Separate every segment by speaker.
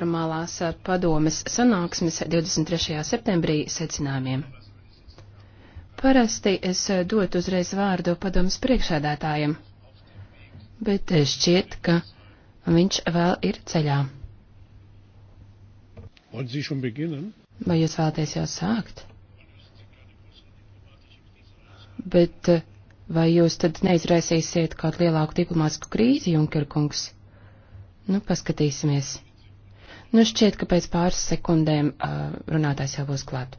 Speaker 1: formālās padomes sanāksmes 23. septembrī secinājumiem. Parasti es dotu uzreiz vārdu padomes priekšādātājiem, bet šķiet, ka viņš vēl ir ceļā.
Speaker 2: Vai
Speaker 1: jūs vēlaties jau sākt? Bet vai jūs tad neizraisīsiet kaut lielāku diplomātsku krīzi, Junkerkungs? Nu, paskatīsimies. Nu šķiet, ka pēc pāris sekundēm uh, runātājs jau būs klāt.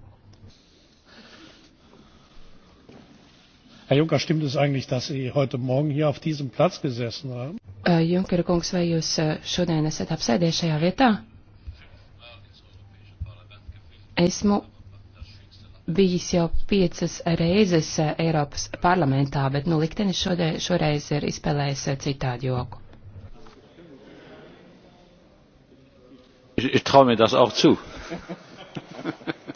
Speaker 2: Herr Juncker, stimmt es eigentlich, dass Sie heute Morgen hier auf diesem Platz gesessen haben?
Speaker 1: Uh, Junker kungs, vai jūs uh, šodien esat apsēdies šajā vietā? Esmu bijis jau piecas reizes Eiropas parlamentā, bet nu liktenis šodien, šoreiz ir izspēlējis citādu joku.
Speaker 2: Ich, ich traue mir das auch zu.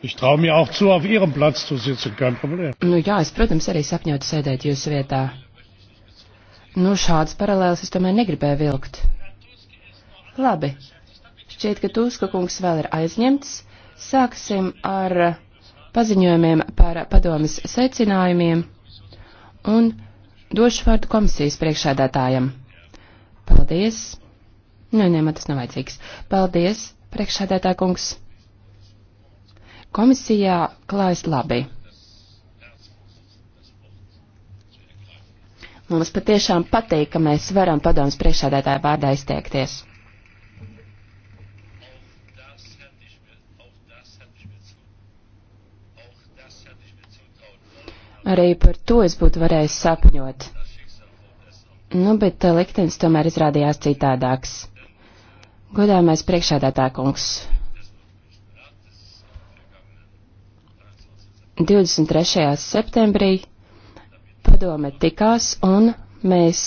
Speaker 2: Ich traue mir auch zu, auf Ihrem Platz
Speaker 1: zu sitzen, kein Problem. Nu, jā, es, protams, arī sapņotu sēdēt jūsu vietā. Nu, šāds paralēls es tomēr negribēju vilkt. Labi. Šķiet, ka Tuska kungs vēl ir aizņemts. Sāksim ar paziņojumiem par padomis secinājumiem un došu vārdu komisijas priekšādātājam. Paldies! Nē, nu, nē, man tas nav vajadzīgs. Paldies, priekšsēdētā kungs. Komisijā klājas labi. Mums patiešām patīk, ka mēs varam padomus priekšsēdētāju vārdā izteikties. Arī par to es būtu varējis sapņot. Nu, bet eh, liktenis tomēr izrādījās citādāks. Godāmais priekšādātā kungs. 23. septembrī padome tikās un mēs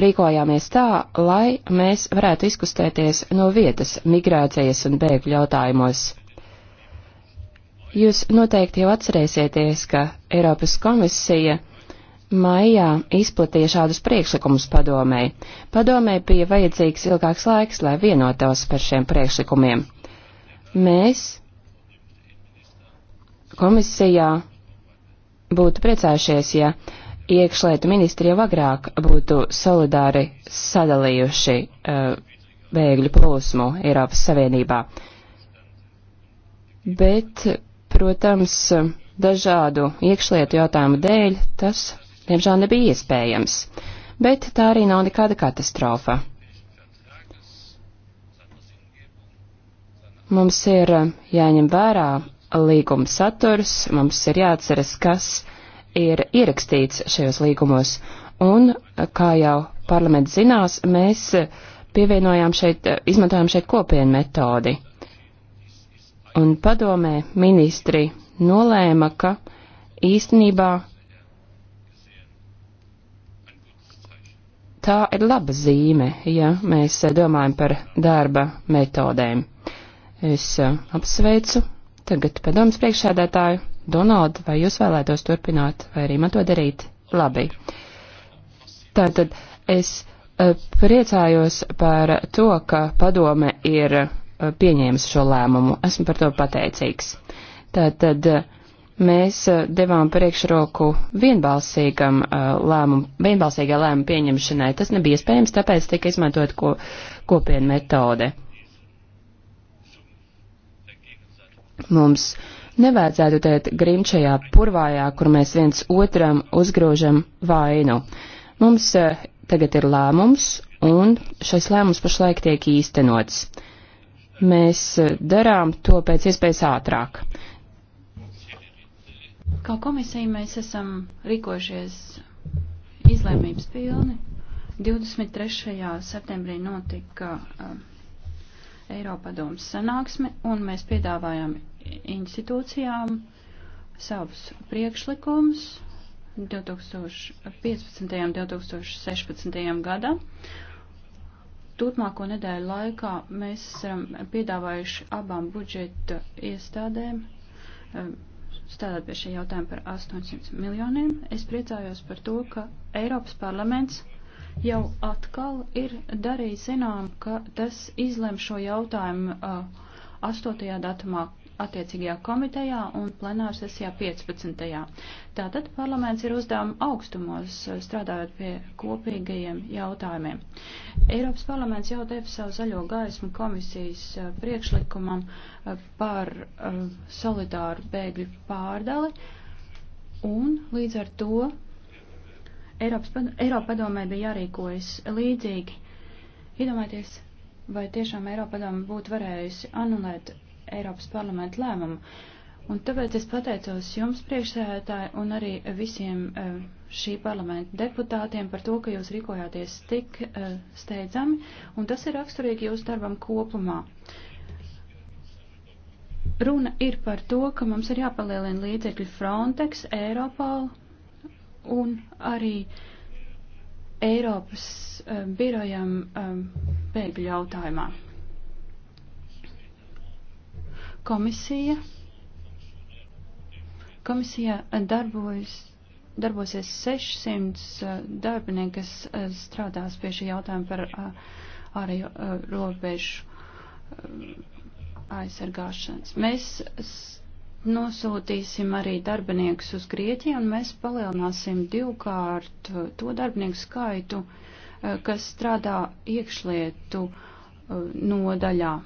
Speaker 1: rīkojāmies tā, lai mēs varētu izkustēties no vietas migrācijas un bēgļu jautājumos. Jūs noteikti jau atcerēsieties, ka Eiropas komisija maijā izplatīja šādus priekšlikumus padomēji. Padomēji bija vajadzīgs ilgāks laiks, lai vienotos par šiem priekšlikumiem. Mēs komisijā būtu priecājušies, ja iekšlietu ministri jau agrāk būtu solidāri sadalījuši uh, bēgļu plūsmu Eiropas Savienībā. Bet, protams, dažādu iekšlietu jautājumu dēļ tas diemžēl nebija iespējams. Bet tā arī nav nekāda katastrofa. Mums ir jāņem vērā līguma saturs, mums ir jāatceras, kas ir ierakstīts šajos līgumos, un, kā jau parlaments zinās, mēs pievienojām šeit, izmantojām šeit kopienu metodi. Un padomē ministri nolēma, ka īstenībā tā ir laba zīme, ja mēs domājam par darba metodēm. Es eh, apsveicu tagad padomus priekšsēdētāju. Donald, vai jūs vēlētos turpināt, vai arī man to darīt? Labi. Tātad es eh, priecājos par to, ka padome ir eh, pieņēmusi šo lēmumu. Esmu par to pateicīgs. Tātad. Uh, mēs eh, devām priekšroku vienbalsīgam eh, lēmumu, vienbalsīgai lēmumu pieņemšanai. Tas nebija iespējams, tāpēc tika izmantot ko, kopienu metode. Mums nevajadzētu tēt grimčajā purvājā, kur mēs viens otram uzgrožam vainu. Mums eh, tagad ir lēmums, un šis lēmums pašlaik tiek īstenots. Mēs darām to pēc iespējas ātrāk.
Speaker 3: Kā komisija mēs esam rīkojušies izlēmības pilni. 23. septembrī notika uh, Eiropadomas sanāksme, un mēs piedāvājām institūcijām savus priekšlikumus 2015. un 2016. gadam. Turpmāko nedēļu laikā mēs esam piedāvājuši abām budžeta iestādēm um, strādāt pie šī jautājuma par 800 miljoniem. Es priecājos par to, ka Eiropas parlaments jau atkal ir darījis zinām, ka tas izlem šo jautājumu uh, 8. datumā attiecīgajā komitejā un plenāra sesijā 15. Tātad parlaments ir uzdevuma augstumos eh, strādājot pie kopīgajiem jautājumiem. Eiropas parlaments jau deva savu zaļo gaismu komisijas eh, priekšlikumam eh, par solidāru bēgļu pārdali un līdz ar to Eiropas, Eiropa padomē bija jārīkojas līdzīgi. Iedomājieties, vai tiešām Eiropa padoma būtu varējusi anulēt Eiropas parlamenta lēmumu. Un tāpēc es pateicos jums, priekšsēdētāji, un arī visiem eh, šī parlamenta deputātiem par to, ka jūs rīkojāties tik eh, steidzami, un tas ir raksturīgi jūsu darbam kopumā. Runa ir par to, ka mums ir jāpalielina līdzekļi Frontex, Eiropal un arī Eiropas eh, birojam bēgļu jautājumā. Komisija, komisijā darbojas, darbosies 600 eh, darbinieki, kas eh, strādās pie šī jautājuma par eh, ārējo robežu aizsargāšanas. Mēs nosūtīsim arī darbiniekus uz Grieķiju un mēs palielināsim divkārt to darbinieku skaitu, kas strādā iekšlietu nodaļā.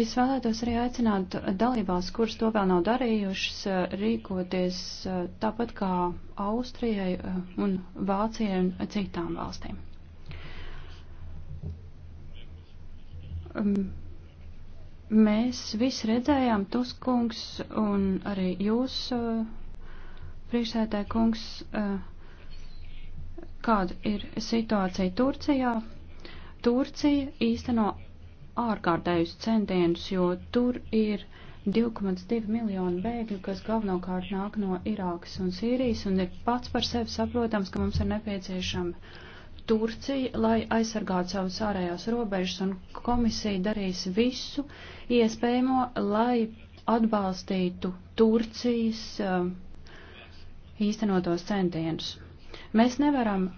Speaker 3: Es vēlētos arī aicināt dalībās, kuras to vēl nav darījušas, eh, rīkoties eh, tāpat kā Austrijai eh, un Vācijai un citām valstīm. Mm, mēs visi redzējām, Tuskungs un arī jūs, priekšsēdē kungs, kāda ir situācija Turcijā. Turcija īsteno ārkārtējus centienus, jo tur ir 2,2 miljonu bēgļu, kas galvenokārt nāk no Irākas un Sīrijas, un ir pats par sevi saprotams, ka mums ir nepieciešama Turcija, lai aizsargātu savus ārējās robežas, un komisija darīs visu iespējamo, lai atbalstītu Turcijas um, īstenotos centienus. Mēs nevaram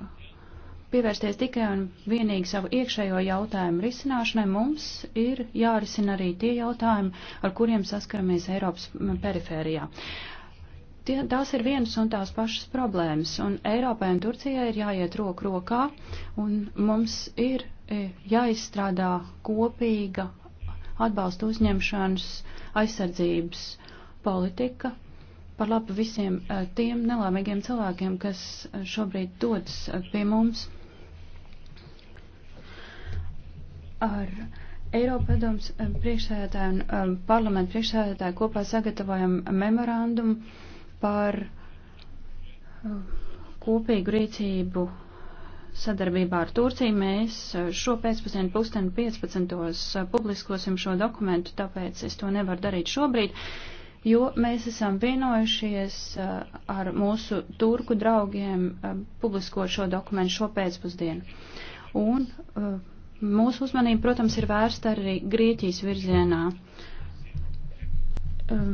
Speaker 3: pievērsties tikai un vienīgi savu iekšējo jautājumu risināšanai, mums ir jārisina arī tie jautājumi, ar kuriem saskaramies Eiropas perifērijā. Tie, tās ir vienas un tās pašas problēmas, un Eiropai un Turcijai ir jāiet roku rokā, un mums ir e, jāizstrādā kopīga atbalsta uzņemšanas aizsardzības politika, par labu visiem e, tiem nelāmīgiem cilvēkiem, kas e, šobrīd dodas pie mums. Ar Eiropadoms eh, priekšsēdētāju un eh, parlamentu priekšsēdētāju kopā sagatavojam memorandumu par eh, kopīgu rīcību sadarbībā ar Turciju. Mēs šo pēcpusdienu pusdienu 15. publiskosim šo dokumentu, tāpēc es to nevaru darīt šobrīd, jo mēs esam vienojušies ar mūsu turku draugiem publiskot šo dokumentu šo pēcpusdienu. Un, uh, Mūsu uzmanība, protams, ir vērsta arī Grieķijas virzienā. Um,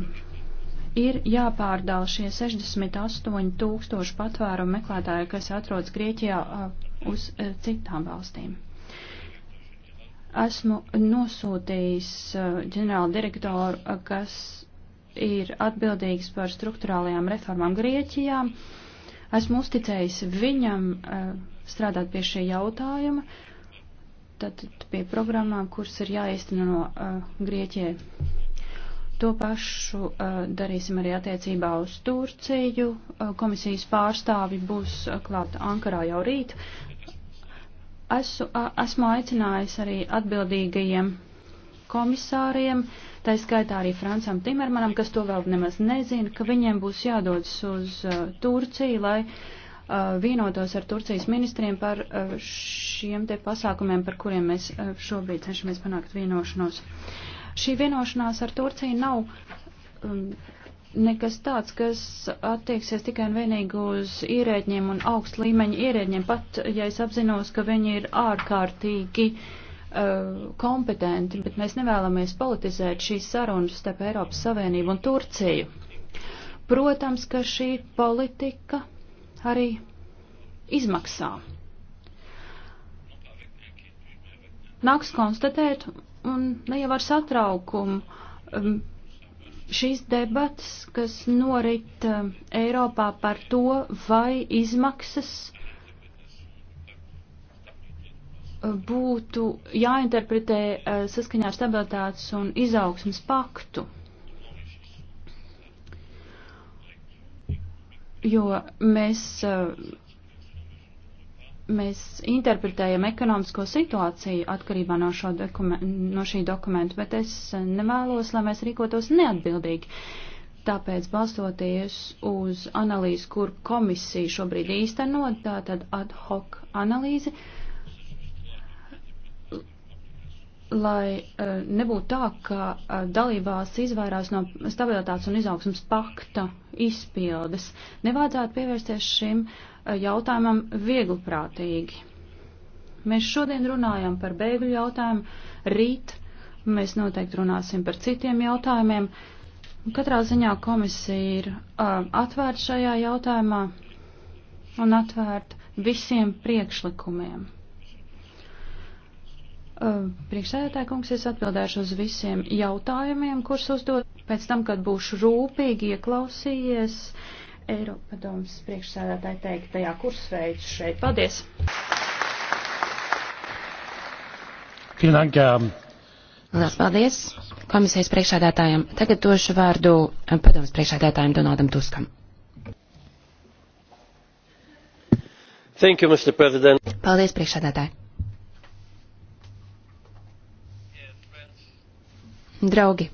Speaker 3: ir jāpārdala šie 68 tūkstoši patvērumu meklētāju, kas atrodas Grieķijā uh, uz uh, citām valstīm. Esmu nosūtījis uh, ģenerāla direktoru, kas ir atbildīgs par struktūrālajām reformām Grieķijā. Esmu uzticējis viņam strādāt pie šī jautājuma tad pie programmām, kuras ir jāīsteno no uh, Grieķijai. To pašu uh, darīsim arī attiecībā uz Turciju. Uh, komisijas pārstāvi būs uh, klāt Ankarā jau rīt. Esu, uh, esmu aicinājis arī atbildīgajiem komisāriem, tā skaitā arī Francam Timermanam, kas to vēl nemaz nezina, ka viņiem būs jādodas uz uh, Turciju, lai uh, Uh, vienotos ar Turcijas ministriem par uh, šiem te pasākumiem, par kuriem mēs uh, šobrīd cenšamies panākt vienošanos. Šī vienošanās ar Turciju nav um, nekas tāds, kas attieksies tikai un vienīgi uz ierēģiem un augst līmeņa ierēģiem, pat ja es apzinos, ka viņi ir ārkārtīgi uh, kompetenti, bet mēs nevēlamies politizēt šīs sarunas starp Eiropas Savienību un Turciju. Protams, ka šī politika arī izmaksā. Nāks konstatēt, un ne jau ar satraukumu, um, šīs debatas, kas norit um, Eiropā par to, vai izmaksas uh, būtu jāinterpretē uh, saskaņā ar stabilitātes un izaugsmas paktu. jo mēs, eh, mēs interpretējam ekonomisko situāciju atkarībā no, no šī dokumenta, bet es nevēlos, lai mēs rīkotos neatbildīgi. Tāpēc, balstoties uz analīzi, kur komisija šobrīd īstenot, tātad ad hoc analīzi, uh, lai eh, nebūtu tā, ka eh, dalībās izvairās no stabilitātes un izaugsmas pakta izpildes. Nevajadzētu pievērsties šim eh, jautājumam viegliprātīgi. Mēs šodien runājam par bēgļu jautājumu, rīt mēs noteikti runāsim par citiem jautājumiem. Katrā ziņā komisija ir uh, atvērta šajā jautājumā un atvērta visiem priekšlikumiem. Priekšsēdētāj kungs, es atbildēšu uz visiem jautājumiem, kurus uzdot pēc tam, kad būšu rūpīgi ieklausījies Eiropadomas priekšsēdētāji teiktajā, kurus veicu šeit. Paldies!
Speaker 2: Lielas
Speaker 1: paldies komisijas priekšādātājiem. Tagad došu vārdu padomas priekšādātājiem Donaldam Tuskam.
Speaker 2: Thank you, Mr. President.
Speaker 1: Paldies, priekšādātāji. Draugi!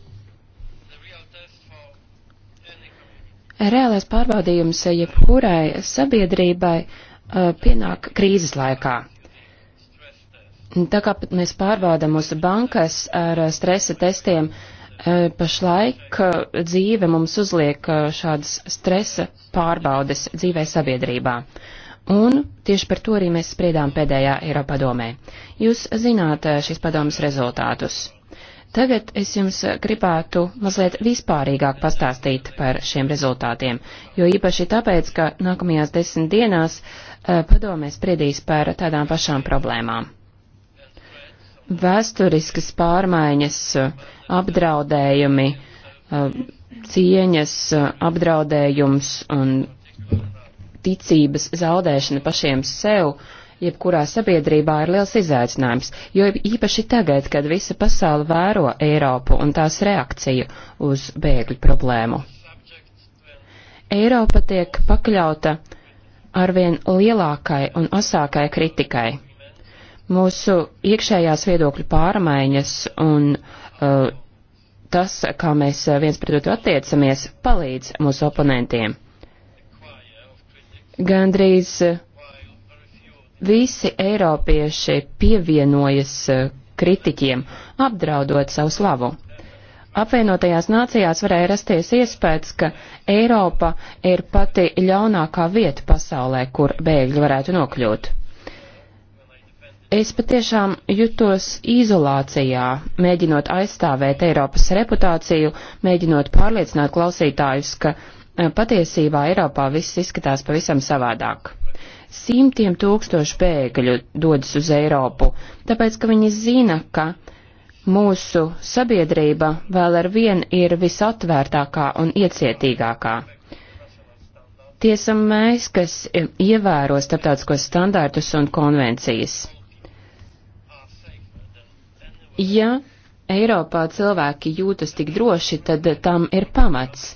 Speaker 1: Reālais pārbaudījums jebkurai sabiedrībai uh, pienāk krīzes laikā. Tā kā mēs pārbaudām mūsu bankas ar uh, stresa testiem, uh, pašlaik uh, dzīve mums uzliek uh, šādas stresa pārbaudes dzīvē sabiedrībā. Un tieši par to arī mēs spriedām pēdējā Eiropadomē. Jūs zināt uh, šīs padomas rezultātus. Tagad es jums gribētu mazliet vispārīgāk pastāstīt par šiem rezultātiem, jo īpaši tāpēc, ka nākamajās desmit dienās uh, eh, padomē spriedīs par tādām pašām problēmām. Vēsturiskas pārmaiņas, apdraudējumi, uh, cieņas apdraudējums un ticības zaudēšana pašiem sev jebkurā sabiedrībā ir liels izaicinājums, jo īpaši tagad, kad visa pasaule vēro Eiropu un tās reakciju uz bēgļu problēmu. Eiropa tiek pakļauta arvien lielākai un asākai kritikai. Mūsu iekšējās viedokļu pārmaiņas un uh, tas, kā mēs uh, viens pret otru attiecamies, palīdz mūsu oponentiem. Gandrīz uh, visi eiropieši pievienojas eh, kritiķiem, apdraudot savu slavu. Apvienotajās nācijās varēja rasties iespējas, ka Eiropa ir pati ļaunākā vieta pasaulē, kur bēgļi varētu nokļūt. Es patiešām jutos izolācijā, mēģinot aizstāvēt Eiropas reputāciju, mēģinot pārliecināt klausītājus, ka eh, patiesībā Eiropā viss izskatās pavisam savādāk. Simtiem tūkstošu bēgļu dodas uz Eiropu, tāpēc, ka viņi zina, ka mūsu sabiedrība vēl ar vien ir visatvērtākā un iecietīgākā. Tiesa mēs, kas ievēro starptautiskos standārtus un konvencijas. Ja Eiropā cilvēki jūtas tik droši, tad tam ir pamats.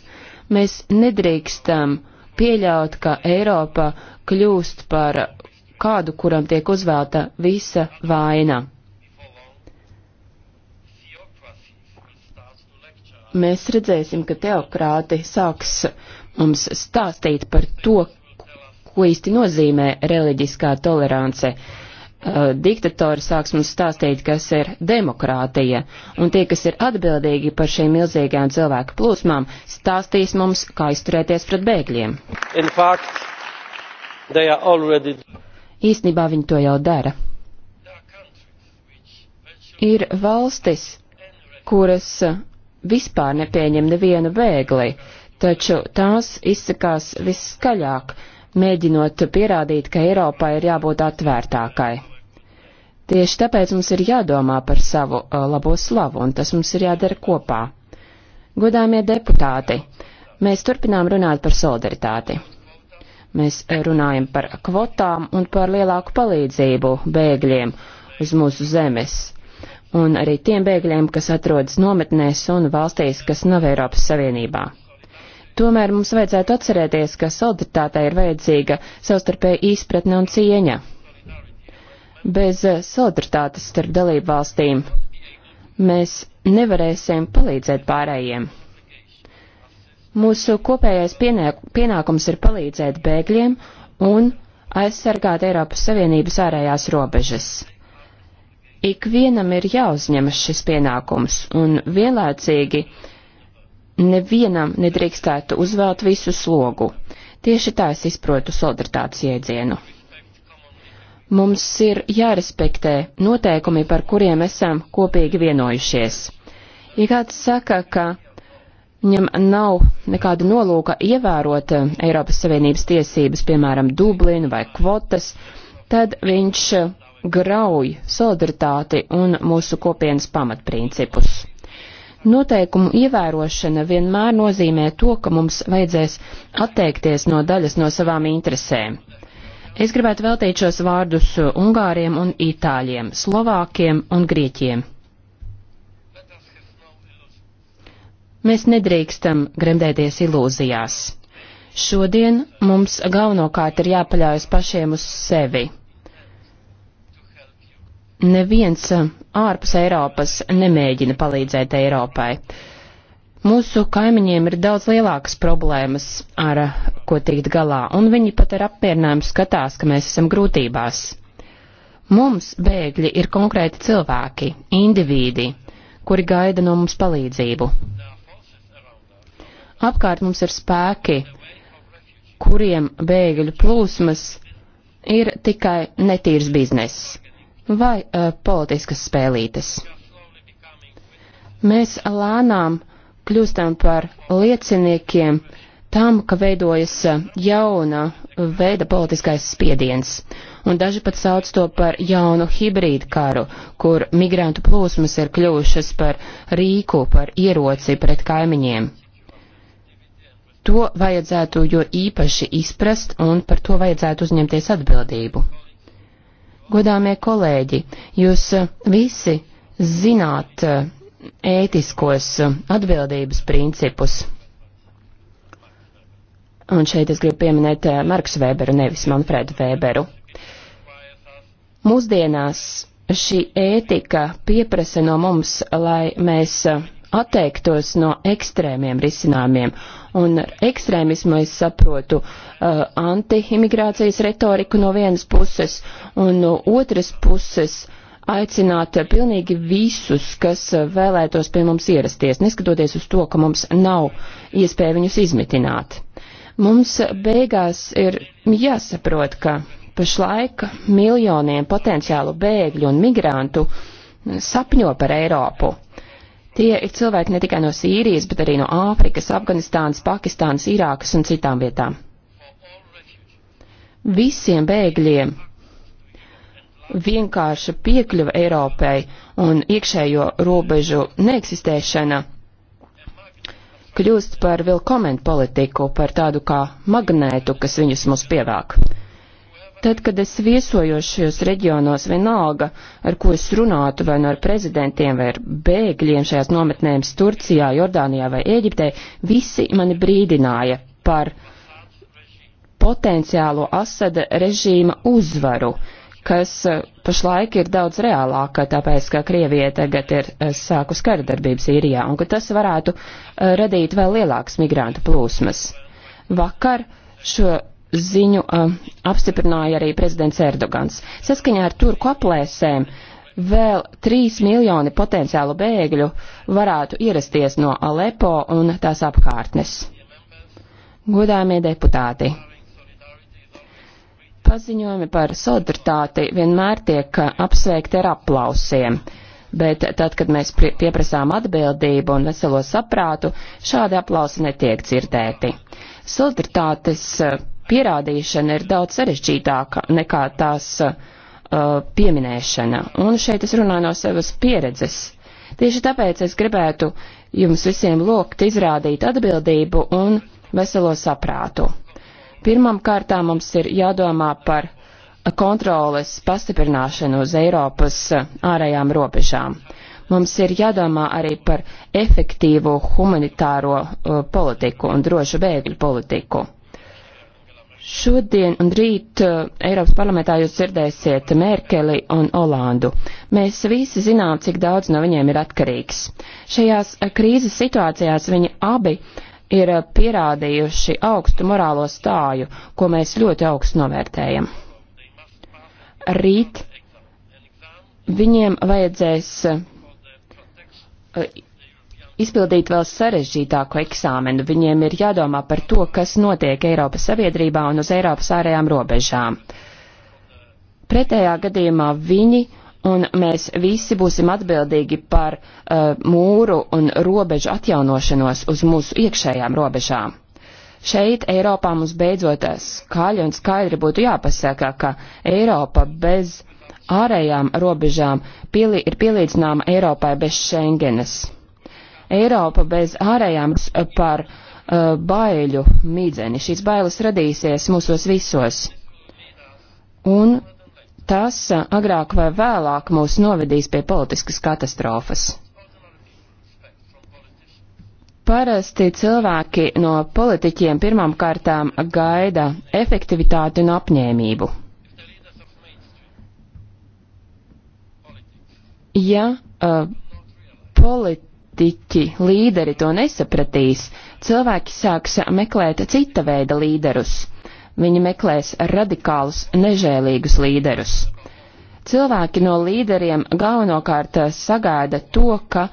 Speaker 1: Mēs nedrīkstam uh, pieļaut, ka Eiropa kļūst par kādu, kuram tiek uzvēlta visa vaina. Mēs redzēsim, ka teokrāti sāks mums stāstīt par to, ko īsti nozīmē reliģiskā tolerance. Uh, uh, diktatori sāks mums stāstīt, kas ir demokrātija, un tie, kas ir atbildīgi par šīm milzīgajām cilvēku plūsmām, stāstīs mums, kā izturēties pret bēgļiem.
Speaker 2: Fact, already...
Speaker 1: Īsnībā viņi to jau dara. Ir valstis, kuras uh, vispār nepieņem nevienu bēgli, taču tās izsakās visskaļāk mēģinot pierādīt, ka Eiropai ir jābūt atvērtākai. Tieši tāpēc mums ir jādomā par savu uh, labo slavu, un tas mums ir jādara kopā. Godāmie deputāti, mēs turpinām runāt par solidaritāti. Mēs runājam par kvotām un par lielāku palīdzību bēgļiem uz mūsu zemes, un arī tiem bēgļiem, kas atrodas nometnēs un valstīs, kas nav Eiropas Savienībā. Tomēr mums vajadzētu atcerēties, ka solidaritātei ir vajadzīga savstarpēja izpratne un cieņa. Bez eh, solidaritātes starp dalību valstīm mēs nevarēsim palīdzēt pārējiem. Mūsu kopējais pienākums ir palīdzēt bēgļiem un aizsargāt Eiropas Savienības ārējās robežas. Ikvienam ir jāuzņemas šis pienākums, un vienlaicīgi nevienam nedrīkstētu uzvelt visu slogu. Tieši tā es izprotu solidaritātes jēdzienu. Mums ir jārespektē noteikumi, par kuriem esam kopīgi vienojušies. Ja kāds saka, ka viņam nav nekāda nolūka ievērot eh, Eiropas Savienības tiesības, piemēram, Dublinu vai kvotas, tad viņš eh, grauj solidaritāti un mūsu kopienas pamatprincipus. Noteikumu ievērošana vienmēr nozīmē to, ka mums vajadzēs atteikties no daļas no savām interesēm. Es gribētu veltīt šos vārdus uh, Ungāriem un Itāļiem, Slovākiem un Grieķiem. Mēs nedrīkstam gremdēties ilūzijās. Šodien mums galvenokārt ir jāpaļaujas pašiem uz sevi. Neviens uh, ārpus Eiropas nemēģina palīdzēt Eiropai. Uh, Mūsu kaimiņiem ir daudz lielākas problēmas, ar ko tikt galā, un viņi pat ar apmierinājumu skatās, ka mēs esam grūtībās. Mums bēgļi ir konkrēti cilvēki, indivīdi, kuri gaida no mums palīdzību. Apkārt mums ir spēki, kuriem bēgļu plūsmas ir tikai netīrs bizness vai uh, politiskas spēlītes. Mēs lēnām kļūstam par lieciniekiem tam, ka veidojas uh, jauna veida politiskais spiediens. Un daži pat sauc to par jaunu hibrīdu karu, kur migrantu plūsmas ir kļuvušas par rīku, par ieroci pret kaimiņiem. To vajadzētu jo īpaši izprast un par to vajadzētu uzņemties atbildību. Godāmie kolēģi, jūs uh, visi zināt uh, ētiskos um, atbildības principus. Un šeit es gribu pieminēt uh, Marks Weberu, nevis Manfredu Weberu. Mūsdienās šī ētika pieprasa no mums, lai mēs uh, atteiktos no ekstrēmiem risinājumiem. Un ar ekstrēmismu es saprotu uh, anti-imigrācijas retoriku no vienas puses, un no otras puses uh, aicināt pilnīgi visus, kas eh, vēlētos pie mums ierasties, neskatoties uz to, ka mums nav iespēja viņus izmitināt. Mums beigās ir jāsaprot, ka pašlaik miljoniem potenciālu bēgļu un migrantu sapņo par Eiropu. Tie ir cilvēki ne tikai no Sīrijas, bet arī no Āfrikas, Afganistānas, Pakistānas, Irākas un citām vietām. Visiem bēgļiem vienkārša piekļuva Eiropai un iekšējo robežu neeksistēšana kļūst par vilkomentu politiku, par tādu kā magnētu, kas viņus mums pievāk. Tad, kad es viesojos šajos reģionos, vienalga, ar ko es runātu, vai nu no ar prezidentiem, vai ar bēgļiem šajās nometnēm Turcijā, Jordānijā vai Ēģiptē, visi mani brīdināja par potenciālo Asada režīma uzvaru, kas eh, pašlaik ir daudz reālāka, tāpēc, ka Krievija tagad ir eh, sākus karadarbības īrijā, un ka tas varētu eh, radīt vēl lielākas migrantu plūsmas. Vakar šo ziņu uh, apstiprināja arī prezidents Erdogans. Saskaņā ar turku aplēsēm vēl 3 miljoni potenciālu bēgļu varētu ierasties no Alepo un tās apkārtnes. Godāmie deputāti! Paziņojumi par solidaritāti vienmēr tiek eh, apsveikti ar aplausiem, bet tad, kad mēs pieprasām atbildību un veselo saprātu, šādi aplausi netiek dzirdēti. Solidaritātes eh, pierādīšana ir daudz sarežģītāka nekā tās uh, pieminēšana, un šeit es runāju no savas pieredzes. Tieši tāpēc es gribētu jums visiem lūgt izrādīt atbildību un veselo saprātu. Pirmam kārtām mums ir jādomā par kontroles pastiprināšanu uz Eiropas ārējām robežām. Mums ir jādomā arī par efektīvu humanitāro uh, politiku un drošu bēgļu politiku. Šodien un rīt uh, Eiropas parlamentā jūs dzirdēsiet Merkeli un Olandu. Mēs visi zinām, cik daudz no viņiem ir atkarīgs. Šajās uh, krīzes situācijās viņi abi uh, ir eh, pierādījuši augstu morālo stāju, ko mēs ļoti augstu novērtējam. Rīt viņiem vajadzēs eh, izpildīt vēl sarežģītāko eksāmenu. Viņiem ir jādomā par to, kas notiek Eiropas sabiedrībā un uz Eiropas ārējām robežām. Pretējā gadījumā viņi un mēs visi būsim atbildīgi par uh, mūru un robežu atjaunošanos uz mūsu iekšējām robežām. Šeit Eiropā mums beidzot skaļi un skaidri būtu jāpasaka, ka Eiropa bez ārējām robežām pieli, ir pielīdzināma Eiropai bez Schengenes. Eiropa bez ārējām par uh, baiļu mīdzeni. Šīs bailes radīsies mūsos visos. Un tas agrāk vai vēlāk mūs novedīs pie politiskas katastrofas. Parasti cilvēki no politiķiem pirmām kārtām gaida efektivitāti un apņēmību. Ja uh, politiķi, līderi to nesapratīs, cilvēki sāks meklēt cita veida līderus Viņi meklēs radikālus, nežēlīgus līderus. Cilvēki no līderiem galvenokārt eh, sagaida to, ka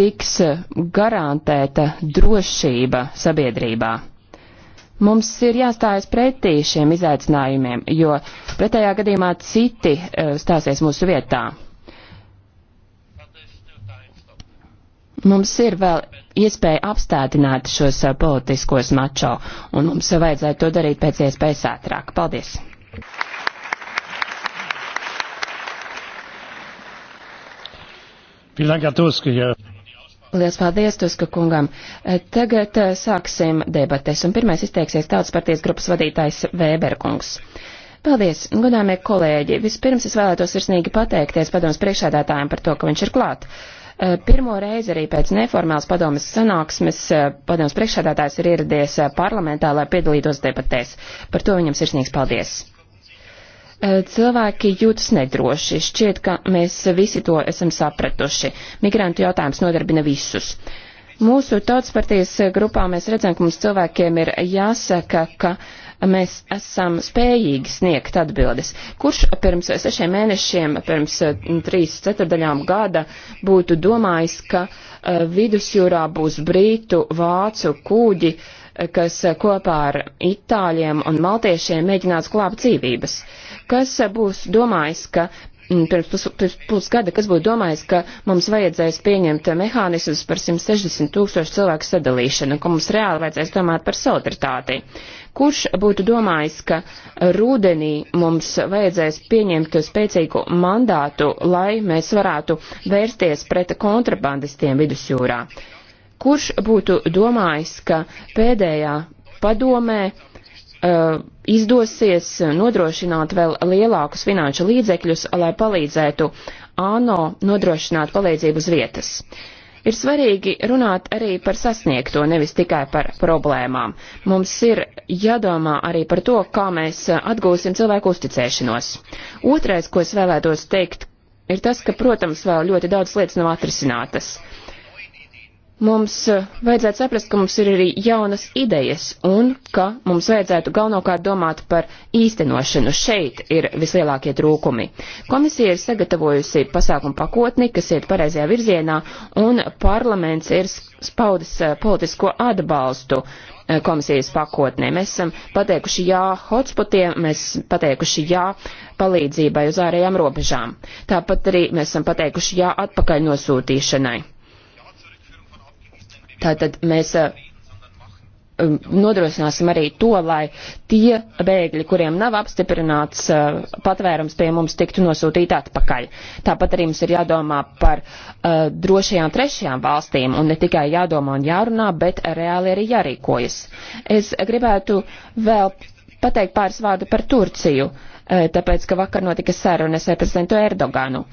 Speaker 1: tiks eh, garantēta drošība sabiedrībā. Mums ir jāstājas pretī šiem izaicinājumiem, jo pretējā gadījumā citi eh, stāsies mūsu vietā. Mums ir vēl iespēja apstādināt šos politiskos mačo, un mums vajadzētu to darīt pēc iespējas ātrāk. Paldies!
Speaker 2: Lielas
Speaker 1: paldies, Tuska kungam. Tagad sāksim debates, un pirmais izteiksies tautas partijas grupas vadītājs Vēberkungs. Paldies, godāmie kolēģi! Vispirms es vēlētos sirsnīgi pateikties padoms priekšādātājiem par to, ka viņš ir klāt. Uh, Eh, pirmo reizi arī pēc neformālas padomas sanāksmes eh, padomas priekšsēdētājs ir ieradies eh, parlamentā, lai piedalītos debatēs. Par to viņam sirsnīgs paldies. Cilvēki jūtas nedroši. Šķiet, ka mēs visi to esam sapratuši. Migrantu jautājums nodarbina visus. Mūsu tautas partijas grupā mēs redzam, ka mums cilvēkiem ir jāsaka, ka uh, mēs esam spējīgi sniegt atbildes. Kurš pirms sešiem mēnešiem, pirms eh, trīs ceturdaļām gada būtu domājis, ka eh, vidusjūrā būs brītu vācu kūģi, eh, kas kopā ar itāļiem un maltiešiem mēģinās glābt dzīvības? Kas būs domājis, ka Mm, pirms, pus, pirms pusgada, kas būtu domājis, ka mums vajadzēs pieņemt mehānismus par 160 tūkstošu cilvēku sadalīšanu, ka mums reāli vajadzēs domāt par solidaritāti. Kurš būtu domājis, ka rudenī mums vajadzēs pieņemt spēcīgu mandātu, lai mēs varētu vērsties pret kontrabandistiem vidusjūrā? Kurš būtu domājis, ka pēdējā padomē uh, Uh, izdosies nodrošināt vēl lielākus finanšu līdzekļus, lai palīdzētu ANO nodrošināt palīdzību uz vietas. Ir svarīgi runāt arī par sasniegto, nevis tikai par problēmām. Mums ir jādomā arī par to, kā mēs atgūsim cilvēku uzticēšanos. Otrais, ko es vēlētos teikt, ir tas, ka, protams, vēl ļoti daudz lietas nav atrisinātas. Mums e, vajadzētu saprast, ka mums ir arī jaunas idejas un ka mums vajadzētu galvenokārt domāt par īstenošanu. Šeit ir vislielākie trūkumi. Komisija ir sagatavojusi pasākumu pakotni, kas iet pareizajā virzienā, un parlaments ir spaudis e, politisko atbalstu e, komisijas pakotnē. Mēs esam pateikuši jā hotspotiem, mēs pateikuši jā palīdzībai uz ārējām robežām. Tāpat arī mēs esam pateikuši jā atpakaļ nosūtīšanai. Tātad mēs eh, um, nodrošināsim arī to, lai tie bēgļi, kuriem nav apstiprināts uh, patvērums pie mums, tiktu nosūtīti atpakaļ. Tāpat arī mums ir jādomā par uh, drošajām trešajām valstīm, un ne tikai jādomā un jārunā, bet reāli arī jārīkojas. Es gribētu vēl pateikt pāris vārdu par Turciju, e, tāpēc, ka vakar notika sarunas ar prezidentu Erdoganu.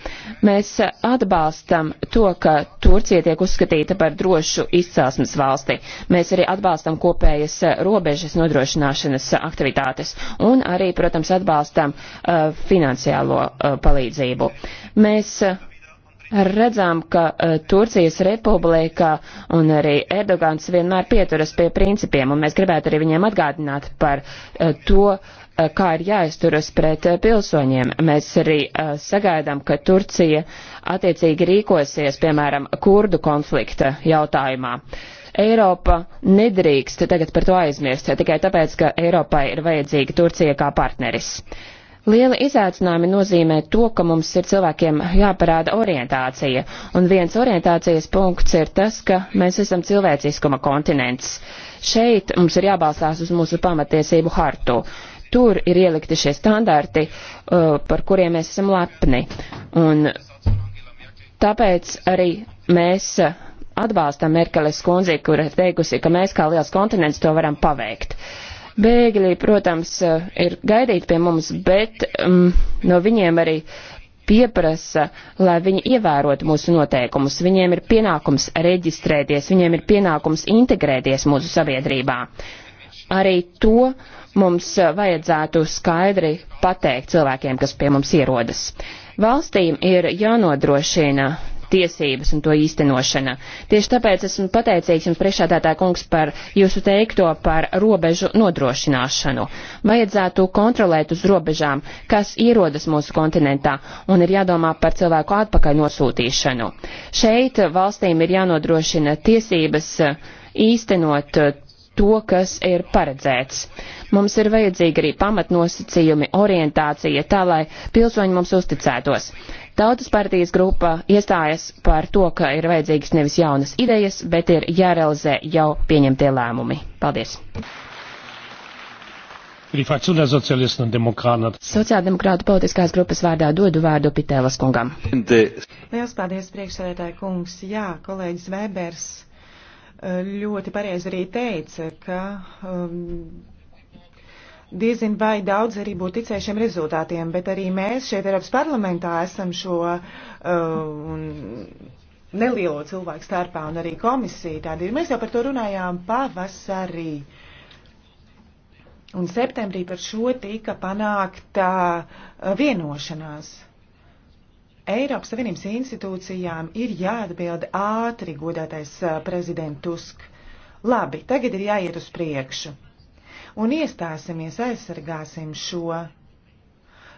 Speaker 1: Mēs atbalstam to, ka Turcija tiek uzskatīta par drošu izcelsmes valsti. Mēs arī atbalstam kopējas robežas nodrošināšanas aktivitātes un arī, protams, atbalstam uh, finansiālo uh, palīdzību. Mēs uh, redzam, ka e, Turcijas republika un arī Erdogans vienmēr pieturas pie principiem, un mēs gribētu arī viņiem atgādināt par e, to, e, kā ir jāizturas pret pilsoņiem. Mēs arī uh, sagaidām, ka Turcija attiecīgi rīkosies, piemēram, kurdu konflikta jautājumā. Eiropa nedrīkst tagad par to aizmirst, tikai tāpēc, ka Eiropai ir vajadzīga Turcija kā partneris. Liela izaicinājuma nozīmē to, ka mums ir cilvēkiem jāparāda orientācija, un viens orientācijas punkts ir tas, ka mēs esam cilvēciskuma kontinents. Šeit mums ir jābalstās uz mūsu pamatiesību hartu. Tur ir ielikti šie standarti, uh, par kuriem mēs esam lepni, un tāpēc arī mēs atbalstam Merkeles kundzi, kur ir teikusi, ka mēs kā liels kontinents to varam paveikt. Uh, Bēgļi, protams, eh, ir gaidīti pie mums, bet um, no viņiem arī pieprasa, lai viņi ievērotu mūsu noteikumus. Viņiem ir pienākums reģistrēties, viņiem ir pienākums integrēties mūsu sabiedrībā. Arī to mums vajadzētu skaidri pateikt cilvēkiem, kas pie mums ierodas. Valstīm ir jānodrošina tiesības un to īstenošana. Tieši tāpēc esmu pateicīgs jums priekšādātā kungs par jūsu teikto par robežu nodrošināšanu. Vajadzētu kontrolēt uz robežām, kas ierodas mūsu kontinentā, un ir jādomā par cilvēku atpakaļ nosūtīšanu. Šeit valstīm ir jānodrošina tiesības eh, īstenot eh, to, kas ir paredzēts. Mums ir vajadzīgi arī pamatnosacījumi, orientācija, tā lai pilsoņi mums uzticētos. Tautas partijas grupa iestājas par to, ka ir vajadzīgas nevis jaunas idejas, bet ir jārealizē jau pieņemtie lēmumi. Paldies! Sociāldemokrātu politiskās grupas vārdā dodu vārdu Pitēlas kungam.
Speaker 2: Liels
Speaker 4: paldies, priekšsēdētāji kungs. Jā, kolēģis Vēbers eh, ļoti pareizi arī teica, ka um, Diezin vai daudz arī būtu ticējušiem rezultātiem, bet arī mēs šeit Eiropas parlamentā esam šo uh, nelielo cilvēku starpā un arī komisija tāda ir. Mēs jau par to runājām pavasarī. Un septembrī par šo tika panākta uh, vienošanās. Eiropas Savienības institūcijām ir jāatbild ātri godātais uh, prezidents Tusk. Labi, tagad ir jāiet uz priekšu un iestāsimies, aizsargāsim šo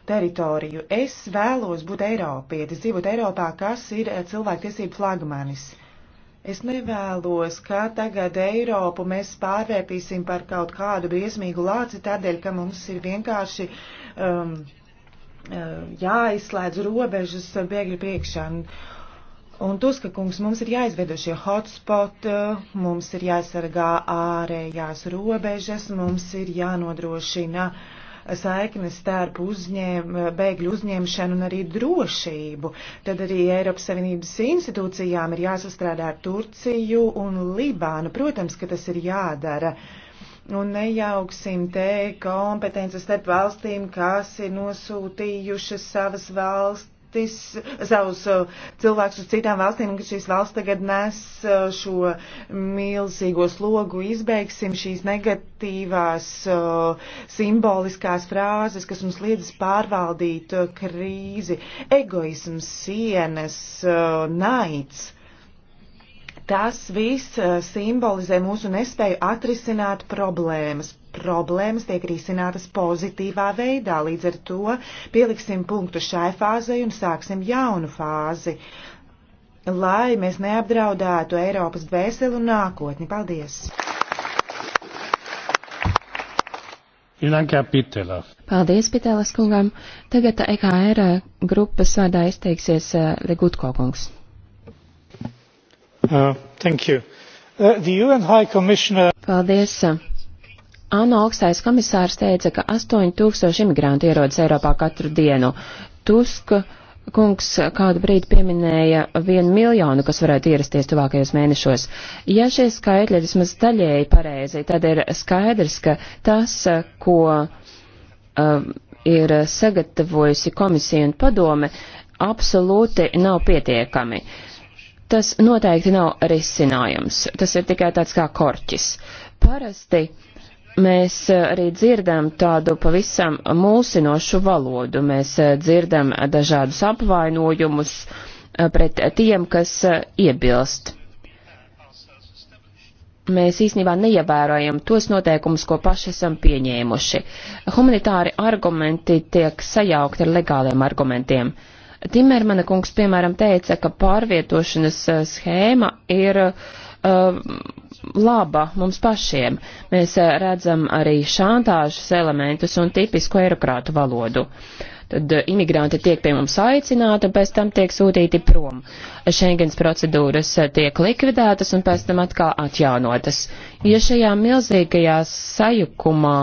Speaker 4: teritoriju. Es vēlos būt Eiropietis, dzīvot Eiropā, kas ir eh, cilvēktiesību flagmanis. Es nevēlos, ka tagad Eiropu mēs pārvērtīsim par kaut kādu briesmīgu lāci tādēļ, ka mums ir vienkārši um, eh, jāizslēdz robežas bēgļu priekšā. Un, Un Tuska kungs, mums ir jāizveido šie hotspot, mums ir jāsargā ārējās robežas, mums ir jānodrošina saiknes starp uzņēm, bēgļu uzņemšanu un arī drošību. Tad arī Eiropas Savienības institūcijām ir jāsastrādā ar Turciju un Libānu. Protams, ka tas ir jādara. Un nejauksim te kompetences starp valstīm, kas ir nosūtījušas savas valsts valstis, savus uh, cilvēkus uz citām valstīm, ka šīs valsts tagad nes uh, šo milzīgo slogu, izbeigsim šīs negatīvās uh, simboliskās frāzes, kas mums liedzas pārvaldīt krīzi, egoisms, sienas, naids tas viss simbolizē mūsu nespēju atrisināt problēmas, problēmas tiek risinātas pozitīvā veidā. Līdz ar to pieliksim punktu šai fāzei un sāksim jaunu fāzi, lai mēs neapdraudētu Eiropas dvēseli un nākotni. Paldies!
Speaker 1: Paldies, Pitēlas kungam. Tagad EKR grupas vārdā izteiksies eh, Legutko kungs.
Speaker 2: Uh, thank you.
Speaker 1: Uh, the UN High Commissioner. Paldies. ANO augstais komisārs teica, ka 8000 imigrantu ierodas Eiropā katru dienu. Tusk kungs kādu brīdi pieminēja vienu miljonu, kas varētu ierasties tuvākajos mēnešos. Ja šie skaitļi ir vismaz daļēji pareizi, tad ir skaidrs, ka tas, ko uh, ir sagatavojusi komisija un padome, absolūti nav pietiekami. Tas noteikti nav risinājums. Tas ir tikai tāds kā korķis. Parasti uh, Mēs eh, arī dzirdam tādu pavisam mūsinošu valodu. Mēs eh, dzirdam dažādus apvainojumus eh, pret tiem, kas iebilst. Mēs īstenībā neievērojam tos noteikumus, ko paši esam pieņēmuši. Humanitāri argumenti tiek sajaukti ar legāliem argumentiem. Timermana kungs, piemēram, teica, ka pārvietošanas schēma ir uh, laba mums pašiem. Mēs eh, redzam arī šantāžas elementus un tipisku eirokrātu valodu. Tad eh, imigranti tiek pie mums aicināti, pēc tam tiek sūtīti prom. Schengens procedūras eh, tiek likvidētas un pēc tam atkal atjaunotas. Ja šajā milzīgajā sajukumā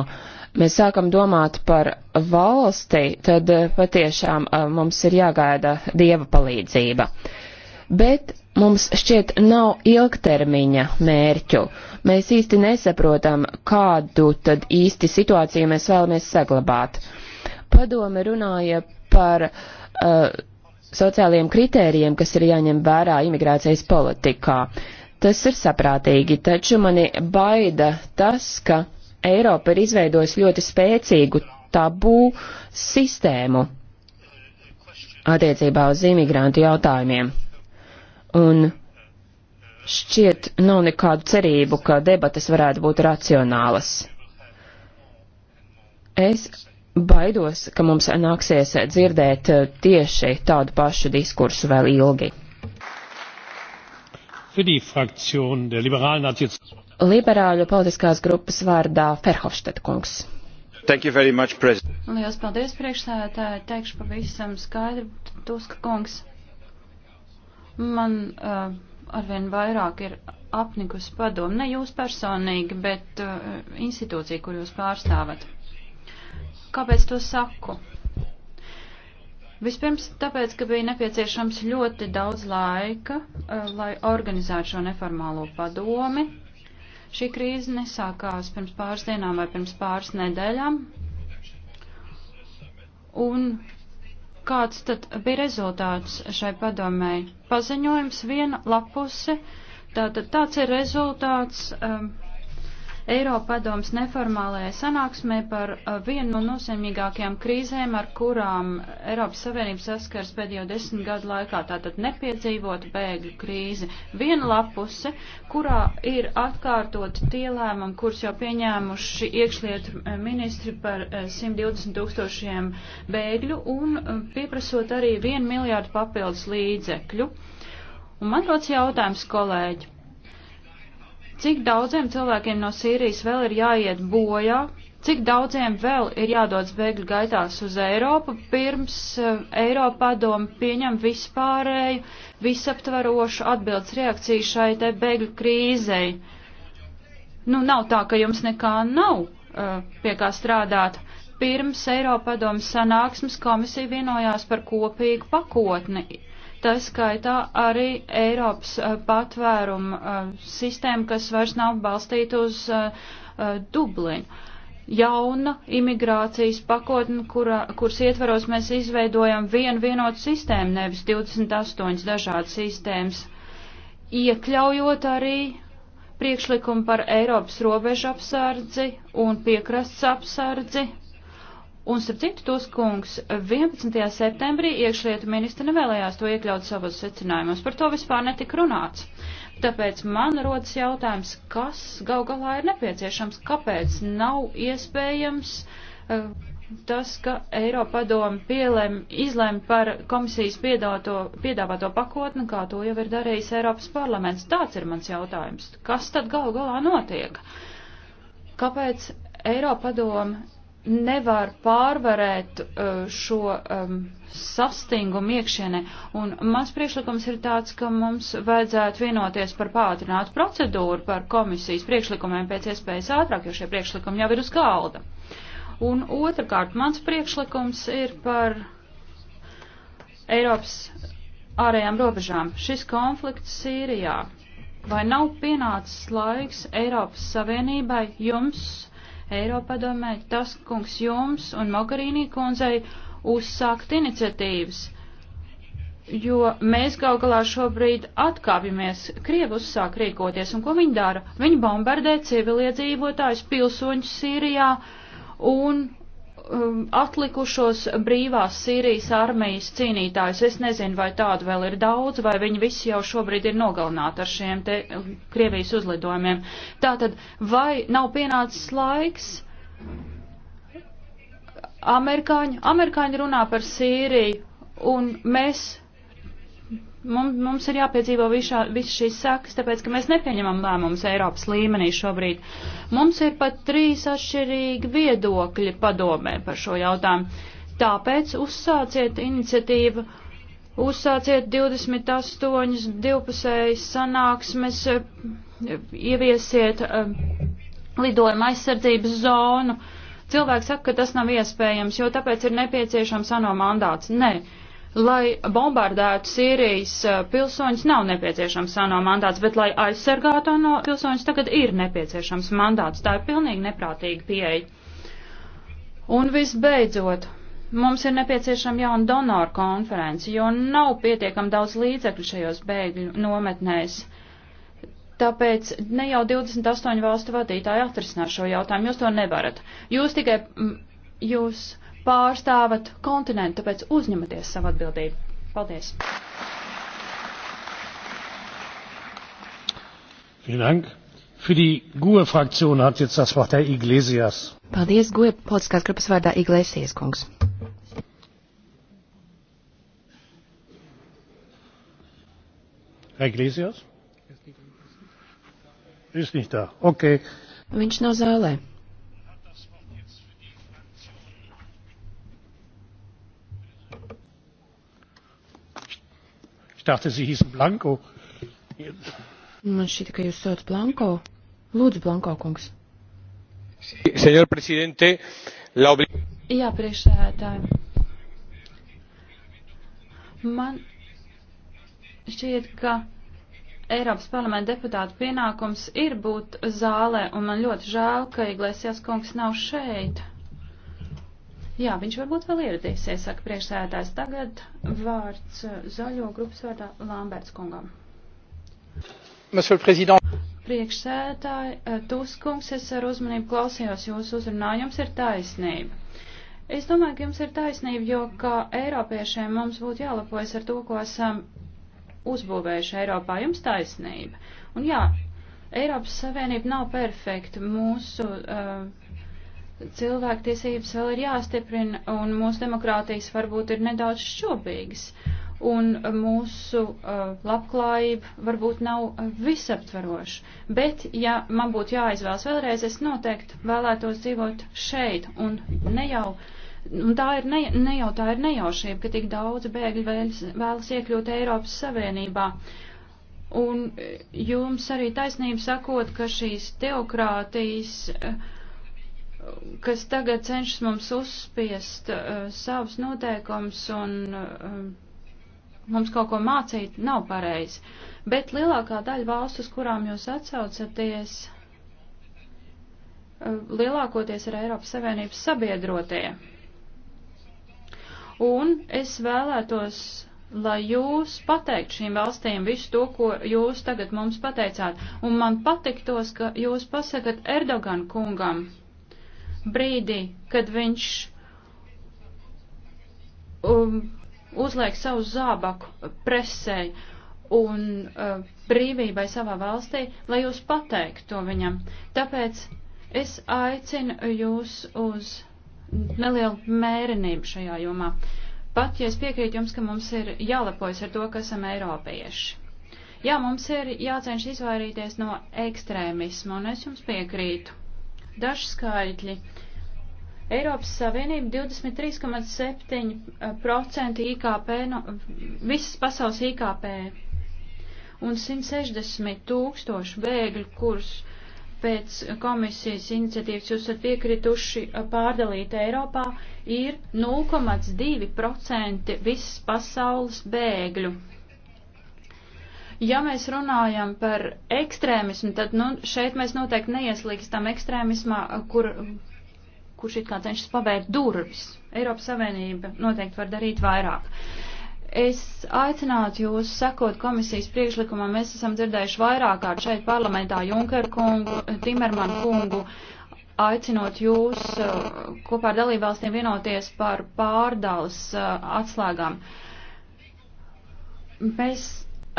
Speaker 1: mēs sākam domāt par valsti, tad patiešām mums ir jāgaida dieva palīdzība. Bet mums šķiet nav ilgtermiņa mērķu. Mēs īsti nesaprotam, kādu tad īsti situāciju mēs vēlamies saglabāt. Padome runāja par uh, sociālajiem kritērijiem, kas ir jāņem vērā imigrācijas politikā. Tas ir saprātīgi, taču mani baida tas, ka Eiropa ir izveidojusi ļoti spēcīgu tabū sistēmu attiecībā uz imigrantu jautājumiem. Un šķiet nav nekādu cerību, ka debates varētu būt racionālas. Es baidos, ka mums nāksies dzirdēt eh, tieši tādu pašu diskursu vēl ilgi. Liberāļu politiskās grupas vārdā Ferhofstedt kungs.
Speaker 5: Much,
Speaker 3: Lielas paldies priekšsēdētāji, teikšu pavisam skaidri, Tuska kungs. Man uh, arvien vairāk ir apnikus padomu, ne jūs personīgi, bet uh, institūcija, kur jūs pārstāvat. Kāpēc to saku? Vispirms tāpēc, ka bija nepieciešams ļoti daudz laika, uh, lai organizētu šo neformālo padomi. Šī krīze nesākās pirms pāris dienām vai pirms pāris nedēļām. Un Kāds tad bija rezultāts šai padomēji? Paziņojums viena lapuse. Tātad tāds ir rezultāts. Um, Eiropadoms neformālajai sanāksmē par uh, vienu no nozīmīgākajām krīzēm, ar kurām Eiropas Savienība saskars pēdējo desmit gadu laikā, tātad nepiedzīvot bēgļu krīzi. Viena lapuse, kurā ir atkārtot tie lēmumi, kurus jau pieņēmuši iekšlietu uh, ministri par 120 uh, tūkstošiem bēgļu un pieprasot arī 1 miljārdu papildus līdzekļu. Un man rodas jautājums, kolēģi, cik daudziem cilvēkiem no Sīrijas vēl ir jāiet bojā, cik daudziem vēl ir jādodas bēgļu gaitās uz Eiropu, pirms e, Eiropa padomu pieņem vispārēju, visaptvarošu atbildes reakciju šai te bēgļu krīzei. Nu, nav tā, ka jums nekā nav e, pie kā strādāt. Pirms Eiropadomas sanāksmes komisija vienojās par kopīgu pakotni tā skaitā arī Eiropas eh, patvēruma eh, sistēma, kas vairs nav balstīta uz eh, Dublinu. Jauna imigrācijas pakotne, kura, kuras ietvaros mēs izveidojam vienu vienotu sistēmu, nevis 28 dažādas sistēmas, iekļaujot arī priekšlikumu par Eiropas robežu apsardzi un piekrasts apsardzi, Un, starp citu, tos kungs 11. septembrī iekšlietu ministra nevēlējās to iekļaut savos secinājumos. Par to vispār netika runāts. Tāpēc man rodas jautājums, kas gal galā ir nepieciešams, kāpēc nav iespējams uh, tas, ka Eiropadoma pielēm, izlēm par komisijas piedāto, piedāvāto pakotni, kā to jau ir darījis Eiropas parlaments. Tāds ir mans jautājums. Kas tad gal galā notiek? Kāpēc Eiropadoma nevar pārvarēt uh, šo um, sastingumu iekšienē. Un mans priekšlikums ir tāds, ka mums vajadzētu vienoties par pātrinātu procedūru par komisijas priekšlikumiem pēc iespējas ātrāk, jo šie priekšlikumi jau ir uz galda. Un otrkārt, mans priekšlikums ir par Eiropas ārējām robežām. Šis konflikts Sīrijā. Vai nav pienācis laiks Eiropas Savienībai jums Eiropadomē, tas kungs jums un Mogarīnī kundzei uzsākt iniciatīvas, jo mēs gal galā šobrīd atkāpjamies. Krievi uzsāk rīkoties, un ko viņi dara? Viņi bombardē civiliedzīvotājus, pilsoņus Sīrijā un Um, atlikušos brīvās Sīrijas armijas cīnītājus. Es nezinu, vai tādu vēl ir daudz, vai viņi visi jau šobrīd ir nogalināti ar šiem te um, Krievijas uzlidojumiem. Tātad, vai nav pienācis laiks? Amerikāņi, amerikāņi runā par Sīriju, un mēs mums, mums ir jāpiedzīvo visas šīs sakas, tāpēc, ka mēs nepieņemam lēmumus Eiropas līmenī šobrīd. Mums ir pat trīs atšķirīgi viedokļi padomē par šo jautājumu. Tāpēc uzsāciet iniciatīvu, uzsāciet 28 divpusējas sanāksmes, ieviesiet eh, lidojuma aizsardzības zonu. Cilvēki saka, ka tas nav iespējams, jo tāpēc ir nepieciešams ANO mandāts. Nē. Ne Lai bombardētu Sīrijas eh, pilsoņus nav nepieciešams ANO mandāts, bet lai aizsargātu ANO pilsoņus tagad ir nepieciešams mandāts. Tā ir pilnīgi neprātīga pieeja. Un visbeidzot, mums ir nepieciešama jauna donoru konference, jo nav pietiekam daudz līdzekļu šajos bēgļu nometnēs. Tāpēc ne jau 28 valstu vadītāji atrisinās šo jautājumu, jūs to nevarat. Jūs tikai, mm, jūs pārstāvat kontinentu, tāpēc uzņematies savu atbildību. Paldies!
Speaker 1: Paldies, Goja e politiskās grupas vārdā Iglesias kungs.
Speaker 2: Iglesias? Er er ist nicht da.
Speaker 1: Okay. Viņš nav no zālē.
Speaker 2: Ich dachte, Sie hießen Blanko.
Speaker 1: Man šķita, ka jūs sauc Blanko. Lūdzu, Blanko kungs. Senor
Speaker 2: prezidente, la obli...
Speaker 3: Jā, priekšsēdētāji. Man šķiet, ka Eiropas parlamenta deputātu pienākums ir būt zālē, un man ļoti žēl, ka Iglesias kungs nav šeit. Jā, viņš varbūt vēl ieradīsies, saka priekšsēdētājs. Tagad vārds eh, zaļo grupas vārdā Lamberts kungam. Priekšsēdētāji, eh, Tuskungs, es ar uzmanību klausījos jūsu uzrunā, jums ir taisnība. Es domāju, ka jums ir taisnība, jo kā Eiropiešiem mums būtu jālapojas ar to, ko esam uzbūvējuši Eiropā. Jums taisnība. Un jā, Eiropas Savienība nav perfekta. Mūsu uh, cilvēktiesības vēl ir jāstiprina, un mūsu demokrātijas varbūt ir nedaudz šķobīgas, un mūsu uh, labklājība varbūt nav uh, visaptvaroša. Bet, ja man būtu jāizvēlas vēlreiz, es noteikti vēlētos dzīvot šeit, un ne jau. Un tā ir ne, ne jau tā ir nejaušība, ka tik daudz bēgļu vēlas, vēlas iekļūt Eiropas Savienībā. Un uh, jums arī taisnība sakot, ka šīs teokrātijas uh, kas tagad cenšas mums uzspiest uh, savus noteikumus un uh, mums kaut ko mācīt, nav pareizi. Bet lielākā daļa valstu, uz kurām jūs atsaucaties, uh, lielākoties ir Eiropas Savienības sabiedrotie. Un es vēlētos, lai jūs pateiktu šīm valstīm visu to, ko jūs tagad mums pateicāt. Un man patiktos, ka jūs pasakat Erdogan kungam, brīdī, kad viņš um, uzliek savu zābaku presē un uh, brīvībai savā valstī, lai jūs pateiktu to viņam. Tāpēc es aicinu jūs uz nelielu mērenību šajā jomā. Pat, ja es piekrītu jums, ka mums ir jālepojas ar to, ka esam eiropieši. Jā, mums ir jācenš izvairīties no ekstrēmisma, un es jums piekrītu. Daži skaitļi. Eiropas Savienība 23,7% IKP, no, visas pasaules IKP un 160 tūkstoši bēgļu, kurus pēc komisijas iniciatīvas jūs esat piekrituši pārdalīt Eiropā, ir 0,2% visas pasaules bēgļu. Ja mēs runājam par ekstrēmismu, tad nu, šeit mēs noteikti neieslīgstam ekstrēmismā, kur, kurš it kā cenšas pavērt durvis. Eiropas Savienība noteikti var darīt vairāk. Es aicinātu jūs sekot komisijas priekšlikumam. Mēs esam dzirdējuši vairāk kārt šeit parlamentā Junker kungu, Timerman kungu, aicinot jūs uh, kopā ar dalībvalstīm vienoties par pārdals uh, atslēgām. Mēs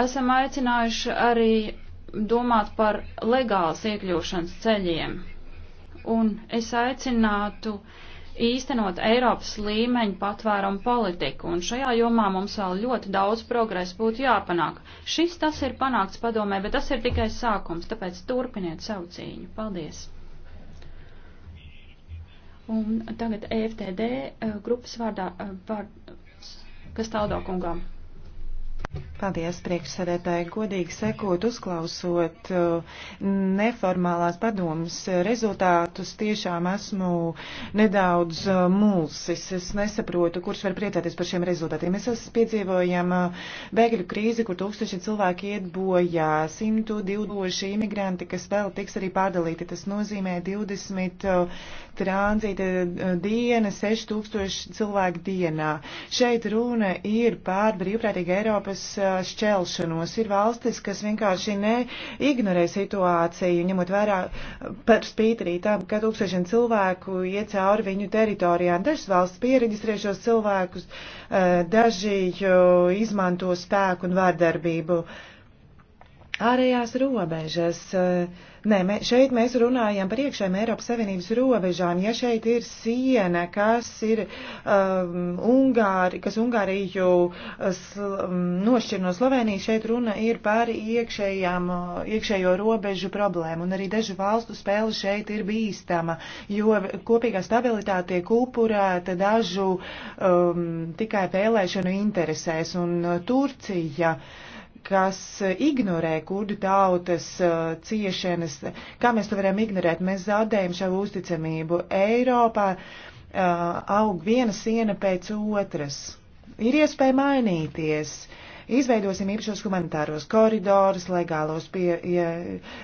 Speaker 3: esam aicinājuši arī domāt par legāls iekļūšanas ceļiem. Un es aicinātu īstenot Eiropas līmeņu patvērumu politiku, un šajā jomā mums vēl ļoti daudz progresu būtu jāpanāk. Šis tas ir panākts padomē, bet tas ir tikai sākums, tāpēc turpiniet savu cīņu. Paldies! Un tagad EFTD eh, grupas vārdā, eh, vārd, kas tālāk kungām.
Speaker 4: Paldies, priekšsēdētāji. Godīgi sekot, uzklausot uh, neformālās padomas rezultātus, tiešām esmu nedaudz uh, mulsis. Es nesaprotu, kurš var priecāties par šiem rezultātiem. Mēs es piedzīvojam uh, bēgļu krīzi, kur tūkstoši cilvēki iet bojā, 120 imigranti, kas vēl tiks arī pārdalīti. Tas nozīmē 20 tranzīta diena, 6000 cilvēku dienā. Šeit runa ir pār brīvprātīgu Eiropas uz šķelšanos. Ir valstis, kas vienkārši neignorē situāciju, ņemot vērā par spīti arī tam, ka tūkstošiem cilvēku iet cauri viņu teritorijām. Dažas valsts pieregistrē šos cilvēkus, daži izmanto spēku un vārdarbību. Uh, ārējās robežas. Eh, nē, mē, šeit mēs runājam par iekšējām Eiropas Savienības robežām. Ja šeit ir siena, kas ir um, Ungāri, kas Ungāriju eh, sl, um, nošķir no Slovenijas, šeit runa ir par iekšējām, eh, iekšējo robežu problēmu. Un arī dažu valstu spēle šeit ir bīstama, jo kopīgā stabilitāte tiek upurēta dažu um, tikai vēlēšanu interesēs. Un Turcija. Uh, kas ignorē kurdu tautas uh, ciešanas. Kā mēs to varam ignorēt? Mēs zaudējam šo uzticamību. Eiropā uh, aug viena siena pēc otras. Ir iespēja mainīties. Izveidosim īpašos humanitāros koridorus, legālos, pie, ja,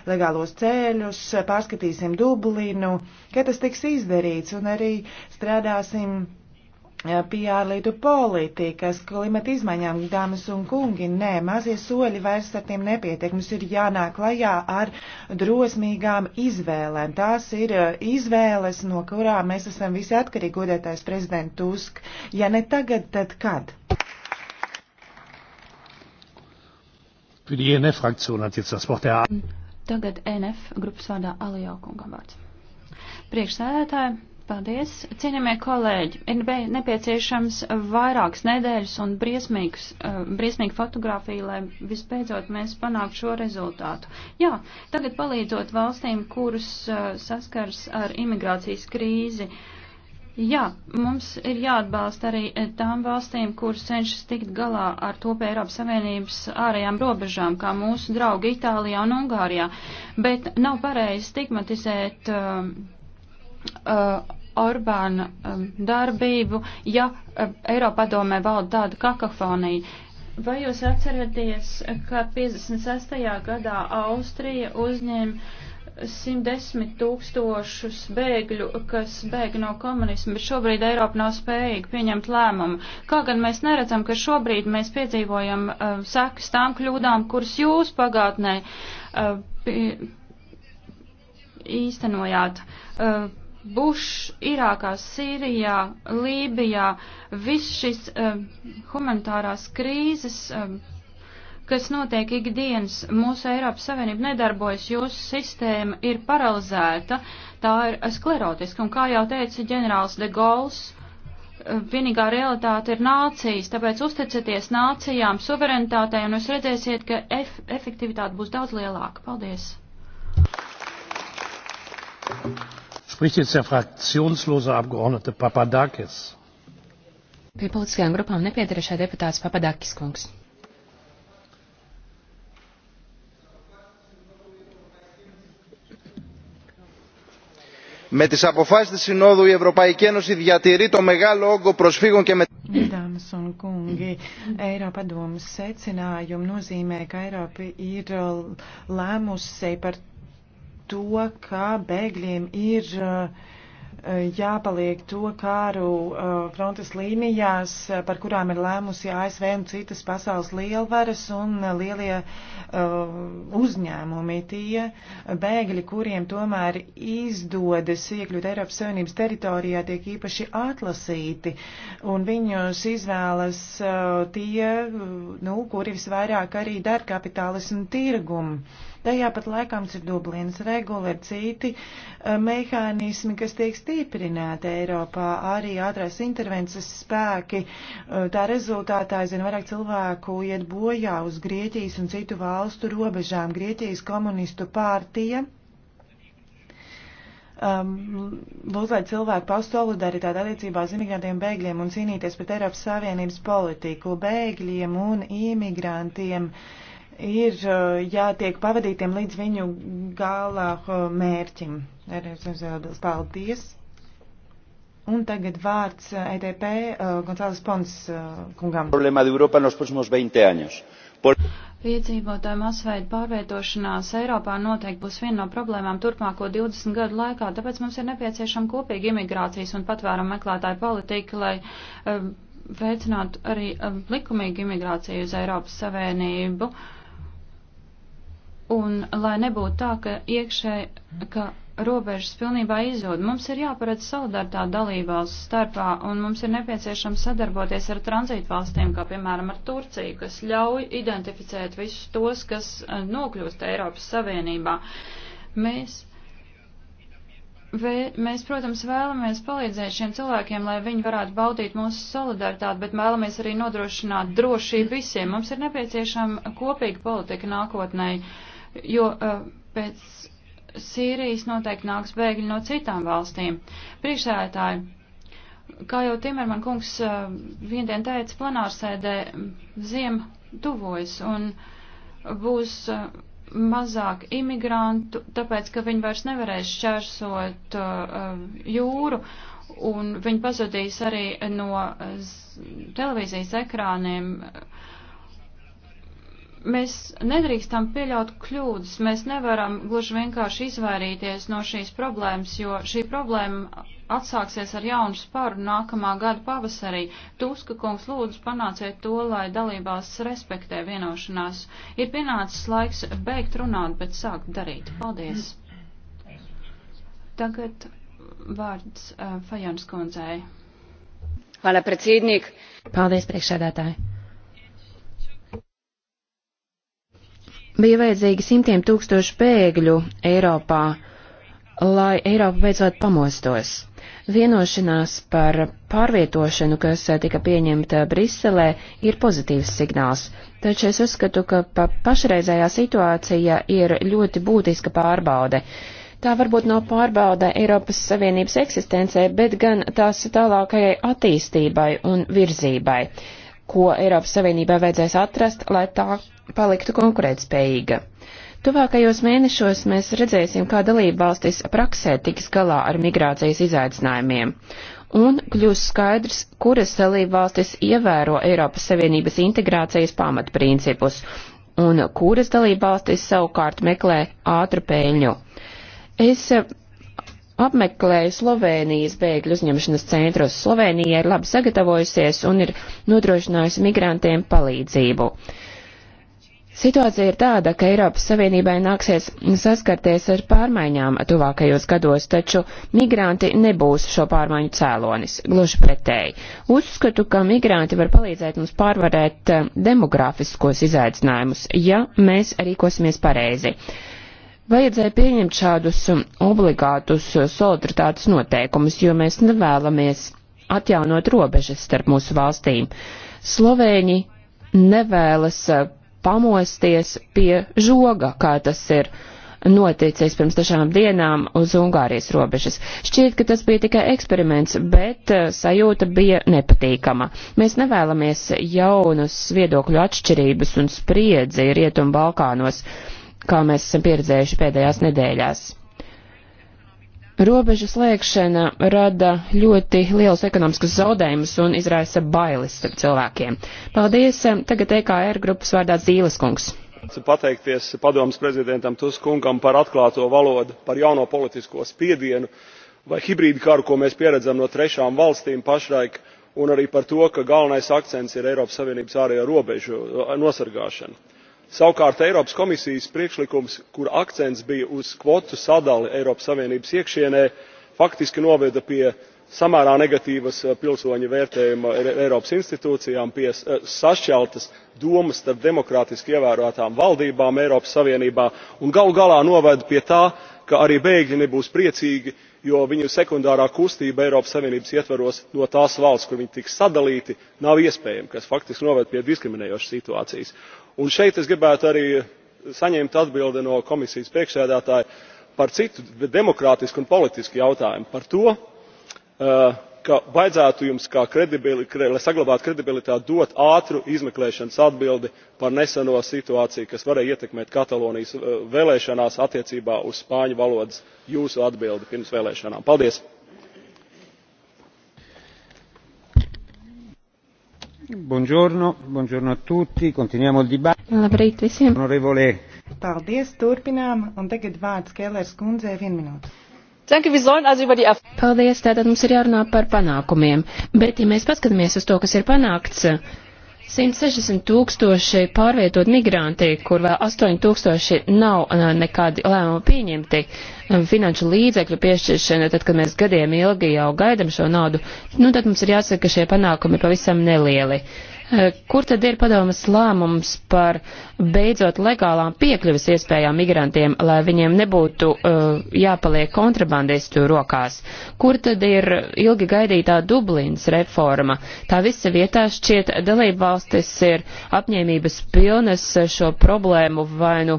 Speaker 4: legālos ceļus, pārskatīsim Dublinu, kad tas tiks izdarīts un arī strādāsim piārlīdu politikas, klimata izmaiņām, dāmas un kungi, nē, mazie soļi vairs ar tiem nepietiek. Mums ir jānāk klajā ar drosmīgām izvēlēm. Tās ir eh, izvēles, no kurām mēs esam visi atkarīgi, godētājs prezidents Tusk. Ja ne tagad, tad kad?
Speaker 2: E
Speaker 4: tagad e NF grupas vārdā Alijā
Speaker 3: kungam vārds. Priekšsēdētāji Paldies. Cienījamie kolēģi, ir nepieciešams vairākas nedēļas un briesmīgs, eh, briesmīga fotografija, lai visbeidzot mēs panāktu šo rezultātu. Jā, tagad palīdzot valstīm, kuras eh, saskars ar imigrācijas krīzi. Jā, mums ir jāatbalsta arī eh, tām valstīm, kuras cenšas tikt galā ar to pie Eiropas Savienības ārējām robežām, kā mūsu draugi Itālijā un Ungārijā, bet nav pareizi stigmatizēt. Uh, uh, Orbāna um, darbību, ja um, Eiropadomē valda tāda kakafonija. Vai jūs atceraties, ka 56. gadā Austrija uzņēma 110 tūkstošus bēgļu, kas bēg no komunismu, bet šobrīd Eiropa nav spējīga pieņemt lēmumu. Kā gan mēs neredzam, ka šobrīd mēs piedzīvojam uh, sekas tām kļūdām, kuras jūs pagātnē uh, īstenojāt. Uh, Bušs, Irākā, Sīrijā, Lībijā, viss šis um, humanitārās krīzes, um, kas notiek ikdienas, mūsu Eiropas Savienība nedarbojas, jūsu sistēma ir paralizēta, tā ir sklerotiska, un kā jau teica ģenerālis de Gauls, eh, vienīgā realitāte ir nācijas, tāpēc uzticieties nācijām, suverenitātei, un jūs redzēsiet, ka ef efektivitāte būs daudz lielāka. Paldies!
Speaker 2: Thank you spricht jetzt der fraktionslose Abgeordnete Papadakis.
Speaker 1: Pie politiskajām grupām nepiedarešā deputāts Papadakis kungs.
Speaker 3: Με τις αποφάσεις της Συνόδου η Ευρωπαϊκή Ένωση διατηρεί το μεγάλο όγκο προσφύγων και
Speaker 4: Dāmas un kungi, Eiropa domas secinājumi nozīmē, ka Eiropa ir lēmusi par to, ka bēgļiem ir eh, jāpaliek to kāru eh, frontes līnijās, par kurām ir lēmusi ASV un citas pasaules lielvaras un lielie eh, uzņēmumi. Tie bēgļi, kuriem tomēr izdodas iekļūt Eiropas Savienības teritorijā, tiek īpaši atlasīti, un viņus izvēlas tie, nu, kuri visvairāk arī dara kapitālismu tirgumu Tajā pat laikā mums ir Dublinas regula, ir citi eh, mehānismi, kas tiek stiprināti Eiropā, arī ātrās intervences spēki. Eh, tā rezultātā, zinu, vairāk cilvēku iet bojā uz Grieķijas un citu valstu robežām. Grieķijas komunistu pārtija um, lūdzu, lai cilvēki paust solidaritāti attiecībā uz imigrantiem, bēgļiem un cīnīties pret Eiropas Savienības politiku, bēgļiem un imigrantiem. Uh, ir uh, jātiek pavadītiem līdz viņu galā uh, mērķim. Paldies! Un tagad vārds uh, ETP Gonzāles Pons kungam.
Speaker 5: Problēma de Europa en los próximos 20 años. Por...
Speaker 3: Iedzīvotāju masveida pārvietošanās Eiropā noteikti būs viena no problēmām turpmāko 20 gadu laikā, tāpēc mums ir nepieciešama kopīga imigrācijas un patvērumu meklētāju politika, lai uh, veicinātu arī uh, likumīgu imigrāciju uz Eiropas Savienību. Uh, Un lai nebūtu tā, ka iekšē, ka robežas pilnībā izzūd, mums ir jāparedz solidaritāte tā dalībvalsts starpā, un mums ir nepieciešams sadarboties ar tranzītvalstīm, kā piemēram ar Turciju, kas ļauj identificēt visus tos, kas eh, nokļūst Eiropas Savienībā. Mēs Vē, mēs, protams, vēlamies palīdzēt šiem cilvēkiem, lai viņi varētu baudīt mūsu solidaritāti, bet vēlamies arī nodrošināt drošību visiem. Mums ir nepieciešama kopīga politika nākotnēji jo uh, pēc Sīrijas noteikti nāks bēgļi no citām valstīm. Priekšsēdētāji, kā jau Timerman kungs uh, eh, viendien teica, plenārsēdē ziem tuvojas un būs uh, mazāk imigrantu, tāpēc, ka viņi vairs nevarēs šķērsot uh, jūru un viņi pazudīs arī no televīzijas ekrāniem. Uh, Mēs nedrīkstam pieļaut kļūdas, mēs nevaram gluži vienkārši izvairīties no šīs problēmas, jo šī problēma atsāksies ar jaunu spāru nākamā gada pavasarī. Tuska kungs lūdzu panāciet to, lai dalībās respektē vienošanās. Ir pienācis laiks beigt runāt, bet sākt darīt. Paldies! Tagad vārds uh, Fajons kundzei. Hvala, predsēdnik. Paldies, priekšsēdētāji.
Speaker 1: bija vajadzīgi simtiem tūkstošu bēgļu Eiropā, lai Eiropa beidzot pamostos. Vienošanās par pārvietošanu, kas tika pieņemta Briselē, ir pozitīvs signāls, taču es uzskatu, ka pa pašreizējā situācija ir ļoti būtiska pārbaude. Tā varbūt nav pārbauda Eiropas Savienības eksistencē, bet gan tās tālākajai attīstībai un virzībai ko Eiropas Savienībā vajadzēs atrast, lai tā paliktu konkurētspējīga. Tuvākajos mēnešos mēs redzēsim, kā dalība valstis praksē tiks galā ar migrācijas izaicinājumiem, un kļūs skaidrs, kuras dalība valstis ievēro Eiropas Savienības integrācijas pamatprincipus, un kuras dalība valstis savukārt meklē ātru peļņu. Es apmeklēju Slovenijas bēgļu uzņemšanas centrus. Slovenija ir labi sagatavojusies un ir nodrošinājusi migrantiem palīdzību. Situācija ir tāda, ka Eiropas Savienībai nāksies saskarties ar pārmaiņām tuvākajos gados, taču migranti nebūs šo pārmaiņu cēlonis, gluži pretēji. Uzskatu, ka migranti var palīdzēt mums pārvarēt eh, demografiskos izaicinājumus, ja mēs rīkosimies pareizi. Vajadzēja pieņemt šādus obligātus solidaritātes noteikumus, jo mēs nevēlamies atjaunot robežas starp mūsu valstīm. Slovēņi nevēlas eh, pamosties pie žoga, kā tas ir noticis pirms dažām dienām uz Ungārijas robežas. Šķiet, ka tas bija tikai eksperiments, bet eh, sajūta bija nepatīkama. Mēs nevēlamies jaunus viedokļu atšķirības un spriedzi Rietumu Balkānos kā mēs esam pieredzējuši pēdējās nedēļās. Robežu slēgšana rada ļoti liels ekonomiskus zaudējumus un izraisa bailes starp cilvēkiem. Paldies! Tagad EKR grupas vārdā Zīles kungs.
Speaker 5: Pateikties padomas prezidentam Tuskungam par atklāto valodu, par jauno politisko spiedienu vai hibrīdu karu, ko mēs pieredzam no trešām valstīm pašlaik, un arī par to, ka galvenais akcents ir Eiropas Savienības ārējo robežu uh, nosargāšana savukārt eiropas komisijas priekšlikums kura akcents bija uz kvotu sadali eiropas savienības iekšienē faktiski noveda pie samērā negatīvas eh, pilsoņu vērtējuma eiropas institūcijām pie eh, sašķeltas domas starp demokrātiski ievēlētām valdībām eiropas savienībā un galu galā noveda pie tā ka arī bēgļi nebūs priecīgi jo viņu sekundārā kustība eiropas savienības ietvaros no tās valsts kur viņi tiks sadalīti nav iespējama kas faktiski noved pie diskriminējošas situācijas un šeit es gribētu arī saņemt atbildi no komisijas priekšsēdētāja par citu demokrātisku un politisku jautājumu par to eh, ka vajadzētu jums kā lai saglabātu kredibilitāti dot ātru izmeklēšanas atbildi par neseno situāciju kas varēja ietekmēt katalonijas eh, vēlēšanās attiecībā uz spāņu valodas jūsu atbildi pirms vēlēšanām. paldies!
Speaker 2: Buongiorno, buongiorno a tutti, continuiamo il dibattito.
Speaker 4: Labrīt visiem. Onorevole. Paldies, turpinām, un tagad vārds Kēlērs kundzei vien minūte.
Speaker 1: Paldies, tātad mums ir jārunā par panākumiem, bet ja mēs paskatāmies uz to, kas ir panākts, 160 tūkstoši pārvietot migranti, kur vēl 8 tūkstoši nav eh, nekādi lēmumi pieņemti. Finanšu līdzekļu piešķiršana, tad, kad mēs gadiem ilgi jau gaidam šo naudu, nu tad mums ir jāsaka, ka šie panākumi pavisam nelieli. Uh, Kur tad ir padomas lēmums par beidzot legālām piekļuvas iespējām migrantiem, lai viņiem nebūtu uh, jāpaliek kontrabandistu rokās? Kur tad ir ilgi gaidītā Dublīnas reforma? Tā visa vietā šķiet dalībvalstis ir apņēmības pilnas šo problēmu vai nu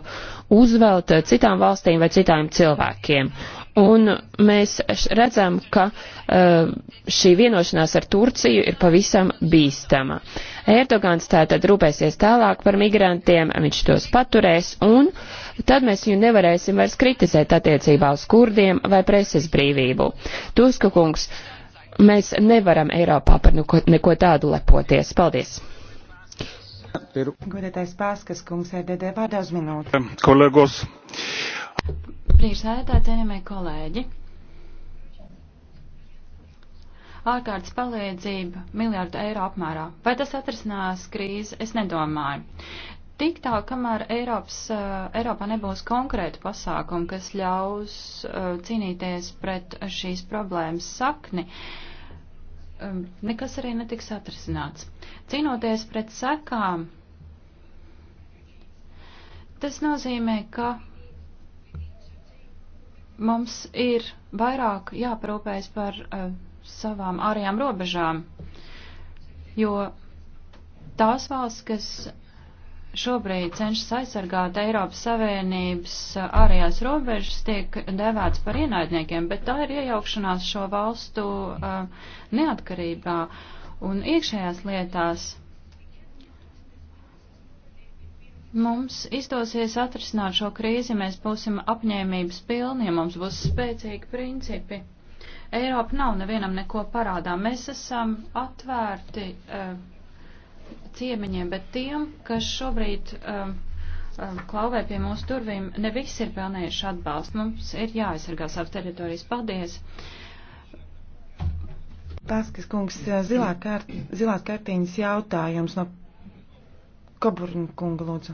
Speaker 1: uzvelt citām valstīm vai citām cilvēkiem. Un mēs redzam, ka uh, šī vienošanās ar Turciju ir pavisam bīstama. Erdogans tātad rūpēsies tālāk par migrantiem, viņš tos paturēs, un tad mēs viņu nevarēsim vairs kritizēt attiecībā uz kurdiem vai preses brīvību. Tuska kungs, mēs nevaram Eiropā par neko,
Speaker 4: neko tādu lepoties. Paldies! Godētais Pāskas kungs, EDD vārdā uz minūti.
Speaker 5: Kolegos, uh,
Speaker 3: Priekšsēdētāji, cienījamie kolēģi! ārkārtas palīdzība miljārdu eiro apmērā. Vai tas atrisinās krīzi? Es nedomāju. Tik tā, kamēr Eiropas, eh, Eiropā nebūs konkrētu pasākumu, kas ļaus eh, cīnīties pret šīs problēmas sakni, eh, nekas arī netiks atrisināts. Cīnoties pret sekām, tas nozīmē, ka Mums ir vairāk jāparūpējas par uh, savām ārējām robežām, jo tās valsts, kas šobrīd cenšas aizsargāt Eiropas Savienības eh, ārējās robežas, tiek devēts par ienaidniekiem, bet tā ir iejaukšanās šo valstu uh, neatkarībā un iekšējās lietās. Mums izdosies atrisināt šo krīzi, mēs būsim apņēmības pilni, ja mums būs spēcīgi principi. Eiropa nav nevienam neko parādā. Mēs esam atvērti uh, ciemiņiem, bet tiem, kas šobrīd uh, uh, klauvē pie mūsu durvīm, ne visi ir pelnējuši atbalstu. Mums ir jāaizsargā savas teritorijas. Paldies!
Speaker 4: Paskas kungs, zilā kārt, zilās kartiņas jautājums no Kaburna kunga lūdzu.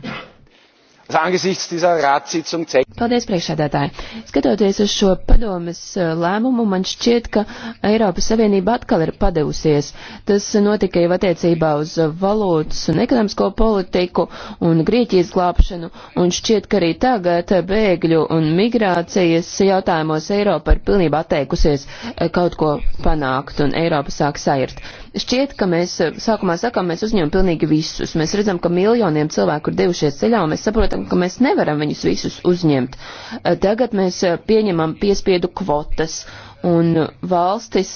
Speaker 1: Paldies, priekšsēdētāji. Skatoties uz šo padomes eh, lēmumu, man šķiet, ka Eiropas Savienība atkal ir padevusies. Tas notika jau attiecībā uz valūtas un ekonomisko politiku un Grieķijas glābšanu, un šķiet, ka arī tagad bēgļu un migrācijas jautājumos Eiropa ir pilnībā atteikusies eh, kaut ko panākt, un Eiropa sāk sairt. Šķiet, ka mēs eh, sākumā sakām, mēs uzņemam pilnīgi visus. Mēs redzam, ka miljoniem cilvēku ir devušies ceļā, un mēs saprotam, ka mēs nevaram viņus visus uzņemt. Eh, tagad mēs eh, pieņemam piespiedu kvotas, un valstis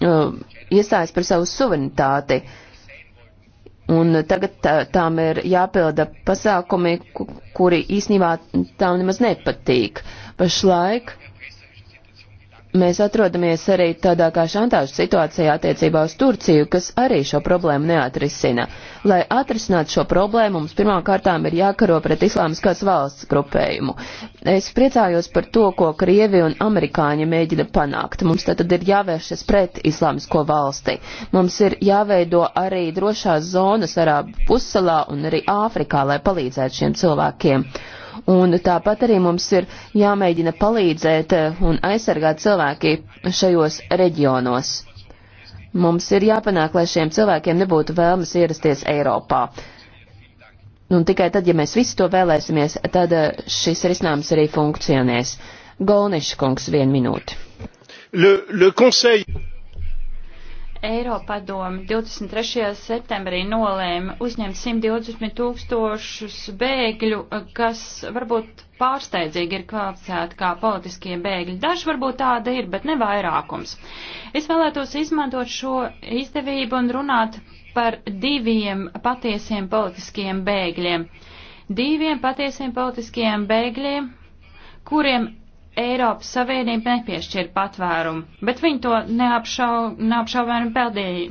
Speaker 1: uh, iestājas par savu suverenitāti. Un tagad tā, tām ir jāpilda pasākumi, kuri īsnībā tām nemaz nepatīk. Pašlaik Mēs atrodamies arī tādā kā šantāžu situācijā attiecībā uz Turciju, kas arī šo problēmu neatrisina. Lai atrisinātu šo problēmu, mums pirmām kārtām ir jākaro pret islāmiskās valsts grupējumu. Es priecājos par to, ko Krievi un amerikāņi mēģina panākt. Mums tātad ir jāvēršas pret islāmisko valsti. Mums ir jāveido arī drošās zonas Arābu pussalā un arī Āfrikā, lai palīdzētu šiem cilvēkiem. Un tāpat arī mums ir jāmēģina palīdzēt eh, un aizsargāt cilvēki šajos reģionos. Mums ir jāpanāk, lai šiem cilvēkiem nebūtu vēlmes ierasties Eiropā. Un tikai tad, ja mēs visi to vēlēsimies, tad eh, šis risinājums arī funkcionēs. Golniša kungs, vienu minūti. Le, le conseil...
Speaker 3: Eiropadomi 23. septembrī nolēma uzņemt 120 tūkstošus bēgļu, kas varbūt pārsteidzīgi ir kvalificēti kā politiskie bēgļi. Daži varbūt tāda ir, bet ne vairākums. Es vēlētos izmantot šo izdevību un runāt par diviem patiesiem politiskiem bēgļiem. Diviem patiesiem politiskiem bēgļiem, kuriem Eiropas Savienība nepiešķir patvērumu, bet viņi to neapšau, neapšaubāmi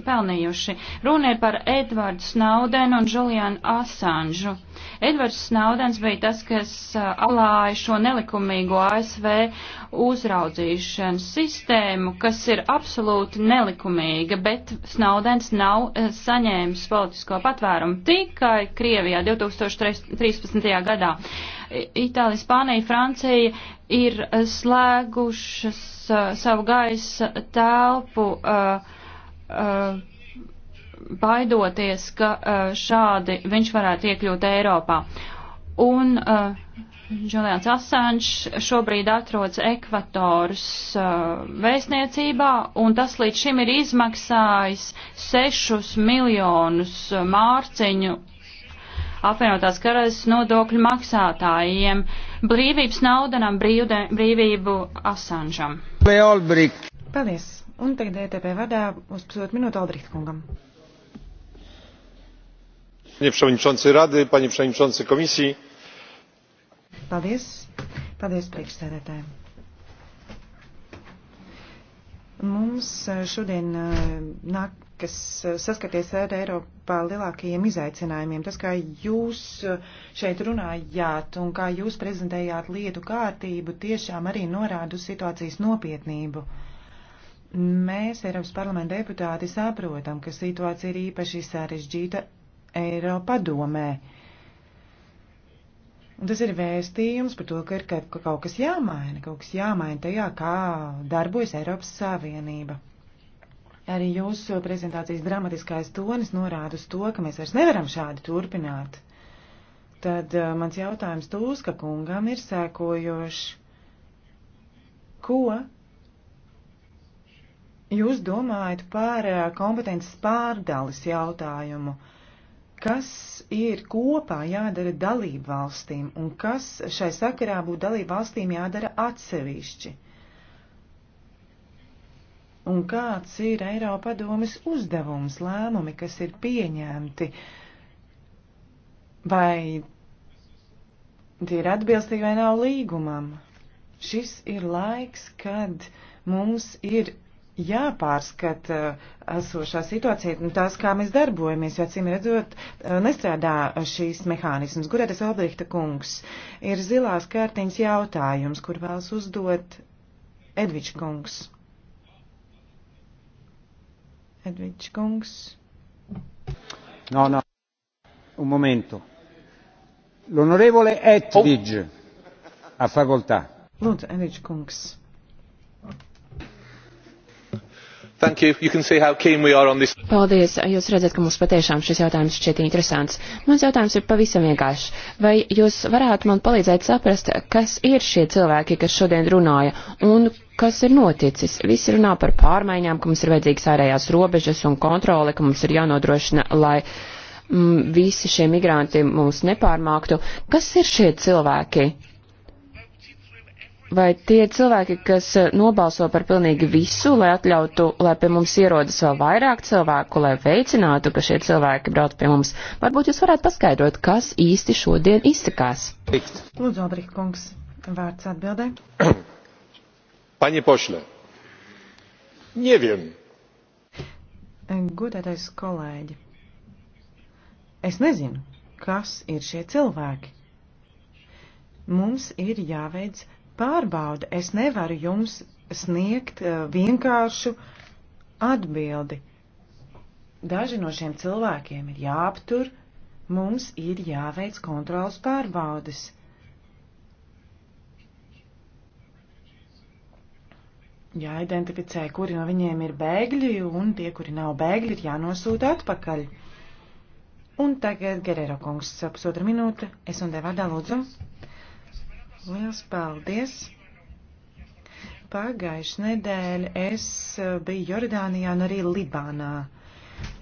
Speaker 3: pelnījuši. Runa ir par Edvardu Snaudenu un Julianu Asanžu. Edvards Snaudens bija tas, kas alāja šo nelikumīgo ASV uzraudzīšanas sistēmu, kas ir absolūti nelikumīga, bet Snaudens nav saņēmis politisko patvērumu tikai Krievijā 2013. gadā. Itālija, Spānija, Francija ir slēgušas savu gaisa telpu. Uh, uh, baidoties, ka eh, šādi viņš varētu iekļūt Eiropā. Un uh, Julians Assange šobrīd atrodas Ekvatoras uh, vēstniecībā, un tas līdz šim ir izmaksājis 6 miljonus mārciņu apvienotās karalas nodokļu maksātājiem. Brīvības naudanam, brīvde, brīvību Assanžam.
Speaker 4: Paldies! Un tagad DTP e vadā uz pusotru minūtu Aldrihtkungam
Speaker 2: panie przewodniczący rady panie przewodniczący komisji!
Speaker 4: Paldies. Paldies priekšsēdētājiem. Mums e, šodien e, nākas e, saskaties ar Eiropā lielākajiem izaicinājumiem. Tas, kā jūs šeit runājāt un kā jūs prezentējāt lietu kārtību, tiešām arī norāda uz situācijas nopietnību. Mēs, Eiropas parlamenta deputāti, saprotam, ka situācija ir īpaši sarežģīta Eiropa domē. Un tas ir vēstījums par to, ka ir ka kaut kas jāmaina, kaut kas jāmaina tajā, kā darbojas Eiropas Savienība. Arī jūsu prezentācijas dramatiskais tonis norāda uz to, ka mēs vairs nevaram šādi turpināt. Tad uh, mans jautājums Tūska kungam ir sēkojošs. Ko jūs domājat par eh, kompetences pārdalis jautājumu? Uh, kas ir kopā jādara dalību valstīm un kas šai sakarā būtu dalību valstīm jādara atsevišķi. Un kāds ir Eiropadomes uzdevums, lēmumi, kas ir pieņemti, vai tie ir atbilstīgi vai nav līgumam? Šis ir laiks, kad mums ir jāpārskata uh, esošā situācija un tās, kā mēs darbojamies, jo acīm redzot, uh, nestrādā šīs mehānismas. Gurētas Albrihta kungs ir zilās kārtiņas jautājums, kur vēlas uzdot Edvičs kungs. Edvičs kungs. No, no. Un momentu.
Speaker 2: L'onorevole Edvičs. Oh. A facoltà.
Speaker 4: Lūdzu, Edvičs kungs.
Speaker 5: Paldies,
Speaker 1: jūs redzat, ka mums patiešām šis jautājums šķiet interesants. Mans jautājums ir pavisam vienkāršs. Vai jūs varētu man palīdzēt saprast, kas ir šie cilvēki, kas šodien runāja, un kas ir noticis? Visi runā par pārmaiņām, ka mums ir vajadzīgas ārējās robežas un kontrole, ka mums ir jānodrošina, lai mm, visi šie migranti mūs nepārmāktu. Kas ir šie cilvēki? vai tie cilvēki, kas eh, nobalso par pilnīgi visu, lai atļautu, lai pie mums ierodas vēl vairāk cilvēku, lai veicinātu, ka šie cilvēki brauc pie mums, varbūt jūs varētu paskaidrot, kas īsti šodien izsakās?
Speaker 4: Lūdzu, Albrecht kungs, vārds atbildē.
Speaker 2: Paņi pošļa. Nieviem.
Speaker 4: Gudētais kolēģi. Es nezinu, kas ir šie cilvēki. Mums ir jāveic pārbauda. Es nevaru jums sniegt eh, vienkāršu atbildi. Daži no šiem cilvēkiem ir jāaptur, mums ir jāveic kontrolas pārbaudes. Jāidentificē, kuri no viņiem ir bēgļi, un tie, kuri nav bēgļi, ir jānosūta atpakaļ. Un tagad Gerero kungs, pusotra minūte, es un tev vārdā lūdzu. Liels paldies! Pagājuši nedēļa es eh, biju Jordānijā un arī Libānā.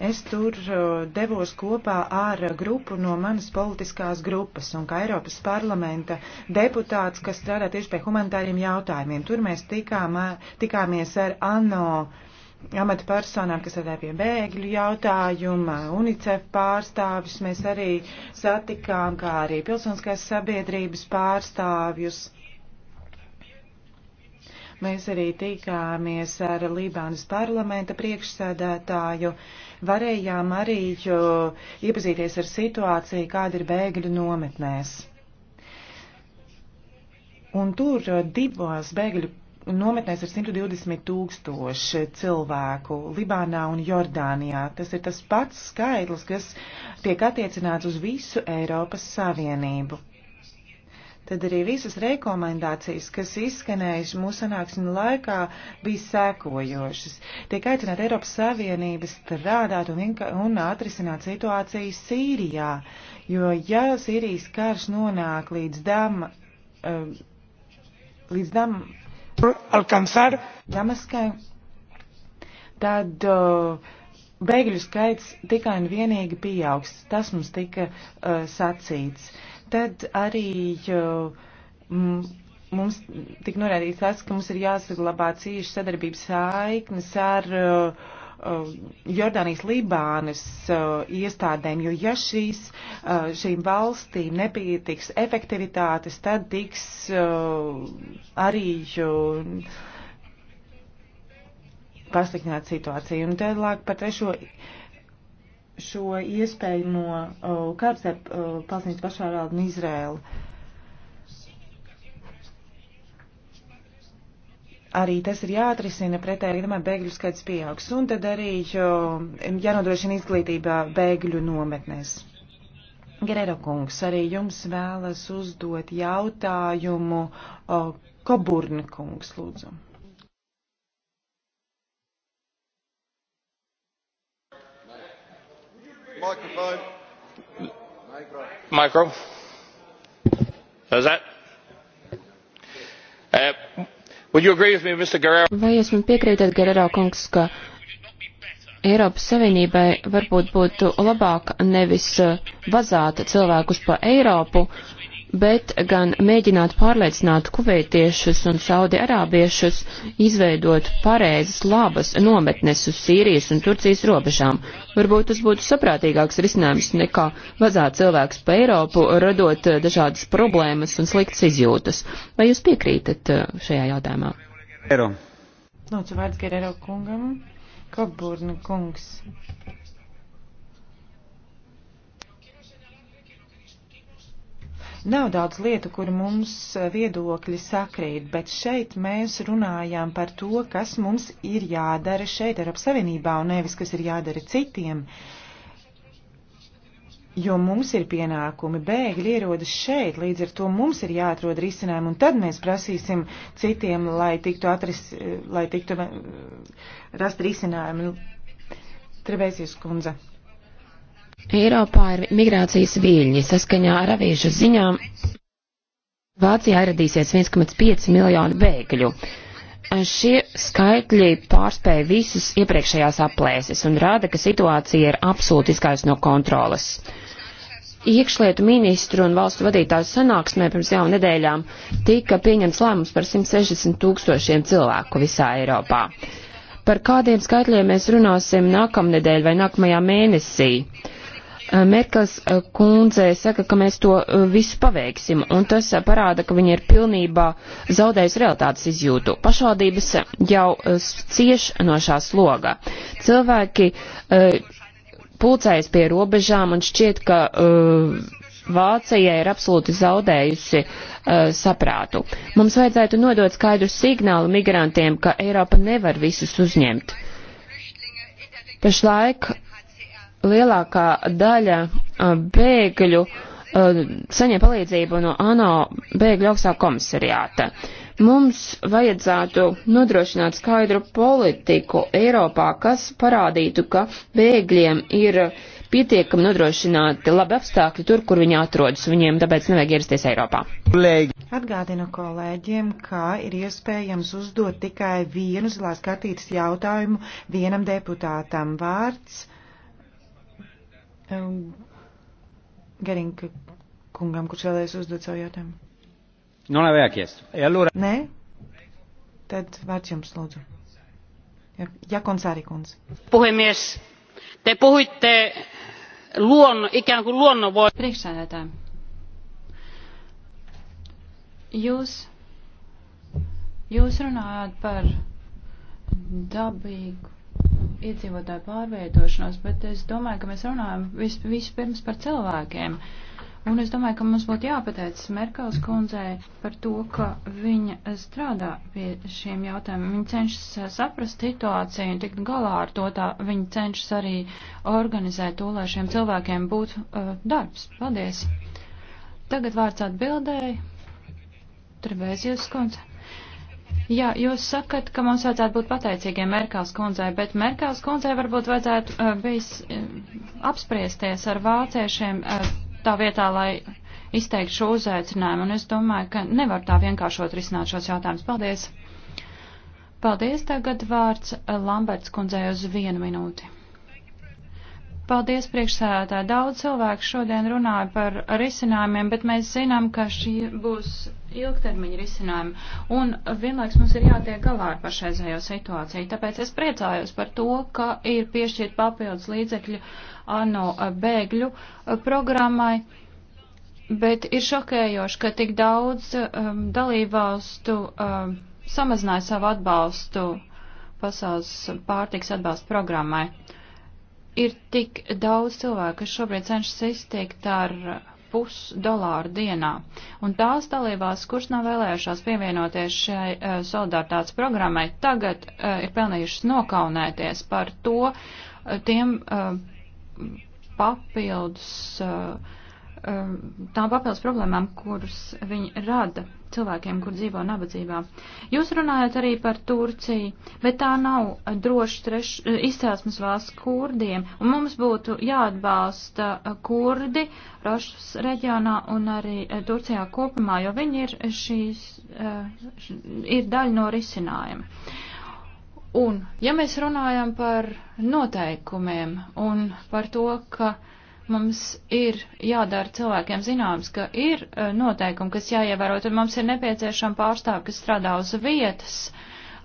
Speaker 4: Es tur eh, devos kopā ar grupu no manas politiskās grupas un kā Eiropas parlamenta deputāts, kas strādā tieši pie humanitāriem jautājumiem. Tur mēs tikām, eh, tikāmies ar ANO amatpersonām, kas strādā pie bēgļu jautājuma, UNICEF pārstāvjus, mēs arī satikām, kā arī pilsoniskās sabiedrības pārstāvjus. Mēs arī tikāmies ar Lībānas parlamenta priekšsēdētāju, varējām arī iepazīties ar situāciju, kāda ir bēgļu nometnēs. Un tur divos bēgļu Nometnēs ir 120 tūkstoši cilvēku Libānā un Jordānijā. Tas ir tas pats skaitlis, kas tiek attiecināts uz visu Eiropas Savienību. Tad arī visas rekomendācijas, kas izskanējuši mūsu sanāksmi laikā, bija sēkojošas. Tiek aicināt Eiropas Savienību strādāt un, un atrisināt situāciju Sīrijā, jo ja Sīrijas karš nonāk līdz dam, eh, līdz dam alcanzar. Damaskai, tad uh, bēgļu skaits tikai un vienīgi pieaugs. Tas mums tika uh, sacīts. Tad arī uh, mums tika norādīts tas, ka mums ir jāsaglabā cīša sadarbības saiknes ar. Uh, Uh, Jordānijas, Libānas uh, iestādēm, jo ja šīs, uh, šīm valstīm nepietiks efektivitātes, tad tiks arī pasliktināt situāciju. Un tālāk par trešo šo iespējamo no, kāds ar Palestīnas pašvārādu un Izrēlu. arī tas ir jāatrisina pretēji, domāju, bēgļu skaits pieaugs. Un tad arī jānodrošina izglītība bēgļu nometnēs. Gerero kungs, arī jums vēlas uzdot jautājumu o, Koburna kungs, lūdzu.
Speaker 5: Mikrofonu.
Speaker 2: Mikro. Is that? Uh, Vai
Speaker 1: jūs man piekrītat, Gerero kungs, ka Eiropas Savienībai varbūt būtu labāk nevis eh, vazāt cilvēkus pa Eiropu, bet gan mēģināt pārliecināt kuveitiešus un saudi arābiešus izveidot pareizas labas nometnes uz Sīrijas un Turcijas robežām. Varbūt tas būtu saprātīgāks risinājums nekā vazāt cilvēks pa Eiropu, radot eh, dažādas problēmas un sliktas izjūtas. Vai jūs piekrītat eh, šajā jautājumā?
Speaker 5: Eiro.
Speaker 4: Lūdzu, vārds Gerero kungam. Kokburna kungs. Nav daudz lietu, kur mums eh, viedokļi sakrīt, bet šeit mēs runājām par to, kas mums ir jādara šeit Eiropas Savienībā un nevis, kas ir jādara citiem. Jo mums ir pienākumi, bēgļi ierodas šeit, līdz ar to mums ir jāatrod risinājumi, un tad mēs prasīsim citiem, lai tiktu, atris, eh, lai tiktu eh, rast risinājumi. Trebēsies kundze.
Speaker 1: Eiropā ir migrācijas viļņi. Saskaņā ar aviešu ziņām Vācijā ieradīsies 1,5 miljonu bēgļu. Šie skaitļi pārspēja visus iepriekšējās aplēses un rāda, ka situācija ir absolūti izgājusi no kontrolas. Iekšlietu ministru un valstu vadītāju sanāksmē pirms jau nedēļām tika pieņemts lēmums par 160 tūkstošiem cilvēku visā Eiropā. Par kādiem skaitļiem mēs runāsim nākamnedēļ vai nākamajā mēnesī? Eh, Merkels eh, kundze saka, ka mēs to eh, visu paveiksim, un tas parāda, ka viņa ir pilnībā zaudējusi realitātes izjūtu. Pašvaldības jau cieš no šā sloga. Cilvēki pulcējas pie robežām un šķiet, ka Vācija ir absolūti zaudējusi uh, saprātu. Mums vajadzētu nodot skaidru signālu migrantiem, ka Eiropa nevar visus uzņemt. Pašlaik lielākā daļa uh, bēgļu uh, saņem palīdzību no ANO bēgļu augstā komisariāta. Mums vajadzētu nodrošināt skaidru politiku Eiropā, kas parādītu, ka bēgļiem ir pietiekami nodrošināti labi apstākļi tur, kur viņi atrodas, viņiem tāpēc nevajag ierasties Eiropā.
Speaker 4: Atgādinu kolēģiem, ka ir iespējams uzdot tikai vienu zilās kartītes jautājumu vienam deputātam. Vārds Gerinka kungam, kurš vēlēs uzdot savu jautājumu.
Speaker 5: Nu, nav jākies. Ja, e, lūra... Nē?
Speaker 4: Tad vārds jums, lūdzu. Ja, ja konsāri kungs.
Speaker 3: Puhemies, te puhuitte luon, ikään kuin luonnonvoi... Priekšsēdētāji. Jūs, jūs runājāt par dabīgu iedzīvotāju pārvietošanos, bet es domāju, ka mēs runājam vis, vispirms par cilvēkiem. Un es domāju, ka mums būtu jāpateicas Merkels kundzei par to, ka viņa strādā pie šiem jautājumiem. Viņa cenšas eh, saprast situāciju un tikt galā ar to, tā viņa cenšas arī organizēt to, lai šiem cilvēkiem būtu uh, darbs. Paldies! Tagad vārds atbildēji. Trebēzies kundze. Jā, jūs sakat, ka mums vajadzētu būt pateicīgiem Merkels kundzei, bet Merkels kundzei varbūt vajadzētu uh, bijis uh, apspriesties ar vāciešiem uh, tā vietā, lai izteiktu šo uzaicinājumu. Un es domāju, ka nevar tā vienkāršot risināt šos jautājumus. Paldies! Paldies! Tagad vārds Lamberts kundzei uz vienu minūti. Paldies, priekšsēdētāji. Daudz cilvēku šodien runāja par risinājumiem, bet mēs zinām, ka šī būs ilgtermiņa risinājumi. Un vienlaiks mums ir jātiek galā ar pašreizējo situāciju. Tāpēc es priecājos par to, ka ir piešķirt papildus līdzekļu ANO bēgļu programmai. Bet ir šokējoši, ka tik daudz um, dalībvalstu um, samazināja savu atbalstu pasaules pārtiks atbalstu programmai. Uh, ir tik daudz cilvēku, kas šobrīd cenšas iztiekt ar pusdolāru dienā. Un tās dalībās, kuras nav vēlējušās pievienoties šai uh, solidaritātes programmai, tagad uh, ir pelnījušas nokaunēties par to uh, tiem uh, papildus, uh, uh, tām papildus problēmām, kuras viņi rada cilvēkiem, kur dzīvo nabadzībā. Jūs runājat arī par Turciju, bet tā nav droši treš, izcelsmes valsts kurdiem, un mums būtu jāatbalsta kurdi Rošas reģionā un arī Turcijā kopumā, jo viņi ir, šīs, eh, ir daļa no risinājuma. Un, ja mēs runājam par noteikumiem un par to, ka uh, Mums ir jādara cilvēkiem zināms, ka ir eh, noteikumi, kas jāievērot, un mums ir nepieciešama pārstāv, kas strādā uz vietas,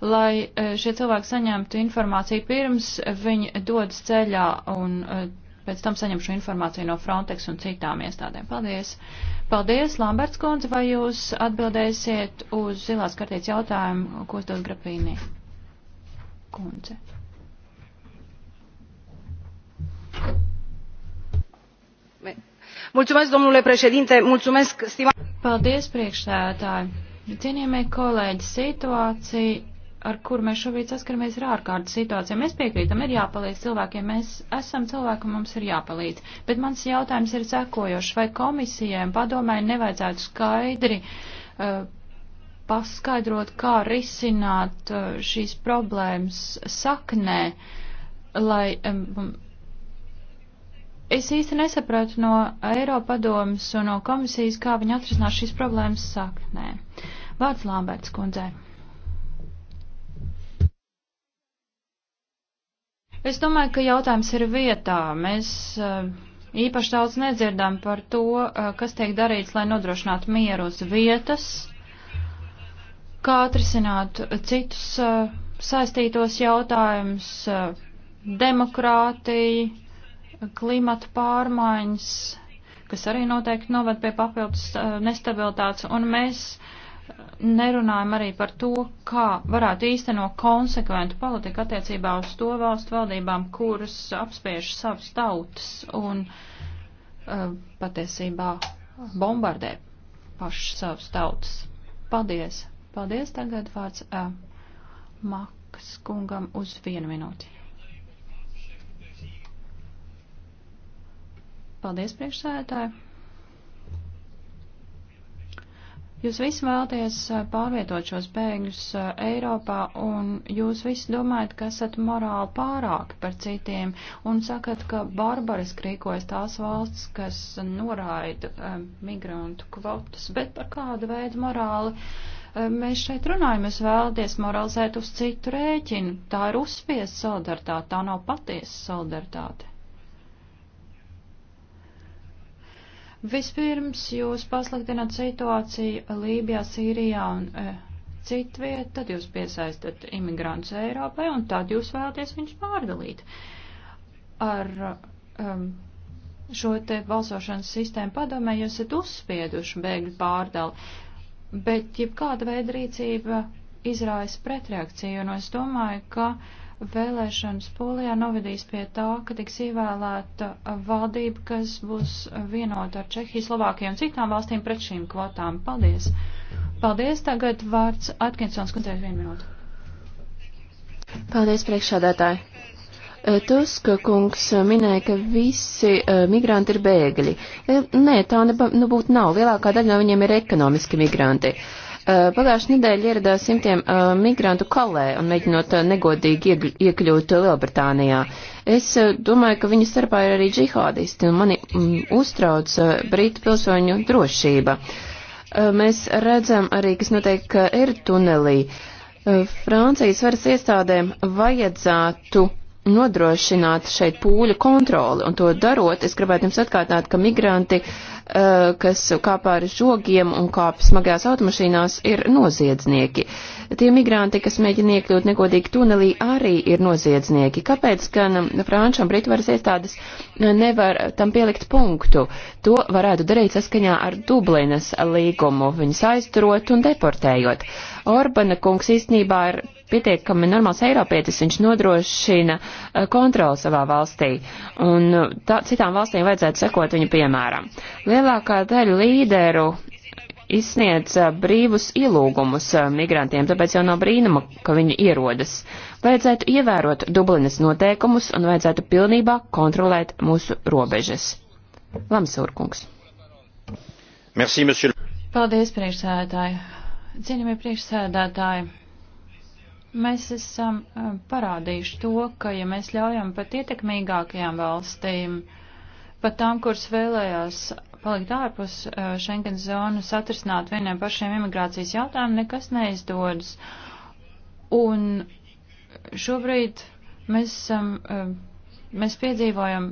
Speaker 3: lai eh, šie cilvēki saņemtu informāciju pirms viņi dodas ceļā un eh, pēc tam saņem šo informāciju no Frontex un citām iestādēm. Paldies! Paldies, Lamberts kundze, vai jūs atbildēsiet uz zilās kartītes jautājumu, ko uzdod Grapīnī kundze? Mulțumesc, domnule președinte, mulțumesc, stimā... Paldies, priekšsēdētāji. Cienījamie kolēģi, situācija, ar kur mēs šobrīd saskaramies, ir ārkārtas situācija. Mēs piekrītam, ir jāpalīdz cilvēkiem, mēs esam cilvēki, mums ir jāpalīdz. Bet mans jautājums ir sekojošs, vai komisijiem padomēji nevajadzētu skaidri uh, paskaidrot, kā risināt eh, šīs problēmas saknē, lai um, Es īsti nesapratu no Eiropadomas un no komisijas, kā viņi atrisinās šīs problēmas saknē. Vārds Lamberts kundzei. Es domāju, ka jautājums ir vietā. Mēs eh, īpaši daudz nedzirdām par to, eh, kas tiek darīts, lai nodrošinātu mieru uz vietas, kā atrisināt citus eh, saistītos jautājumus, demokrātiju klimata pārmaiņas, kas arī noteikti noved pie papildus eh, nestabilitātes, un mēs eh, nerunājam arī par to, kā varētu īstenot konsekventu politiku attiecībā uz to valstu valdībām, kuras apspiež savas tautas un eh, patiesībā bombardē pašas savas tautas. Paldies! Paldies! Tagad vārds uh, Maks kungam uz vienu minūti. Paldies, priekšsēdētāji! Jūs visi vēlaties eh, pārvietot šos bēgļus eh, Eiropā, un jūs visi domājat, ka esat morāli pārāki par citiem, un sakat, ka barbariski rīkojas tās valsts, kas noraida um, migrantu kvotas, bet par kādu veidu morāli um, mēs šeit runājam, jūs vēlaties moralizēt uz citu rēķinu. Tā ir uzspiesta solidaritāte, tā nav patiesa solidaritāte. Vispirms jūs pasliktināt situāciju Lībijā, Sīrijā un e, citviet, tad jūs piesaistat imigrantus Eiropai un tad jūs vēlaties viņus pārdalīt. Ar um, šo te balsošanas sistēmu padomē jūs esat uzspieduši bēgļu pārdali, bet jebkāda veida rīcība izrājas pretreakciju, un es domāju, ka uh, Vēlēšanas Polijā novedīs pie tā, ka tiks ievēlēta valdība, kas būs vienota ar Čehiju, Slovākiju un citām valstīm pret šīm kvotām. Paldies! Paldies! Tagad vārds Atkinsons kundzei vienu minūtu.
Speaker 1: Paldies, priekšādātāji! Eh, Tuska kungs eh, minēja, ka visi uh, migranti ir bēgļi. Nē, tā nebūtu nu, nav. Lielākā daļa no viņiem ir ekonomiski migranti. Uh, Eh, Pagājušajā nedēļā ieradās simtiem eh, migrantu kalē un mēģinot eh, negodīgi iekļūt Lielbritānijā. Es domāju, ka viņu starpā ir arī džihādisti un mani mm, uztrauc brītu pilsoņu drošība. Mēs redzam arī, kas notiek ka ir tunelī. Francijas varas iestādēm vajadzētu nodrošināt šeit pūļu kontroli, un to darot, es gribētu jums atkārtināt, ka migranti, uh, kas kāp pāri žogiem un kāp smagajās automašīnās, ir noziedznieki. Tie migranti, kas mēģina iekļūt negodīgi tunelī, arī ir noziedznieki. Kāpēc gan Franču un Britu varas iestādes nevar tam pielikt punktu? To varētu darīt saskaņā ar Dublinas līgumu, viņus aizturot un deportējot. Uh, Orbana kungs īstenībā ir pietiekami normāls eiropietis, viņš nodrošina eh, kontroli savā valstī, un eh, tā, citām valstīm vajadzētu sekot viņa piemēram. Lielākā daļa līderu izsniedz eh, brīvus ielūgumus migrantiem, tāpēc jau nav brīnuma, ka viņi ierodas. Vajadzētu ievērot Dublinas noteikumus un vajadzētu pilnībā kontrolēt mūsu robežas. Lamsūrkungs.
Speaker 3: Merci, monsieur. Paldies, priekšsēdētāji. Cienījamie priekšsēdētāji, mēs esam eh, parādījuši to, ka ja mēs ļaujam pat ietekmīgākajām valstīm, pat tām, kuras vēlējās palikt ārpus eh, Schengen zonas, atrisināt vieniem pašiem imigrācijas jautājumu, nekas neizdodas. Un šobrīd mēs, um, mēs piedzīvojam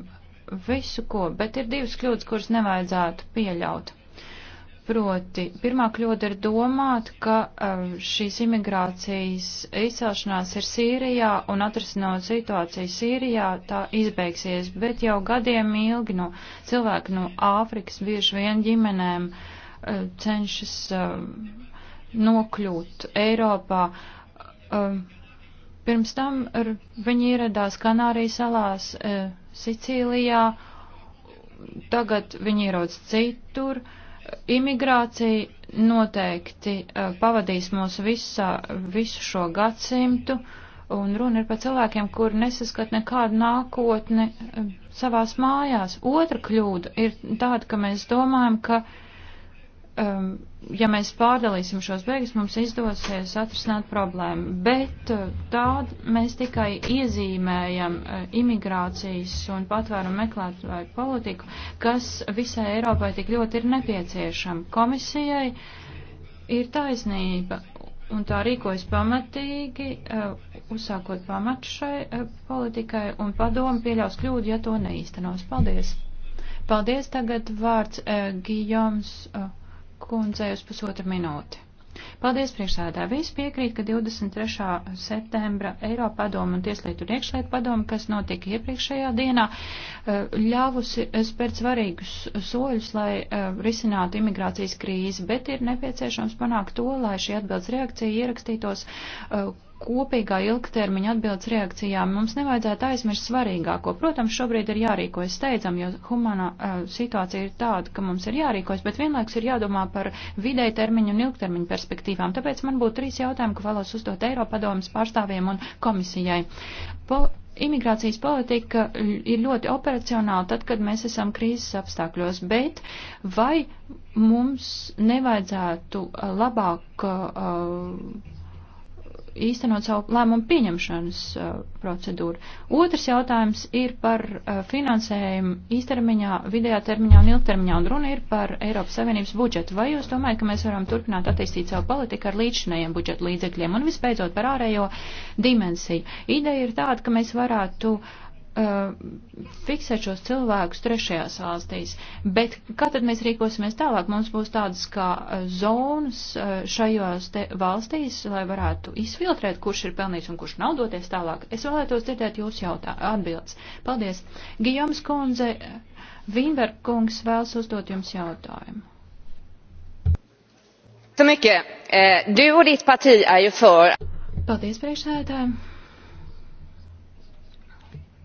Speaker 3: visu ko, bet ir divas kļūdas, kuras nevajadzētu pieļaut. Proti, pirmā kļoda ir domāt, ka um, šīs imigrācijas izcelšanās ir Sīrijā un atrisinot situāciju Sīrijā, tā izbeigsies, bet jau gadiem ilgi no cilvēku no Āfrikas bieži vien ģimenēm uh, cenšas um, nokļūt Eiropā. Um, pirms tam viņi ieradās Kanārijas salās, uh, Sicīlijā, tagad viņi ierodas citur. Uh, Imigrācija noteikti e, pavadīs mūs visā, visu šo gadsimtu, un runa ir par cilvēkiem, kuri nesaskat nekādu nākotni e, savās mājās. Otra kļūda ir tāda, ka mēs domājam, ka uh, um, ja mēs pārdalīsim šos beigas, mums izdosies atrisināt problēmu. Bet uh, tādu mēs tikai iezīmējam uh, imigrācijas un patvērumu meklētāju politiku, kas visai Eiropai tik ļoti ir nepieciešama. Komisijai ir taisnība. Un tā rīkojas pamatīgi, uh, uzsākot pamatu šai politikai, un padomu pieļaus kļūdu, ja to neīstenos. Paldies! Paldies! Tagad vārds Gijoms. Uh, kundzei uz pusotru minūti. Paldies, priekšsēdā. Visi piekrīt, ka 23. septembra Eiropa padoma un Tieslietu un iekšlietu padoma, kas notika iepriekšējā dienā, eh, ļāvusi spērt svarīgus soļus, lai eh, risinātu imigrācijas krīzi, bet ir nepieciešams panākt to, lai šī atbildes reakcija ierakstītos eh, kopīgā ilgtermiņa atbildes reakcijām mums nevajadzētu aizmirst svarīgāko. Protams, šobrīd ir jārīkojas steidzam, jo humanā uh, situācija ir tāda, ka mums ir jārīkojas, bet vienlaikus ir jādomā par vidēja termiņu un ilgtermiņu perspektīvām. Tāpēc man būtu trīs jautājumi, ko vēlos uzdot Eiropadomas pārstāvjiem un komisijai. Po imigrācijas politika ir ļoti operacionāla tad, kad mēs esam krīzes apstākļos, bet vai mums nevajadzētu labāk uh, īstenot savu lēmumu pieņemšanas uh, procedūru. Otrs jautājums ir par uh, finansējumu īstermiņā, vidējā termiņā un ilgtermiņā, un runa ir par Eiropas Savienības budžetu. Vai jūs domājat, ka mēs varam turpināt attīstīt savu politiku ar līdzinējiem budžeta līdzekļiem? Un visbeidzot par ārējo dimensiju. Ideja ir tāda, ka mēs varētu uh, Uh, fiksēt šos cilvēkus trešajās valstīs. Bet kā tad mēs rīkosimies tālāk? Mums būs tādas kā uh, zonas uh, šajos valstīs, lai varētu izfiltrēt, kurš ir pelnījis un kurš nav doties tālāk. Es vēlētos dzirdēt jūsu jautā atbildes. Paldies. Gijoms kundze, Vīnberg kungs vēlas uzdot jums jautājumu. Eh, Paldies, priekšsēdētājiem.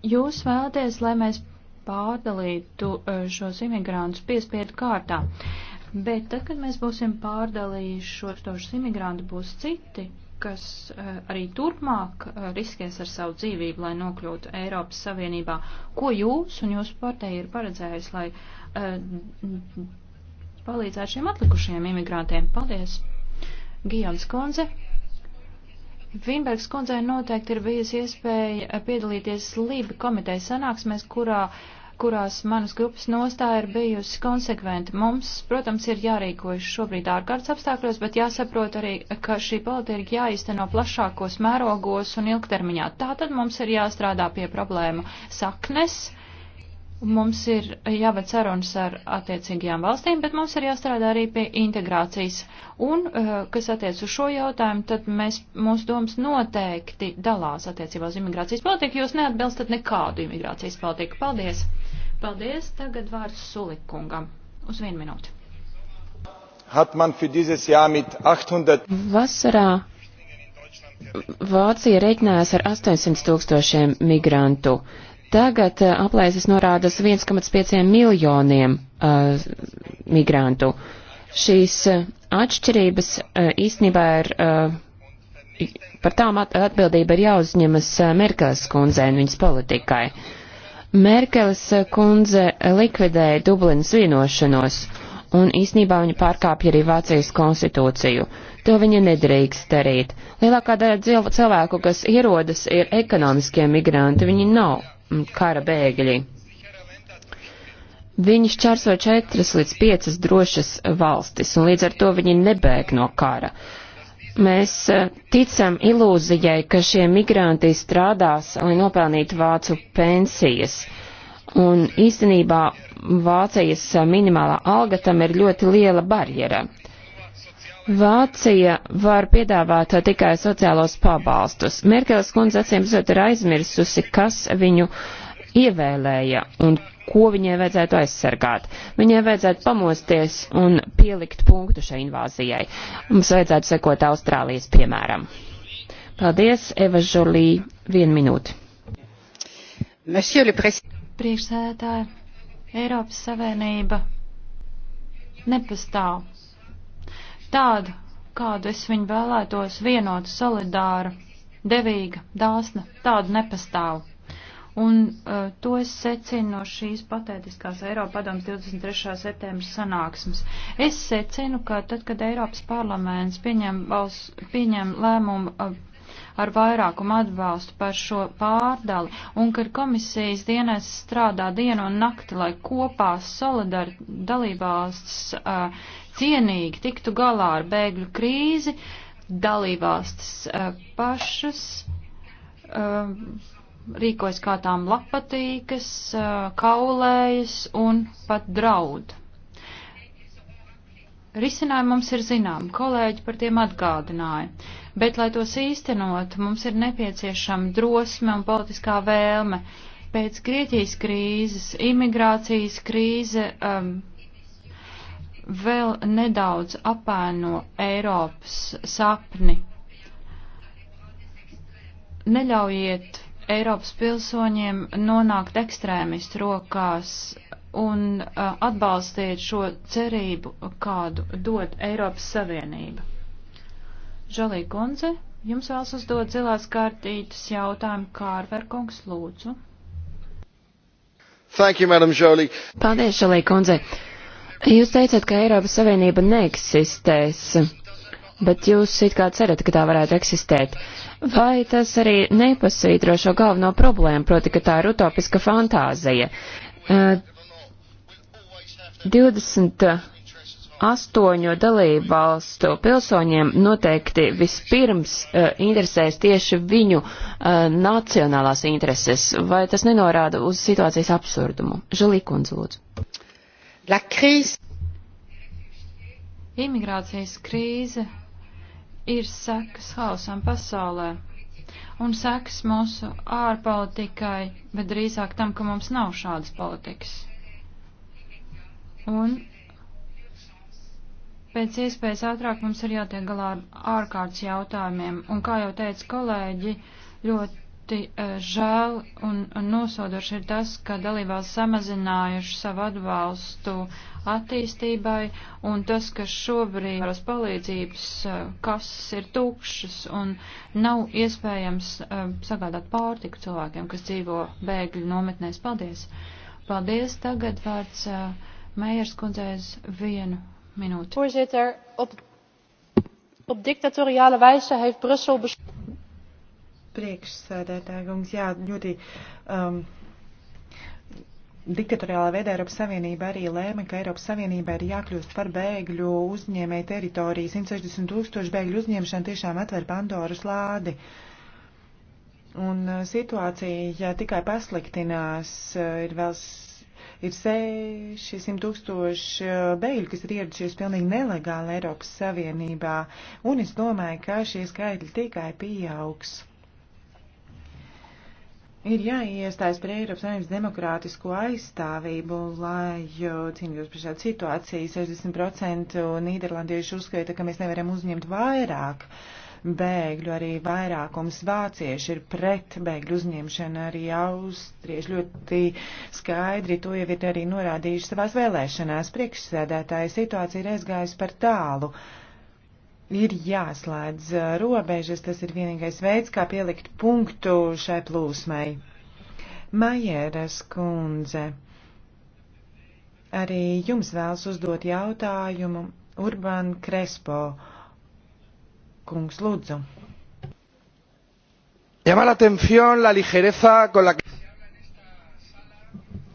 Speaker 3: Jūs vēlaties, lai mēs pārdalītu e, šos imigrantus piespiedu kārtā, bet tad, kad mēs būsim pārdalījuši šos tošus imigrantus, būs citi, kas e, arī turpmāk e, riskēs ar savu dzīvību, lai nokļūtu Eiropas Savienībā. Ko jūs un jūsu partija ir paredzējis, lai palīdzētu šiem atlikušajiem imigrantiem? Paldies! Gijoms Konze. Vinbergs kundzei noteikti ir bijusi iespēja eh, piedalīties Lība komitejas sanāksmēs, kurā, kurās manas grupas nostāja ir bijusi konsekventi. Mums, protams, ir jārīkojas šobrīd ārkārtas apstākļos, bet jāsaprot arī, ka šī politika jāizteno plašākos mērogos un ilgtermiņā. Tātad mums ir jāstrādā pie problēmu saknes Mums ir jāved sarunas ar attiecīgajām valstīm, bet mums ir jāstrādā arī pie integrācijas. Un, eh, kas attiec uz šo jautājumu, tad mēs, mūsu domas noteikti dalās attiecībā uz imigrācijas politiku. Jūs neatbilstat nekādu imigrācijas politiku. Paldies! Paldies! Tagad vārds Sulikungam. Uz vienu minūti.
Speaker 5: Vasarā Vācija
Speaker 1: reiķinājās ar 800 tūkstošiem migrantu. Tagad eh, aplēses norādas 1,5 miljoniem uh, migrantu. Šīs eh, atšķirības uh, īstenībā ir, uh, par tām at atbildība ir jāuzņemas uh, Merkeles kundzei un viņas politikai. Merkeles kundze likvidēja Dublinas vienošanos, un īsnībā viņa pārkāpja arī Vācijas konstitūciju. To viņa nedrīkst darīt. Lielākā daļa cilvēku, kas ierodas, ir ekonomiskie migranti, viņi nav kara bēgļi. Viņi šķērso četras līdz piecas drošas valstis, un līdz ar to viņi nebēg no kara. Mēs e, ticam ilūzijai, ka šie migranti strādās, lai nopelnītu vācu pensijas. Un īstenībā Vācijas minimālā alga tam ir ļoti liela barjera. Vācija var piedāvāt tikai sociālos pabalstus. Merkeles kundze acīm zot ir aizmirsusi, kas viņu ievēlēja un ko viņai vajadzētu aizsargāt. Viņai vajadzētu pamosties un pielikt punktu šai invāzijai. Mums vajadzētu sekot Austrālijas piemēram. Paldies, Eva Žolī, vienu minūti.
Speaker 3: Priekšsēdētāji, Eiropas Savienība nepastāv tādu, kādu es viņu vēlētos, vienotu, solidāru, devīga, dāsna, tādu nepastāv. Un uh, to es secinu no šīs patētiskās Eiropadomas 23. septembris sanāksmes. Es secinu, ka tad, kad Eiropas parlaments pieņem, valsts, pieņem lēmumu uh, ar vairākumu atbalstu par šo pārdali un ka komisijas dienas strādā dienu un nakti, lai kopā solidari dalībvalsts uh, cienīgi tiktu galā ar bēgļu krīzi, dalībvalstis eh, pašas eh, rīkojas kā tām lapatīkas, eh, kaulējas un pat draud. Risinājumi mums ir zinām, kolēģi par tiem atgādināja, bet, lai tos īstenot, mums ir nepieciešama drosme un politiskā vēlme. Pēc Grieķijas krīzes, imigrācijas krīze, um, vēl nedaudz apēno Eiropas sapni. Neļaujiet Eiropas pilsoņiem nonākt ekstrēmistu rokās un uh, atbalstiet šo cerību, kādu dod Eiropas Savienība. Žalī kundze, jums vēlas uzdot zilās kārtītas jautājumu Kārverkungs lūdzu.
Speaker 5: Thank you, Madam Jolie.
Speaker 1: Paldies, Žalī kundze. Uh, Jūs teicat, ka Eiropas Savienība neeksistēs, bet jūs it kā cerat, ka tā varētu eksistēt. Vai tas arī nepasvītro šo galveno problēmu, proti, ka tā ir utopiska fantāzija? 28 dalību valstu pilsoņiem noteikti vispirms interesēs tieši viņu nacionālās intereses, vai tas nenorāda uz situācijas absurdumu? Žalīkundz, lūdzu.
Speaker 3: La krīze. Imigrācijas krīze ir sekas hausam pasaulē un sekas mūsu ārpolitikai, bet drīzāk tam, ka mums nav šādas politikas. Un pēc iespējas ātrāk mums ir jātiek galā ar ārkārtas jautājumiem, un kā jau teica kolēģi, ļoti ļoti eh, žēl un nosodoši ir tas, ka dalībvalsts samazinājuši savu atbalstu attīstībai un tas, ka šobrīd varas palīdzības eh, kases ir tukšas un nav iespējams eh, sagādāt pārtiku cilvēkiem, kas dzīvo bēgļu nometnēs. Paldies! Paldies! Tagad vārds Meijers kundzēs vienu minūti. Voorzitter, op, op dictatoriale wijze heeft Brussel besloten
Speaker 4: priekšsēdētāja kungs, jā, ļoti um, diktatoriālā veidā Eiropas Savienība arī lēma, ka Eiropas Savienība ir jākļūst par bēgļu uzņēmēju teritoriju. 160 tūkstoši bēgļu uzņemšana tiešām atver Pandoras lādi. Un uh, situācija ja tikai pasliktinās. Uh, ir vēl ir 600 tūkstoši uh, bēgļu, kas ir ieradušies pilnīgi nelegāli Eiropas Savienībā, un es domāju, ka šie skaitļi tikai pieaugs ir jāiestājas par Eiropas Savienības demokrātisko aizstāvību, lai cīnītos par šādu situāciju. 60% nīderlandieši uzskaita, ka mēs nevaram uzņemt vairāk bēgļu, arī vairākums vācieši ir pret bēgļu uzņemšanu, arī austrieši ļoti skaidri to jau ir arī norādījuši savās vēlēšanās. Priekšsēdētāja situācija ir aizgājusi par tālu. Uh, ir jāslēdz uh, robežas, tas ir vienīgais veids, kā pielikt punktu šai plūsmai. Majeras kundze, arī jums vēls uzdot jautājumu Urban Krespo. Kungs, lūdzu. Llama la
Speaker 2: atención la ligereza con la que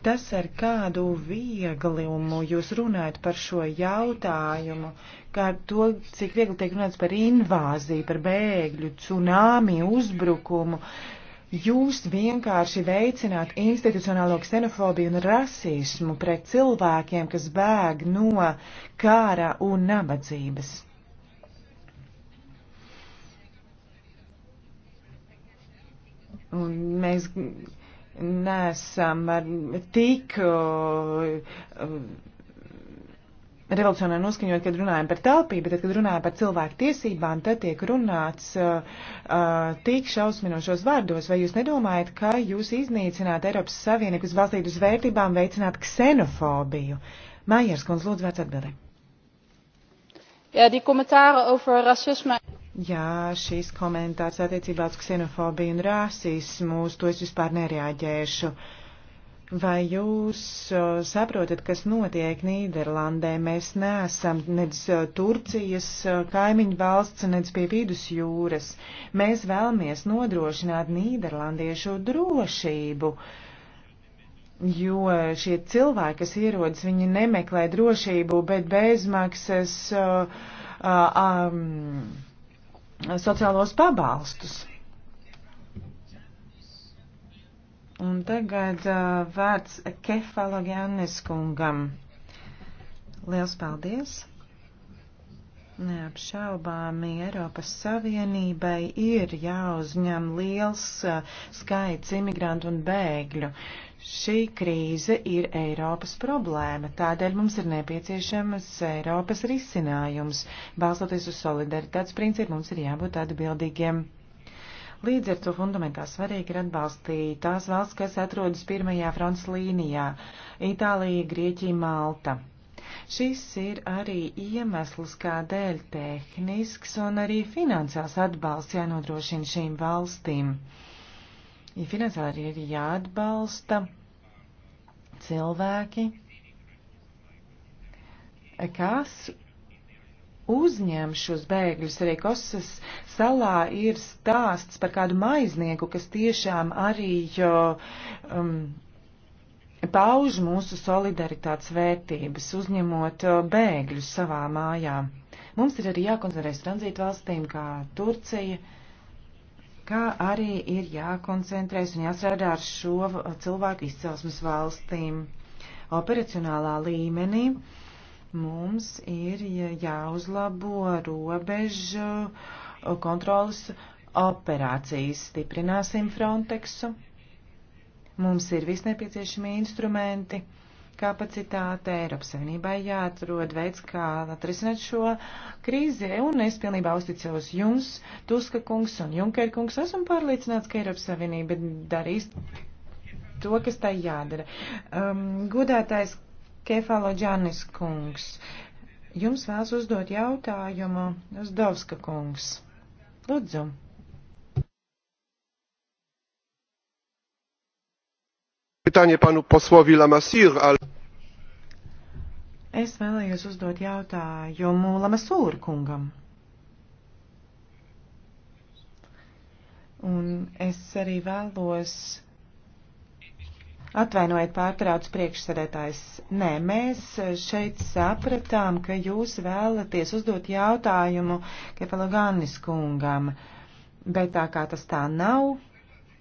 Speaker 4: Tas, ar kādu vieglumu jūs runājat par šo jautājumu, kā to, cik viegli tiek runāts par invāziju, par bēgļu, cunāmi, uzbrukumu. Jūs vienkārši veicināt institucionālo ksenofobiju un rasismu pret cilvēkiem, kas bēg no kāra un nabadzības. Un mēs neesam tik. Uh, uh, revolucionāri noskaņot, kad runājam par telpību, bet tad, kad runājam par cilvēku tiesībām, tad tiek runāts uh, uh, tik šausminošos vārdos. Vai jūs nedomājat, ka jūs iznīcināt Eiropas Savienību, kas balstīt uz vērtībām, veicināt ksenofobiju? Mājers, kundz, lūdzu, vērts atbildē.
Speaker 3: Jā, die komentāri over rasismu.
Speaker 4: Jā, šīs komentārs attiecībā uz ksenofobiju un rasismu, uz to es vispār nereaģēšu. Uh, Vai jūs saprotat, kas notiek Nīderlandē? Mēs neesam nedz Turcijas kaimiņu valsts, nedz pie vidus jūras. Mēs vēlamies nodrošināt Nīderlandiešu drošību, jo šie cilvēki, kas ierodas, viņi nemeklē drošību, bet bezmaksas uh, uh, um, sociālos pabalstus. Un tagad uh, vārds Kefalo Jānis kungam. Liels paldies! Neapšaubāmi Eiropas Savienībai ir jāuzņem liels uh, skaits imigrantu un bēgļu. Šī krīze ir Eiropas problēma, tādēļ mums ir nepieciešamas Eiropas risinājums. Balstoties uz solidaritātes principu, mums ir jābūt atbildīgiem Līdz ar to fundamentāli svarīgi ir atbalstīt tās valsts, kas atrodas pirmajā fronts līnijā - Itālija, Grieķija, Malta. Šis ir arī iemesls, kādēļ tehnisks un arī finansiāls atbalsts jānodrošina šīm valstīm. Ja finansiāli arī ir jāatbalsta cilvēki, kas uzņem šos bēgļus. Arī Kosas salā ir stāsts par kādu maiznieku, kas tiešām arī um, pauž mūsu solidaritātes vērtības, uzņemot uh, bēgļus savā mājā. Mums ir arī jākoncentrēs tranzītu valstīm kā Turcija, kā arī ir jākoncentrēs un jāstrādā ar šo uh, cilvēku izcelsmes valstīm operacionālā līmenī. Uh, Mums ir jāuzlabo robežu uh, kontrolas operācijas, stiprināsim Frontexu. Mums ir visnepieciešami instrumenti kapacitāte Eiropas Savienībai jāatrod veids, kā atrisināt šo krīzi, un es pilnībā uzticos jums, Tuska kungs un Junker kungs. Esmu pārliecināts, ka Eiropas Savienība darīs to, kas tai jādara. Um, godātais Kefalo Džanis kungs. Jums vēlas uzdot jautājumu Uzdovska kungs. Lūdzu.
Speaker 5: Pytanie panu posłowi Lamassir, ale...
Speaker 4: Es vēlējos uzdot jautājumu Lamassūra kungam. Un es arī vēlos Atvainojiet, pārtrauc priekšsēdētājs. Nē, mēs šeit sapratām, ka jūs vēlaties uzdot jautājumu Kefalogānis kungam, bet tā kā tas tā nav,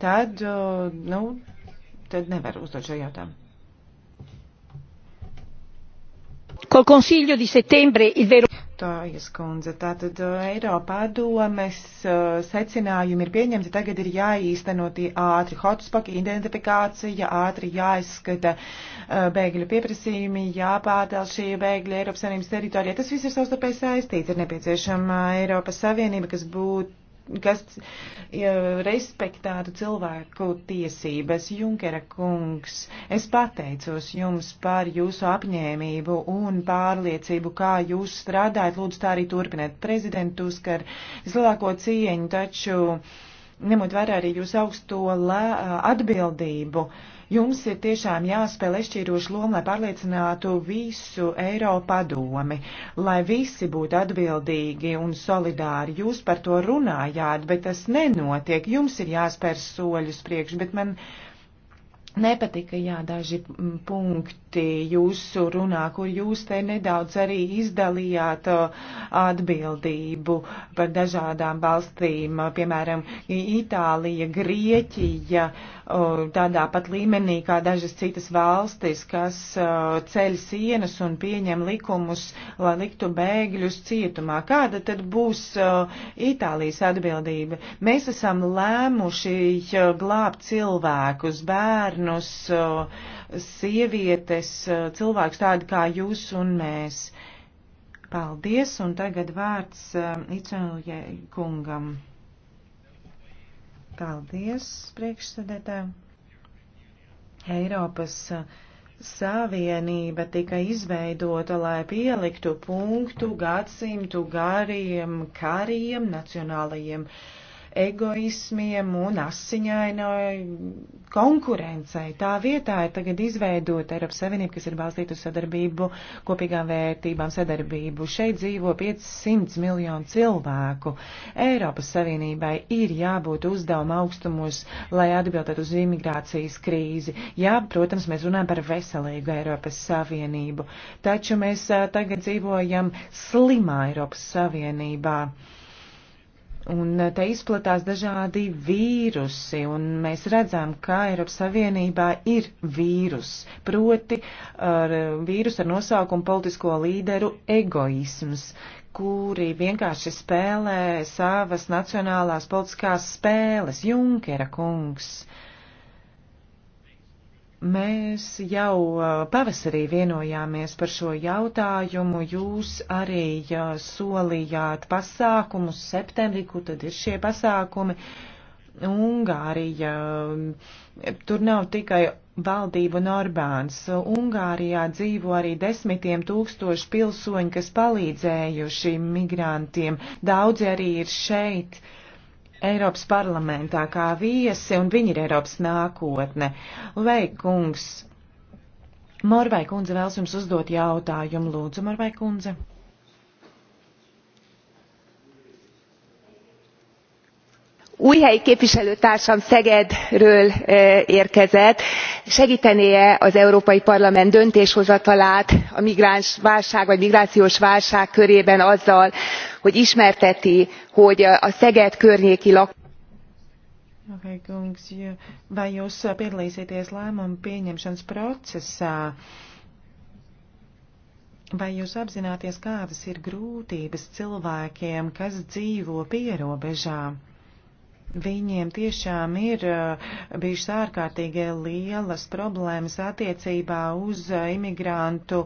Speaker 4: tad, nu, tad nevar uzdot šo jautājumu. Col Consiglio di settembre il vero Tājas kundze, tātad Eiropā domes secinājumi ir pieņemti, tagad ir jāīsteno tie ātri hotspot identifikācija, ātri jāizskata bēgļu pieprasījumi, jāpārtel šie bēgļi Eiropas Savienības teritorijā. Tas viss ir savstarpēji saistīts, ir nepieciešama Eiropas Savienība, kas būtu kas respektētu cilvēku tiesības. Junkera kungs, es pateicos jums par jūsu apņēmību un pārliecību, kā jūs strādājat. Lūdzu, tā arī turpiniet. Prezidentus, ka ar vislielāko cieņu, taču ņemot vērā arī jūsu augsto atbildību. Uh, Jums ir tiešām jāspēlē izšķīroša loma, lai pārliecinātu visu Eiropadomi, lai visi būtu atbildīgi un solidāri. Jūs par to runājāt, bet tas nenotiek. Jums ir jāspēr soļus priekš, bet man. Uh, Nepatika, jā, daži punkti jūsu runā, kur jūs te nedaudz arī izdalījāt atbildību par dažādām valstīm, piemēram, Itālija, Grieķija, tādā pat līmenī kā dažas citas valstis, kas ceļ sienas un pieņem likumus, lai liktu bēgļus cietumā. Kāda tad būs Itālijas atbildība? Mēs esam lēmuši glābt cilvēkus, bērnu, bērnus, uh, sievietes, uh, cilvēkus tādi kā jūs un mēs. Paldies, un tagad vārds uh, Icenuļai kungam. Paldies, priekšsēdētāji. Eiropas Savienība tika izveidota, lai pieliktu punktu gadsimtu gariem kariem, nacionālajiem uh, egoismiem un asiņainai konkurencei. Tā vietā ir tagad izveidota Eiropas Savienība, kas ir balstīta uz sadarbību, kopīgām vērtībām sadarbību. Šeit dzīvo 500 miljonu cilvēku. Eiropas Savienībai ir jābūt uzdevuma augstumos, lai atbildētu uz imigrācijas krīzi. Jā, protams, mēs runājam par veselīgu Eiropas Savienību, taču mēs tagad dzīvojam slimā Eiropas Savienībā. Un te izplatās dažādi vīrusi, un mēs redzam, ka Eiropas Savienībā ir vīrus, proti ar, vīrus ar nosaukumu politisko līderu egoisms, kuri vienkārši spēlē savas nacionālās politiskās spēles, Junkera kungs. Uh, Mēs jau uh, pavasarī vienojāmies par šo jautājumu. Jūs arī uh, solījāt pasākumus septembrī, kur tad ir šie pasākumi. Ungārija, um, tur nav tikai valdība un Orbāns. Ungārijā dzīvo arī desmitiem tūkstoši pilsoņi, kas palīdzējuši migrantiem. Daudzi arī ir šeit. Uh, Eiropas parlamentā kā viesi, un viņi ir Eiropas nākotne. Veikungs, Morvai kundze vēlas jums uzdot jautājumu, lūdzu, Morvai kundze.
Speaker 1: újhelyi képviselőtársam szegedről érkezett segtené e az európai parlament döntéshozatalát a migránsválság vagy migrációs válság körében azzal hogy ismerteti hogy a szeged környéki lakosok
Speaker 4: Okay, kungs, vai jūs piedalīsieties lēmumu pieņemšanas procesā? Vai jūs apzināties, kādas ir grūtības cilvēkiem, kas dzīvo pierobežām? Viņiem tiešām ir eh, bijušas ārkārtīgi lielas problēmas attiecībā uz eh, imigrantu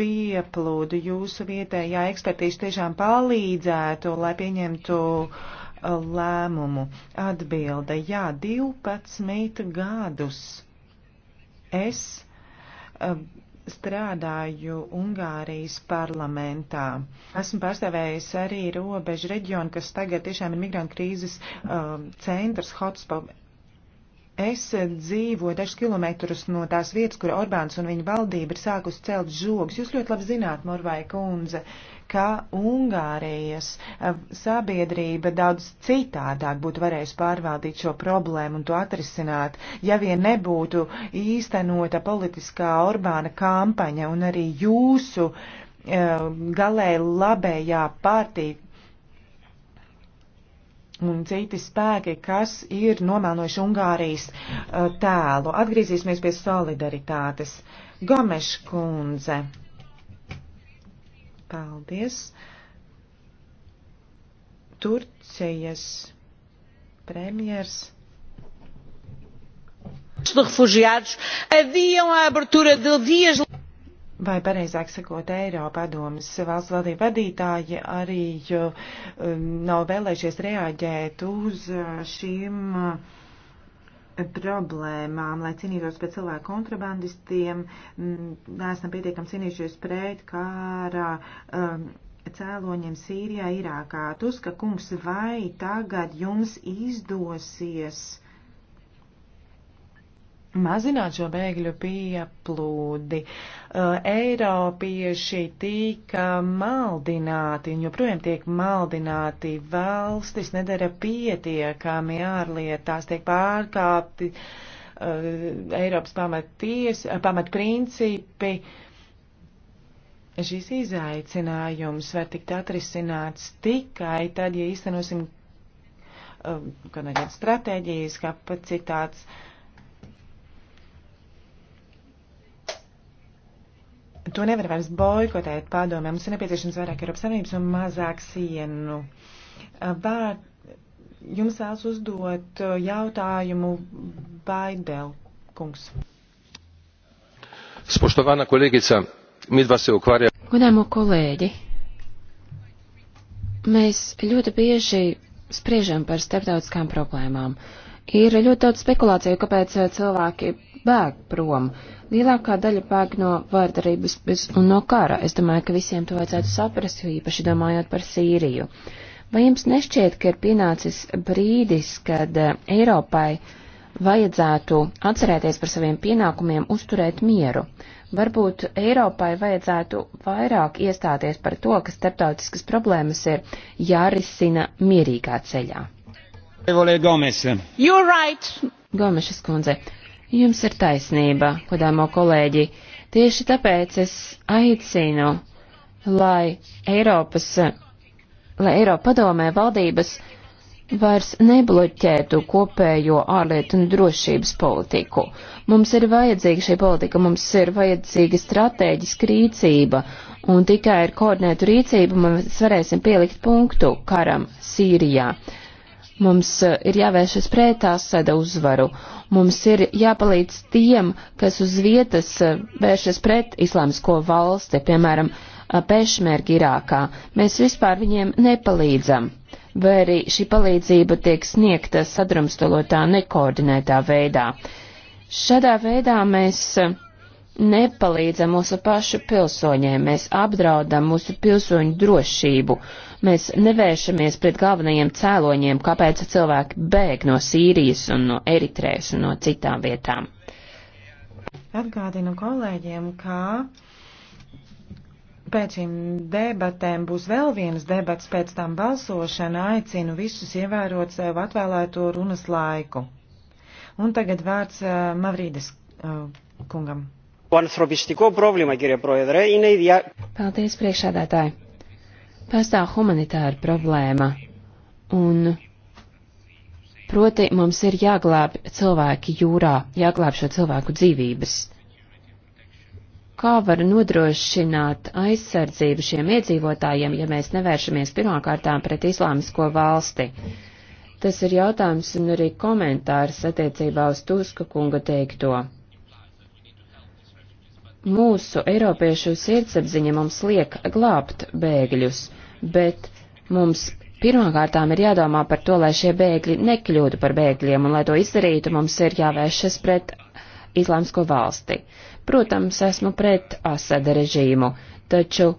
Speaker 4: pieplūdu. Jūsu vietējā ekspertīša tiešām palīdzētu, lai pieņemtu eh, lēmumu. Atbilde, jā, 12 gadus. Es strādāju Ungārijas parlamentā. Esmu pārstāvējis arī robežu reģionu, kas tagad tiešām ir migrantu krīzes um, centrs, hotspot Es dzīvoju dažus kilometrus no tās vietas, kur Orbāns un viņa valdība ir sākus celt žogus. Jūs ļoti labi zināt, Morvai kundze, ka Ungārijas eh, sabiedrība daudz citādāk būtu varējusi pārvaldīt šo problēmu un to atrisināt, ja vien nebūtu īstenota politiskā Orbāna kampaņa un arī jūsu uh, galēji labējā partija un citi spēki, kas ir nomēnojuši Ungārijas uh, tēlu. Atgriezīsimies pie solidaritātes. Gomeša kundze. Paldies. Turcijas premjers. De refugiados adiam a abertura de dias vai pareizāk sakot, Eiropadomas valsts valdību vadītāji arī um, nav vēlējušies reaģēt uz uh, šīm uh, problēmām, lai cīnītos pret cilvēku kontrabandistiem. Mm, neesam pietiekami cīnījušies pret kārā um, cēloņiem Sīrijā, Irākā. Tuska kungs, vai tagad jums izdosies? mazināt šo bēgļu pieplūdi. Uh, Eiropieši tika maldināti un joprojām tiek maldināti. Valstis nedara pietiekami ārlietās, tiek pārkāpti uh, Eiropas pamaties, uh, pamatprincipi. Šis izaicinājums var tikt atrisināts tikai tad, ja īstenosim uh, kaut kādas stratēģijas, kapacitātes. Uh, To nevar vairs boikotēt padomē. Mums ir nepieciešams vairāk Eiropas Savienības un mazāk sienu. Vār, jums vēlas uzdot jautājumu Baidel kungs.
Speaker 5: Spoštovana kolegica, mi dva se ukvarja.
Speaker 4: Godāmo kolēģi,
Speaker 1: mēs ļoti bieži spriežam par starptautiskām problēmām. Uh, Ir ļoti daudz spekulāciju, kāpēc eh, cilvēki bēg prom. Lielākā daļa bēg no vārdarības bez, un no kara. Es domāju, ka visiem to vajadzētu saprast, jo īpaši domājot par Sīriju. Vai jums nešķiet, ka ir pienācis brīdis, kad eh, Eiropai vajadzētu atcerēties par saviem pienākumiem uzturēt mieru? Varbūt Eiropai vajadzētu vairāk iestāties par to, ka starptautiskas problēmas ir jārisina mierīgā ceļā.
Speaker 5: You're
Speaker 1: right. Gomešas kundze, jums ir taisnība, kodāmo kolēģi. Tieši tāpēc es aicinu, lai Eiropas, lai Eiropa padomē valdības vairs nebloķētu kopējo ārlietu un drošības politiku. Mums ir vajadzīga šī politika, mums ir vajadzīga stratēģiska rīcība, un tikai ar koordinētu rīcību mēs varēsim pielikt punktu karam Sīrijā. Mums eh, ir jāvēršas pret Asada uzvaru. Mums ir jāpalīdz tiem, kas uz vietas eh, vēršas pret islāmsko valsti, piemēram, eh, Pešmērgi Irākā. Mēs vispār viņiem nepalīdzam. Vai arī šī palīdzība tiek sniegta sadrumstalotā, nekoordinētā veidā. Šādā veidā mēs nepalīdzam mūsu pašu pilsoņiem, mēs apdraudam mūsu pilsoņu drošību Mēs nevēršamies pret galvenajiem cēloņiem, kāpēc cilvēki bēg no Sīrijas un no Eritrēs un no citām vietām.
Speaker 4: Atgādinu kolēģiem, ka pēc šīm debatēm būs vēl vienas debats, pēc tam balsošana aicinu visus ievērot sev atvēlēto runas laiku. Un tagad vārds uh, Mavrīdes uh, kungam. Paldies, priekšādātāji! pastāv humanitāra
Speaker 1: problēma, un proti mums ir jāglāb cilvēki jūrā, jāglāb šo cilvēku dzīvības. Kā var nodrošināt aizsardzību šiem iedzīvotājiem, ja mēs nevēršamies pirmkārtām pret islāmisko valsti? Tas ir jautājums un arī komentārs attiecībā uz Tuska kunga teikto. Mūsu Eiropiešu sirdsapziņa mums liek glābt bēgļus, bet mums pirmkārtām ir jādomā par to, lai šie bēgļi nekļūtu par bēgļiem, un lai to izdarītu, mums ir jāvēršas pret islāmsko valsti. Protams, esmu pret Asada režīmu, taču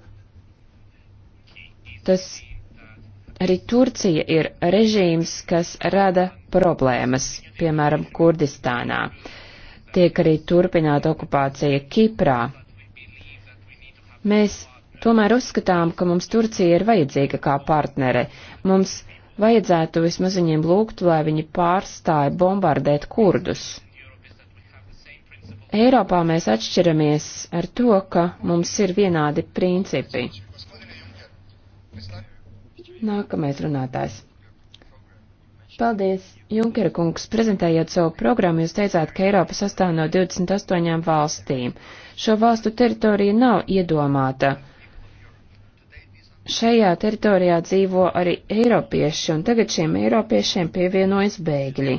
Speaker 1: tas arī Turcija ir režīms, kas rada problēmas, piemēram, Kurdistānā. Tiek arī turpināta okupācija Kiprā. Mēs Tomēr uzskatām, ka mums Turcija ir vajadzīga kā partnere. Mums vajadzētu vismaz viņiem lūgt, lai viņi pārstāja bombardēt kurdus. Eiropā mēs atšķiramies ar to, ka mums ir vienādi principi. Nākamais runātājs. Paldies, Junkera kungs, prezentējot savu programmu, jūs teicāt, ka Eiropa sastāv no 28 valstīm. Šo valstu teritorija nav iedomāta Šajā teritorijā dzīvo arī eiropieši, un tagad šiem eiropiešiem pievienojas bēgļi.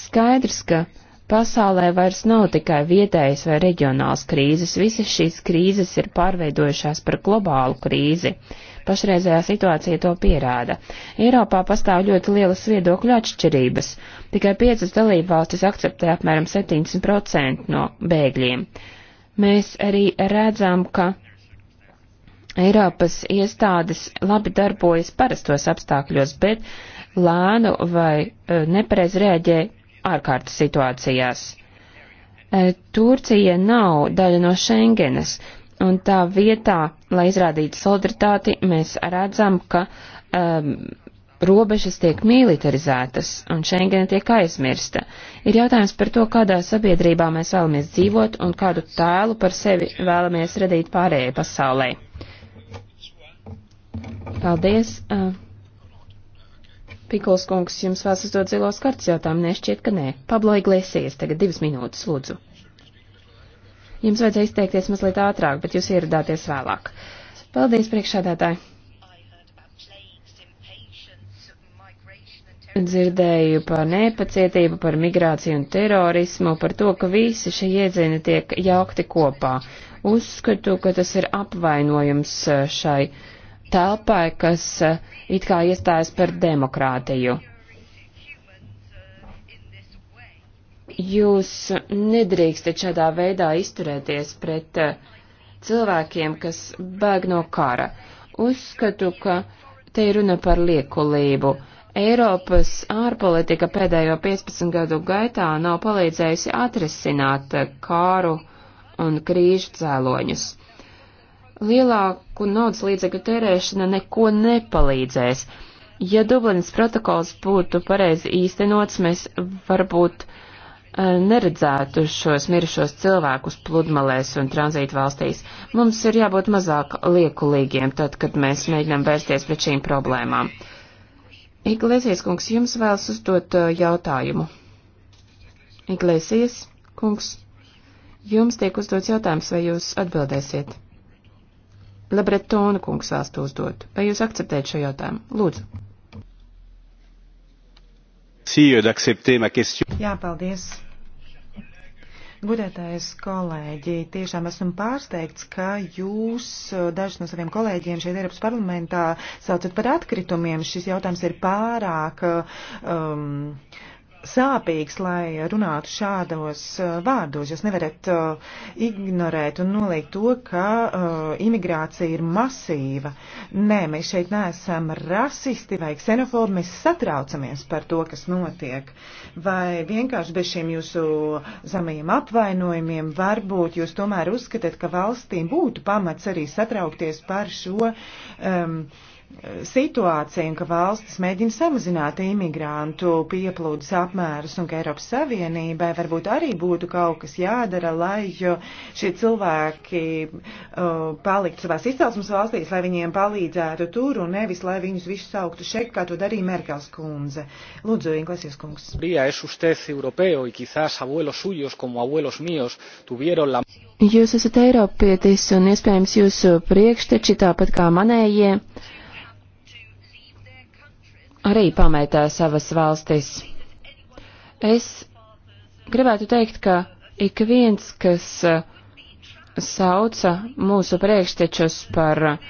Speaker 1: Skaidrs, ka pasaulē vairs nav tikai vietējas vai reģionāls krīzes, visas šīs krīzes ir pārveidojušās par globālu krīzi. Pašreizējā situācija to pierāda. Eiropā pastāv ļoti lielas viedokļu atšķirības. Tikai piecas dalībvalstis akceptē apmēram 70% no bēgļiem. Mēs arī redzam, ka Eiropas iestādes labi darbojas parastos apstākļos, bet lēnu vai e, nepareiz rēģē ārkārtas situācijās. E, Turcija nav daļa no Schengenas, un tā vietā, lai izrādītu solidaritāti, mēs redzam, ka um, robežas tiek militarizētas un Schengena tiek aizmirsta. Ir jautājums par to, kādā sabiedrībā mēs vēlamies dzīvot un kādu tēlu par sevi vēlamies radīt pārējai pasaulē. Paldies. Pikuls kungs, jums vēl uzdot zilos kartas jautājumu, nešķiet, ka nē. Pablo Iglesias, tagad divas minūtes, lūdzu. Jums vajadzēja izteikties mazliet ātrāk, bet jūs ieradāties vēlāk. Paldies, priekšādātāji. Dzirdēju par nepacietību, par migrāciju un terorismu, par to, ka visi šie iedzīni tiek jaukti kopā. Uzskatu, ka tas ir apvainojums šai telpai, kas eh, it kā iestājas par demokrātiju. Jūs nedrīkstat šādā veidā izturēties pret eh, cilvēkiem, kas bēg no kara. Uzskatu, ka te ir runa par liekulību. Eiropas ārpolitika pēdējo 15 gadu gaitā nav palīdzējusi atrisināt eh, kāru un krīžu cēloņus lielāku naudas līdzekļu tērēšana neko nepalīdzēs. Ja Dublinas protokols būtu pareizi īstenots, mēs varbūt e, neredzētu šos mirušos cilvēkus pludmalēs un tranzītu valstīs. Mums ir jābūt mazāk liekulīgiem tad, kad mēs mēģinām vērsties pret šīm problēmām. Iglesias kungs, jums vēlas uzdot e, jautājumu. Iglesias kungs, jums tiek uzdots jautājums, vai jūs atbildēsiet? Lebretona kungs vēlas to uzdot. Vai jūs akceptējat šo jautājumu?
Speaker 4: Lūdzu.
Speaker 5: Euh,
Speaker 4: Jā, paldies. Gudētais kolēģi, tiešām esmu pārsteigts, ka jūs eh, dažus no saviem kolēģiem šeit Eiropas parlamentā saucat par atkritumiem. Šis jautājums ir pārāk. Eh, um, uh, sāpīgs, lai runātu šādos uh, vārdos. Jūs nevarat uh, ignorēt un noliegt to, ka uh, imigrācija ir masīva. Nē, mēs šeit neesam rasisti vai ksenofobi, mēs satraucamies par to, kas notiek. Vai vienkārši bez šiem jūsu zemajiem apvainojumiem varbūt jūs tomēr uzskatāt, ka valstīm būtu pamats arī satraukties par šo. Um, situācija un ka valstis mēģina samazināt imigrantu pieplūdes apmērus un ka Eiropas Savienībai varbūt arī būtu kaut kas jādara, lai šie cilvēki uh, paliktu savās izcelsmes valstīs, lai viņiem palīdzētu tur un nevis, lai viņus visus sauktu šeit, kā to darīja Merkels kundze. Lūdzu, Inglesies kungs. Jūs esat Eiropietis
Speaker 1: un iespējams jūsu priekšteči tāpat kā manējie arī pametā savas valstis. Es gribētu teikt, ka ik viens, kas eh, sauca mūsu priekštečus par eh,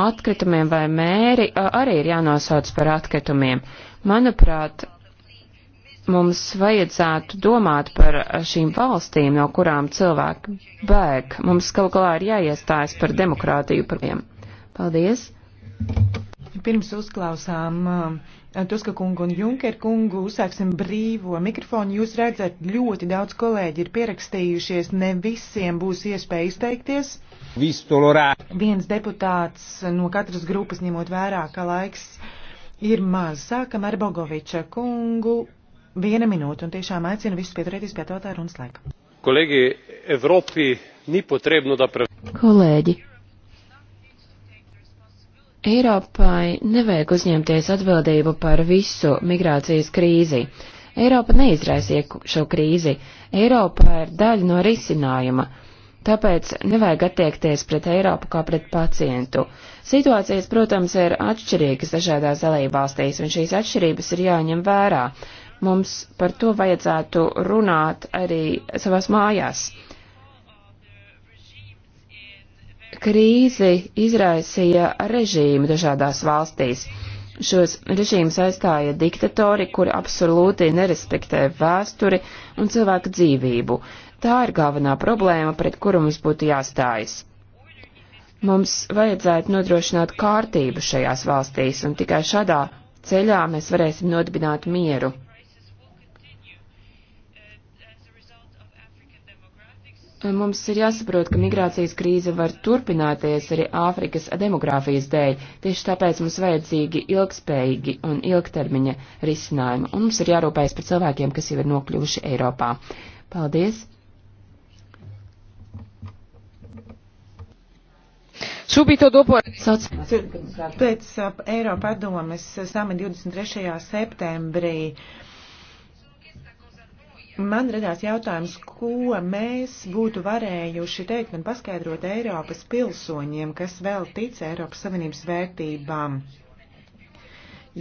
Speaker 1: atkritumiem vai mēri, arī ir jānosauc par atkritumiem. Manuprāt, mums vajadzētu domāt par eh, šīm valstīm, no kurām cilvēki bēg. Mums kaut galā ir jāiestājas par demokrātiju par viņiem. Paldies!
Speaker 4: Pirms uzklausām eh, Tuska kungu un Junker kungu, uzsāksim brīvo mikrofonu. Jūs redzat, ļoti daudz kolēģi ir pierakstījušies, ne visiem būs iespēja izteikties. Vistolorā. Viens deputāts no katras grupas ņemot vērā, ka laiks ir maz. Sākam ar Bogoviča kungu viena minūte un tiešām aicinu visus pieturēties pie tā tā runas laika.
Speaker 2: Kolēģi, Eiropi, ni potrebno da pre...
Speaker 1: Kolēģi, Eiropai nevajag uzņemties atbildību par visu migrācijas krīzi. Eiropa neizraisīja šo krīzi. Eiropa ir daļa no risinājuma. Tāpēc nevajag attiekties pret Eiropu kā pret pacientu. Situācijas, protams, ir atšķirīgas dažādās dalībvalstīs, un šīs atšķirības ir jāņem vērā. Mums par to vajadzētu runāt arī savās mājās. Krīzi izraisīja režīmi dažādās valstīs. Šos režīmus aizstāja diktatori, kuri absolūti nerespektē vēsturi un cilvēku dzīvību. Tā ir galvenā problēma, pret kuru mums būtu jāstājas. Mums vajadzētu nodrošināt kārtību šajās valstīs, un tikai šādā ceļā mēs varēsim nodibināt mieru. Mums ir jāsaprot, ka migrācijas krīze var turpināties arī Āfrikas demogrāfijas dēļ. Tieši tāpēc mums vajadzīgi ilgspējīgi un ilgtermiņa risinājumi, un mums ir jārūpējas par cilvēkiem, kas jau ir nokļuvuši Eiropā. Paldies!
Speaker 4: Subito dopo pēc Eiropa padomes sama 23. septembrī Man radās jautājums, ko mēs būtu varējuši teikt un paskaidrot Eiropas pilsoņiem, kas vēl tic Eiropas Savienības vērtībām.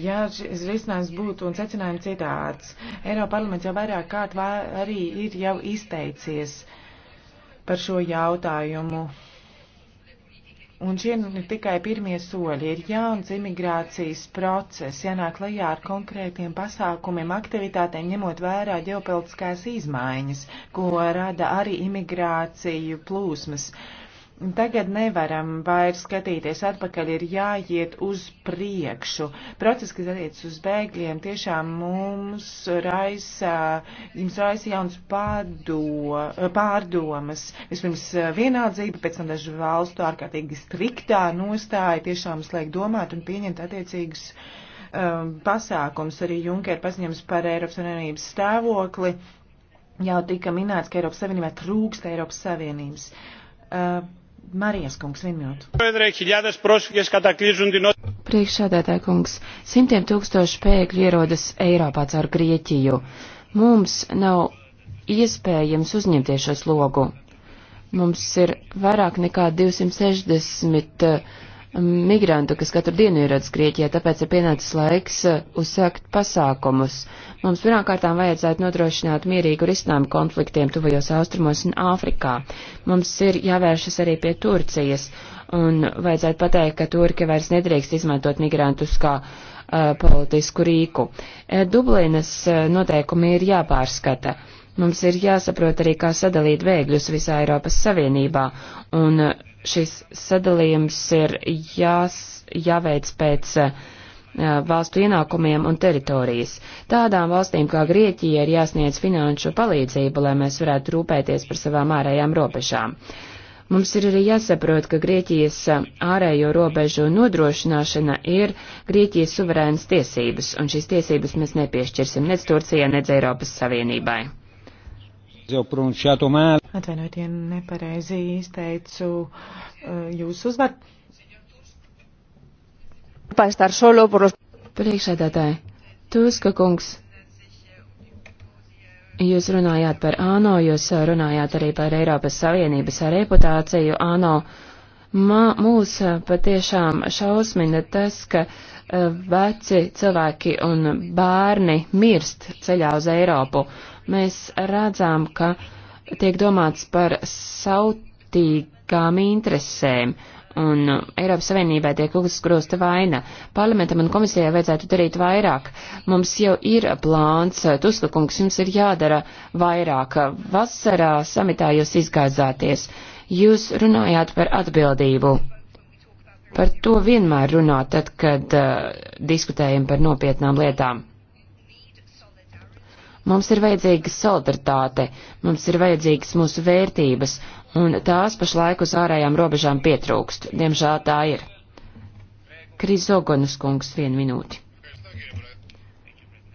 Speaker 4: Ja šis risinājums būtu un secinājums citāds, Eiropa parlaments jau vairāk kārt arī ir jau izteicies par šo jautājumu. Un šie nu tikai pirmie soļi ir jauns imigrācijas process, jānāk lajā ar konkrētiem pasākumiem, aktivitātēm, ņemot vērā ģeopolitiskās izmaiņas, ko rada arī imigrāciju plūsmas. Uh, Tagad nevaram vairs skatīties atpakaļ, ir jāiet uz priekšu. Process, kas attiecas uz bēgļiem, tiešām mums raisa, jums raisa jauns pārdo, pārdomas. Vispirms eh, vienaldzība, pēc tam dažu valstu ārkārtīgi striktā nostāja tiešām mums liek domāt un pieņemt attiecīgus um, pasākums. Arī Junker paziņams par Eiropas Savienības stāvokli. Jau tika minēts, ka Eiropas Savienībā trūkst Eiropas Savienības. Uh,
Speaker 5: Marijas kungs, vienu minūtu.
Speaker 1: Priekšsēdētāja kungs, simtiem tūkstoši pēkļu ierodas Eiropā caur Grieķiju. Mums nav iespējams uzņemties šo slogu. Mums ir vairāk nekā 260 migrantu, kas katru dienu ierodas Grieķijā, tāpēc ir pienācis laiks uh, uzsākt pasākumus. Mums pirmkārtām vajadzētu nodrošināt mierīgu risinājumu konfliktiem tuvajos austrumos un Āfrikā. Mums ir jāvēršas arī pie Turcijas, un vajadzētu pateikt, ka Turki vairs nedrīkst izmantot migrantus kā uh, politisku rīku. Uh, Dublinas uh, noteikumi ir jāpārskata. Mums ir jāsaprot arī, kā sadalīt bēgļus visā Eiropas Savienībā, un uh, šis sadalījums ir jās, jāveic pēc uh, valstu ienākumiem un teritorijas. Tādām valstīm kā Grieķija ir jāsniedz finanšu palīdzību, lai mēs varētu rūpēties par savām ārējām robežām. Mums ir arī jāsaprot, ka Grieķijas eh, ārējo robežu nodrošināšana ir Grieķijas suverēnas tiesības, un šīs tiesības mēs nepiešķirsim nec Turcijai, nec Eiropas Savienībai.
Speaker 4: Atvainojiet, ja nepareizi izteicu eh, jūsu uzvaru.
Speaker 1: Priekšsēdētāji, Tuska kungs, jūs runājāt par ANO, jūs runājāt arī par Eiropas Savienības reputāciju ANO. Ma, mūs patiešām šausmina tas, ka eh, veci cilvēki un bērni mirst ceļā uz Eiropu mēs redzam, ka tiek domāts par sautīgām interesēm, un Eiropas Savienībai tiek uzgrosta vaina. Parlamentam un komisijai vajadzētu darīt vairāk. Mums jau ir plāns, Tuska kungs, jums ir jādara vairāk. Vasarā samitā jūs izgāzāties. Jūs runājāt par atbildību. Par to vienmēr runā tad, kad uh, diskutējam par nopietnām lietām. Mums ir vajadzīga solidaritāte, mums ir vajadzīgas mūsu vērtības, un tās pašlaik uz ārējām robežām pietrūkst. Diemžēl tā ir. Krizogonas kungs, vienu minūti.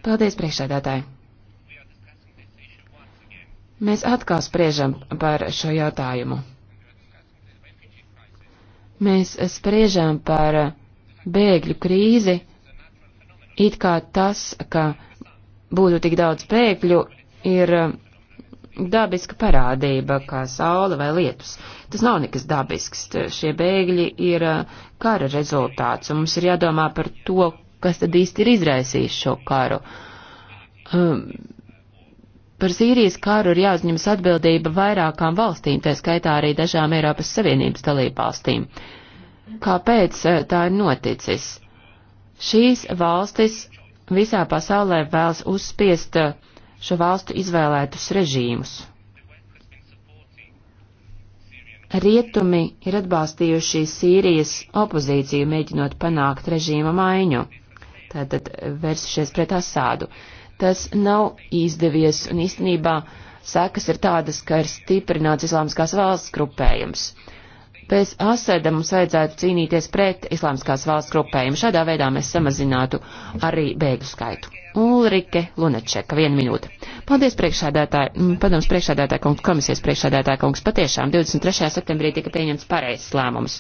Speaker 1: Paldies, priekšsēdētāji. Mēs atkal spriežam par šo jautājumu. Mēs spriežam par bēgļu krīzi, it kā tas, ka būtu tik daudz pēkļu, ir um, dabiska parādība, kā saule vai lietus. Tas nav nekas dabisks. Šie bēgļi ir uh, kara rezultāts, un mums ir jādomā par to, kas tad īsti ir izraisījis šo karu. Um, par Sīrijas karu ir jāuzņemas atbildība vairākām valstīm, tā skaitā arī dažām Eiropas Savienības dalībvalstīm. Kāpēc uh, tā ir noticis? Šīs valstis visā pasaulē vēlas uzspiest eh, šo valstu izvēlētus režīmus. Rietumi ir atbalstījuši Sīrijas opozīciju, mēģinot panākt režīma maiņu, tātad vērsušies pret Asādu. Tas nav izdevies, un īstenībā sekas ir tādas, ka ir stiprināts islāmskās valsts grupējums. Uh, Pēc Asada mums vajadzētu cīnīties pret islāmskās valsts grupējumu. Šādā veidā mēs samazinātu arī bēgļu skaitu. Ulrike Lunečeka, viena minūte. Paldies priekšādātāji, mm, padoms priekšādātāji kungs, komisijas priekšādātāji kungs. Patiešām 23. septembrī tika pieņemts pareizs lēmums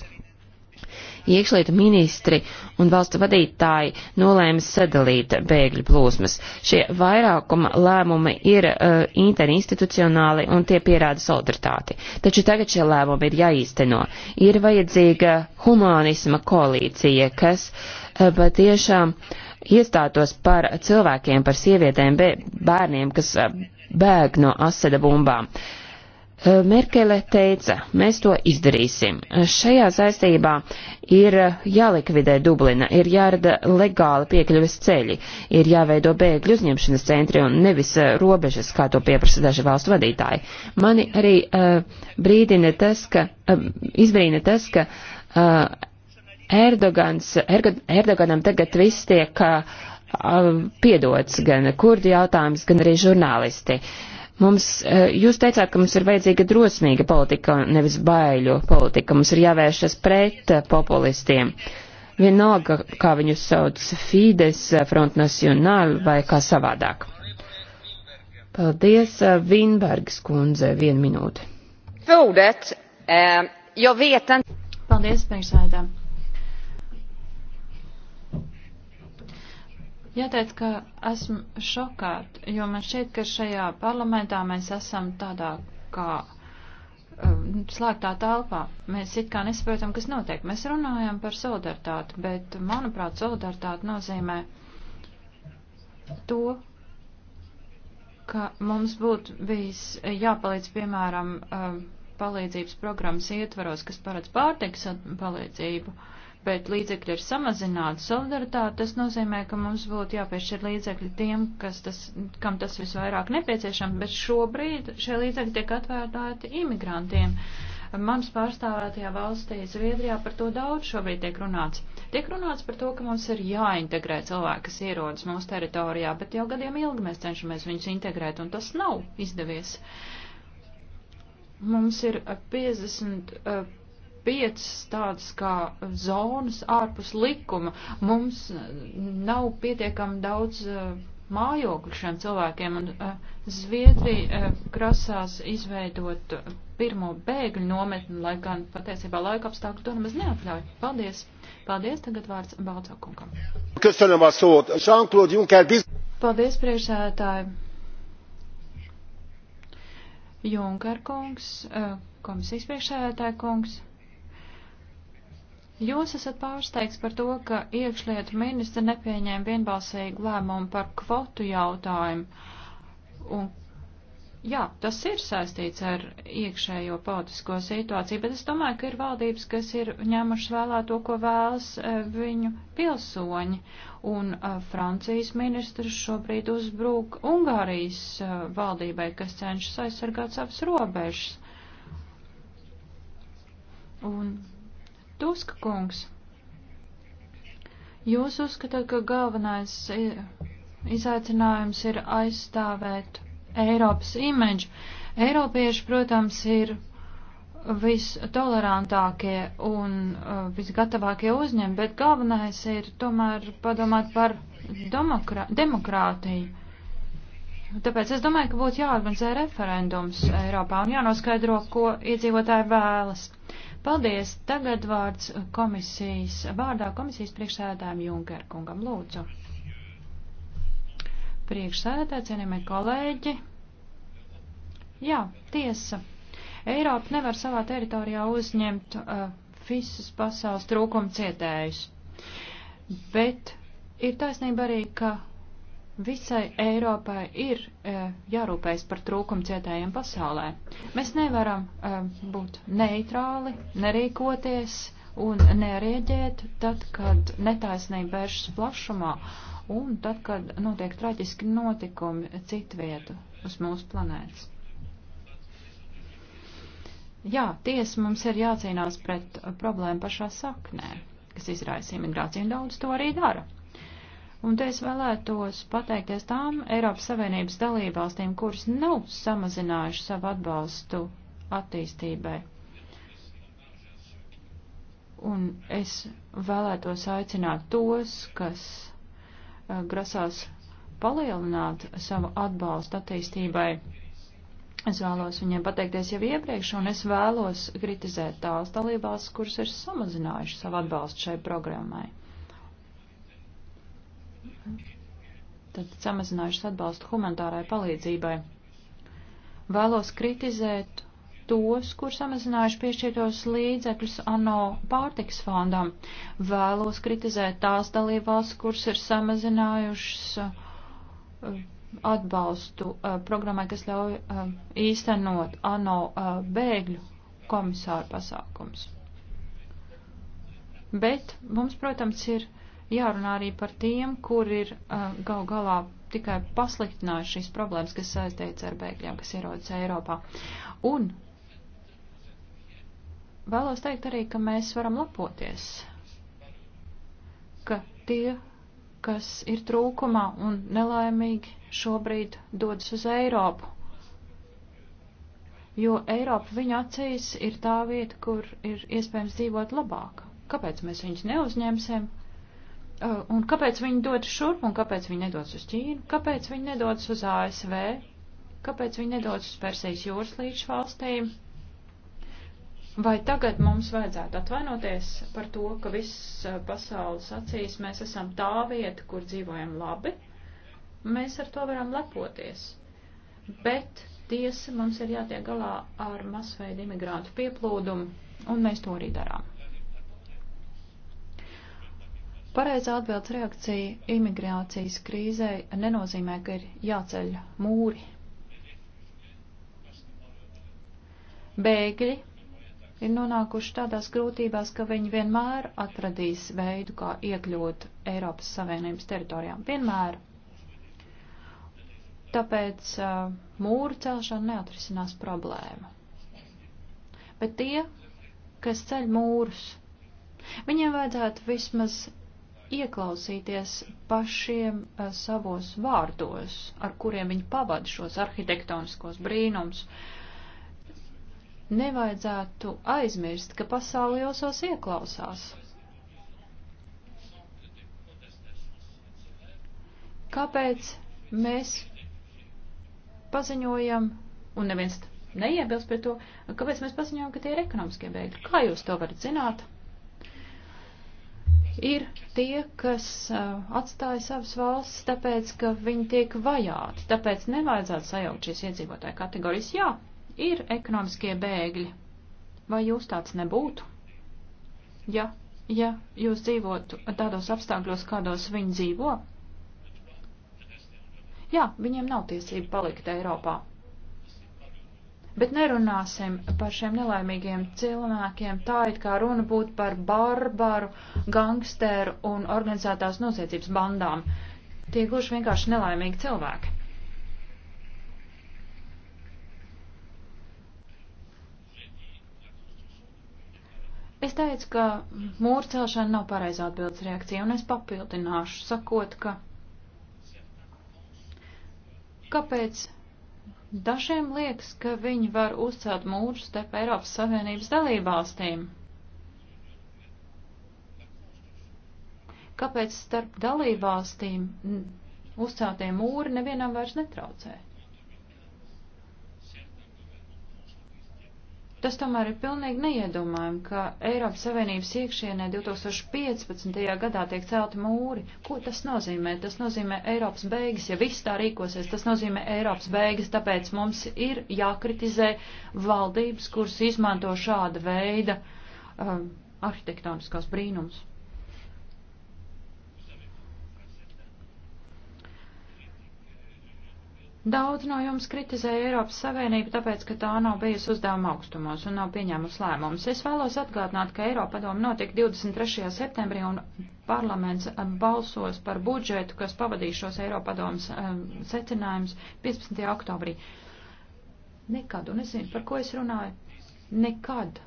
Speaker 1: iekšlietu ministri un valstu vadītāji nolēma sadalīt bēgļu plūsmas. Šie vairākuma lēmumi ir uh, interinstitucionāli un tie pierāda solidaritāti. Taču tagad šie lēmumi ir jāīsteno. Ir vajadzīga humanisma koalīcija, kas uh, patiešām iestātos par cilvēkiem, par sievietēm, bērniem, kas uh, bēg no asada bumbām. Uh, Merkele teica, mēs to izdarīsim. Šajā saistībā ir jālikvidē Dublina, ir jārada legāli piekļuves ceļi, ir jāveido bēgļu uzņemšanas centri un nevis eh, robežas, kā to pieprasa daži valstu vadītāji. Mani arī uh, brīdina tas, ka, uh, izbrīna tas, ka uh, Erdogans, Erdoganam tagad viss tiek uh, piedots, gan kurdi jautājums, gan arī žurnālisti. Uh, Mums, e, jūs teicāt, ka mums ir vajadzīga drosmīga politika, nevis baiļu politika. Mums ir jāvēršas pret populistiem. Vienalga, kā viņus sauc Fides, Front National vai kā savādāk. Paldies, Vinbergs kundze, vienu minūti. E,
Speaker 3: Paldies, priekšsēdētājiem. Jāteic, ka esmu šokāta, jo man šķiet, ka šajā parlamentā mēs esam tādā kā um, slēgtā telpā. Mēs it kā nesaprotam, kas notiek. Mēs runājam par solidaritāti, bet, manuprāt, solidaritāte nozīmē to, ka mums būtu bijis jāpalīdz, piemēram, um, palīdzības programmas ietvaros, kas paredz pārtiks palīdzību. Uh, bet līdzekļi ir samazināti solidaritāti, tas nozīmē, ka mums būtu jāpiešķir līdzekļi tiem, kas tas, kam tas visvairāk nepieciešams, bet šobrīd šie līdzekļi tiek atvērtāti imigrantiem. Mums pārstāvētajā valstī, Zviedrijā, par to daudz šobrīd tiek runāts. Tiek runāts par to, ka mums ir jāintegrē cilvēki, kas ierodas mūsu teritorijā, bet jau gadiem ilgi mēs cenšamies viņus integrēt, un tas nav izdevies. Mums ir 50. Uh, eh, piecas tādas kā zonas ārpus likuma. Mums nav pietiekami daudz eh, mājokļu šiem cilvēkiem, un eh, Zviedrija eh, krasās izveidot pirmo bēgļu nometni, lai gan patiesībā laika apstākļi to nemaz neatļauj. Paldies! Paldies! Tagad vārds Balcākungam. Paldies, priekšsēdētāji! Junker kungs, komisijas priekšsēdētāja kungs. Jūs esat pārsteigts par to, ka iekšlietu ministra nepieņēma vienbalsīgu lēmumu par kvotu jautājumu. Un, jā, tas ir saistīts ar iekšējo politisko situāciju, bet es domāju, ka ir valdības, kas ir ņēmušas vēlā to, ko vēlas eh, viņu pilsoņi. Un eh, Francijas ministrs šobrīd uzbrūk Ungārijas eh, valdībai, kas cenšas aizsargāt savas robežas. Un Tuska kungs, jūs uzskatāt, ka galvenais e, izaicinājums ir aizstāvēt Eiropas imidžu. Eiropieši, protams, ir vistolerantākie un uh, visgatavākie uzņem, bet galvenais ir tomēr padomāt par demokrā demokrātiju. Tāpēc es domāju, ka būtu jāorganizē referendums Eiropā un jānoskaidro, ko iedzīvotāji vēlas. Paldies! Tagad vārds komisijas, vārdā komisijas priekšsēdājiem Junkerkungam. Lūdzu! Priekšsēdētāji, cienījamie kolēģi! Jā, tiesa! Eiropa nevar savā teritorijā uzņemt uh, visus pasaules trūkumu cietējus. Bet ir taisnība arī, ka Visai Eiropai ir e, jārūpējas par trūkumcietējiem pasaulē. Mēs nevaram e, būt neitrāli, nerīkoties un nereaģēt tad, kad netaisnība vēršas plašumā un tad, kad notiek traģiski notikumi citvietu uz mūsu planētas. Jā, tiesa mums ir jācīnās pret problēmu pašā saknē, kas izraisa imigrāciju, un daudz to arī dara. Un te es vēlētos pateikties tām Eiropas Savienības dalībvalstīm, kuras nav samazinājuši savu atbalstu attīstībai. Un es vēlētos aicināt tos, kas uh, grasās palielināt savu atbalstu attīstībai. Es vēlos viņiem pateikties jau iepriekš, un es vēlos kritizēt tās dalībās, kuras ir samazinājuši savu atbalstu šai programmai tad samazinājušas atbalstu humanitārai palīdzībai. Vēlos kritizēt tos, kur samazinājuši piešķirtos līdzekļus ANO pārtiks fondam. Vēlos kritizēt tās dalībvalsts, kuras ir samazinājušas uh, atbalstu uh, programmai, kas ļauj uh, īstenot ANO bēgļu komisāru pasākums. Bet mums, protams, ir jārunā arī par tiem, kur ir uh, gal galā tikai pasliktinājuši šīs problēmas, kas saistīts ar bēgļiem, kas ierodas Eiropā. Un vēlos teikt arī, ka mēs varam lepoties, ka tie, kas ir trūkumā un nelaimīgi šobrīd dodas uz Eiropu, jo Eiropa viņa acīs ir tā vieta, kur ir iespējams dzīvot labāk. Kāpēc mēs viņus neuzņemsim? Uh, un kāpēc viņi dodas šurp un kāpēc viņi nedodas uz Ķīnu? Kāpēc viņi nedodas uz ASV? Kāpēc viņi nedodas uz Persijas jūras līča valstīm? Vai tagad mums vajadzētu atvainoties par to, ka viss uh, pasaules acīs mēs esam tā vieta, kur dzīvojam labi? Mēs ar to varam lepoties. Bet tiesa mums ir jātiek galā ar masveidu imigrantu pieplūdumu, un mēs to arī darām. Pareizā atbildes reakcija imigrācijas krīzē nenozīmē, ka ir jāceļ mūri. Bēgļi ir nonākuši tādās grūtībās, ka viņi vienmēr atradīs veidu, kā iekļūt Eiropas Savienības teritorijām. Vienmēr. Tāpēc uh, mūru celšana neatrisinās problēmu. Bet tie, kas ceļ mūrus, viņiem vajadzētu vismaz ieklausīties pašiem eh, savos vārdos, ar kuriem viņi pavada šos arhitektoniskos brīnums. Nevajadzētu aizmirst, ka pasauli jau savs ieklausās. Kāpēc mēs paziņojam, un neviens neiebilst pret to, kāpēc mēs paziņojam, ka tie ir ekonomiskie bēgļi? Kā jūs to varat zināt? ir tie, kas uh, atstāja savas valsts, tāpēc, ka viņi tiek vajāti. Tāpēc nevajadzētu sajaukt šīs iedzīvotāju kategorijas. Jā, ir ekonomiskie bēgļi. Vai jūs tāds nebūtu? Ja, ja jūs dzīvotu tādos apstākļos, kādos viņi dzīvo? Jā, viņiem nav tiesība palikt Eiropā. Bet nerunāsim par šiem nelaimīgiem cilvēkiem tā, it kā runa būtu par barbaru, gangsteru un organizētās noziedzības bandām. Tie gluži vienkārši nelaimīgi cilvēki. Es teicu, ka mūra celšana nav pareizā atbildes reakcija, un es papildināšu, sakot, ka kāpēc Dažiem liekas, ka viņi var uzcelt mūrus starp Eiropas Savienības dalībvalstīm. Kāpēc starp dalībvalstīm uzceltie mūri nevienam vairs netraucē? Tas tomēr ir pilnīgi neiedomājami, ka Eiropas Savienības iekšienē 2015. gadā tiek celti mūri. Ko tas nozīmē? Tas nozīmē Eiropas beigas, ja viss tā rīkosies, tas nozīmē Eiropas beigas, tāpēc mums ir jākritizē valdības, kuras izmanto šāda veida um, arhitektoniskos brīnums. Daudz no jums kritizēja Eiropas Savienību, tāpēc, ka tā nav bijusi uzdevuma augstumos un nav pieņēmusi lēmumus. Es vēlos atgādināt, ka Eiropa padoma notiek 23. septembrī un parlaments eh, balsos par budžetu, kas pavadīs šos Eiropa padomas eh, secinājumus 15. oktobrī. Nekad, un es zinu, par ko es runāju, nekad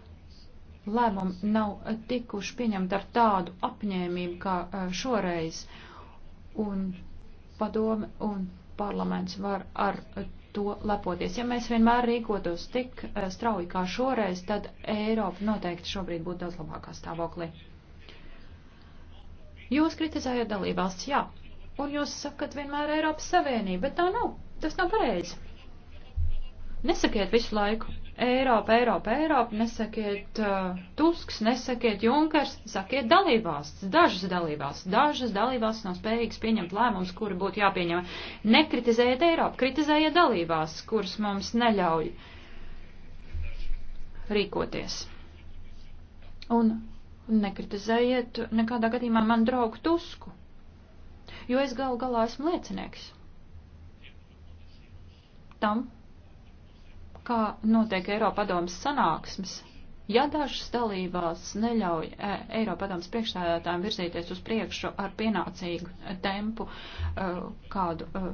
Speaker 3: lēmumi nav eh, tikuši pieņemti ar tādu apņēmību kā šoreiz. Un padome un parlaments var ar to lepoties. Ja mēs vienmēr rīkotos tik eh, strauji kā šoreiz, tad Eiropa noteikti šobrīd būtu daudz labākā stāvoklī. Jūs kritizējat dalībvalsts, jā, un jūs sakat vienmēr Eiropas Savienība, bet tā nav, tas nav pareizi. Nesakiet visu laiku, Eiropa, Eiropa, Eiropa, nesakiet uh, Tusks, nesakiet Junkers, sakiet dalībvalsts, dažas dalībvalsts, dažas dalībvalsts nav spējīgas pieņemt lēmumus, kuri būtu jāpieņem. Nekritizējiet Eiropu, kritizējiet dalībvalsts, kuras mums neļauj rīkoties. Un nekritizējiet nekādā gadījumā man draugu Tusku, jo es galu galā esmu liecinieks tam, kā notiek Eiropadomas sanāksmes, ja dažas dalībās neļauj e, Eiropadomas priekšstādātājiem virzīties uz priekšu ar pienācīgu tempu, e, kādu e,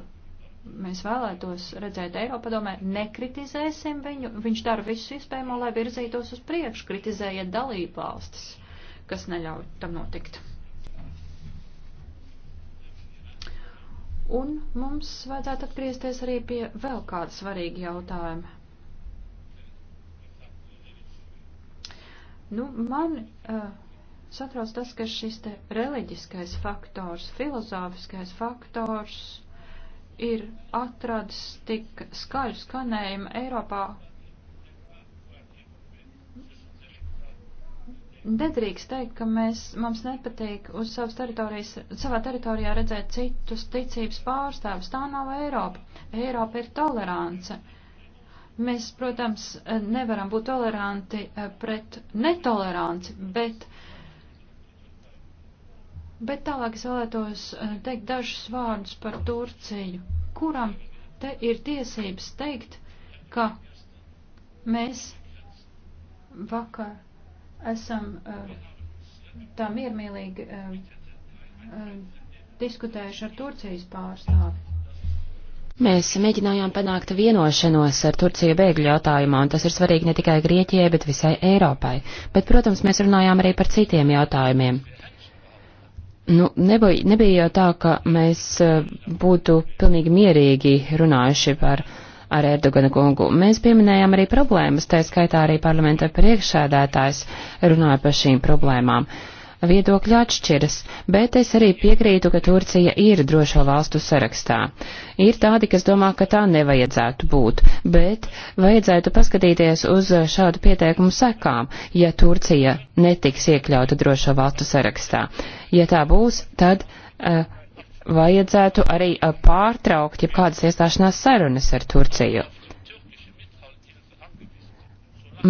Speaker 3: mēs vēlētos redzēt Eiropadomē, nekritizēsim viņu, viņš dara visu iespējamo, lai virzītos uz priekšu, kritizējiet dalībvalstis, kas neļauj tam notikt. Un mums vajadzētu atgriezties arī pie vēl kāda svarīga jautājuma. Nu, man uh, satrauc tas, ka šis te reliģiskais faktors, filozofiskais faktors ir atradis tik skaļu skanējumu Eiropā. Nedrīkst teikt, ka mēs, mums nepatīk uz savas teritorijas, savā teritorijā redzēt citus ticības pārstāvus. Tā nav Eiropa. Eiropa ir tolerance. Uh, Mēs, protams, nevaram būt toleranti eh, pret netoleranci, bet, bet tālāk es vēlētos eh, teikt dažus vārdus par Turciju, kuram te ir tiesības teikt, ka mēs vakar esam eh, tā miermīlīgi diskutējuši ar Turcijas pārstāvi.
Speaker 1: Mēs mēģinājām panākt vienošanos ar Turciju bēgļu jautājumā, un tas ir svarīgi ne tikai Grieķijai, bet visai Eiropai. Bet, protams, mēs runājām arī par citiem jautājumiem. Nu, nebija, nebija jau tā, ka mēs eh, būtu pilnīgi mierīgi runājuši par ar Erdogana kungu. Mēs pieminējām arī problēmas, tā skaitā arī parlamenta priekšsēdētājs runāja par šīm problēmām. Uh, viedokļi atšķiras, bet es arī piekrītu, ka Turcija ir drošo valstu sarakstā. Ir tādi, kas domā, ka tā nevajadzētu būt, bet vajadzētu paskatīties uz šādu pieteikumu sekām, ja Turcija netiks iekļauta drošo valstu sarakstā. Ja tā būs, tad. Uh, Vajadzētu arī uh, pārtraukt jebkādas iestāšanās sarunas ar Turciju.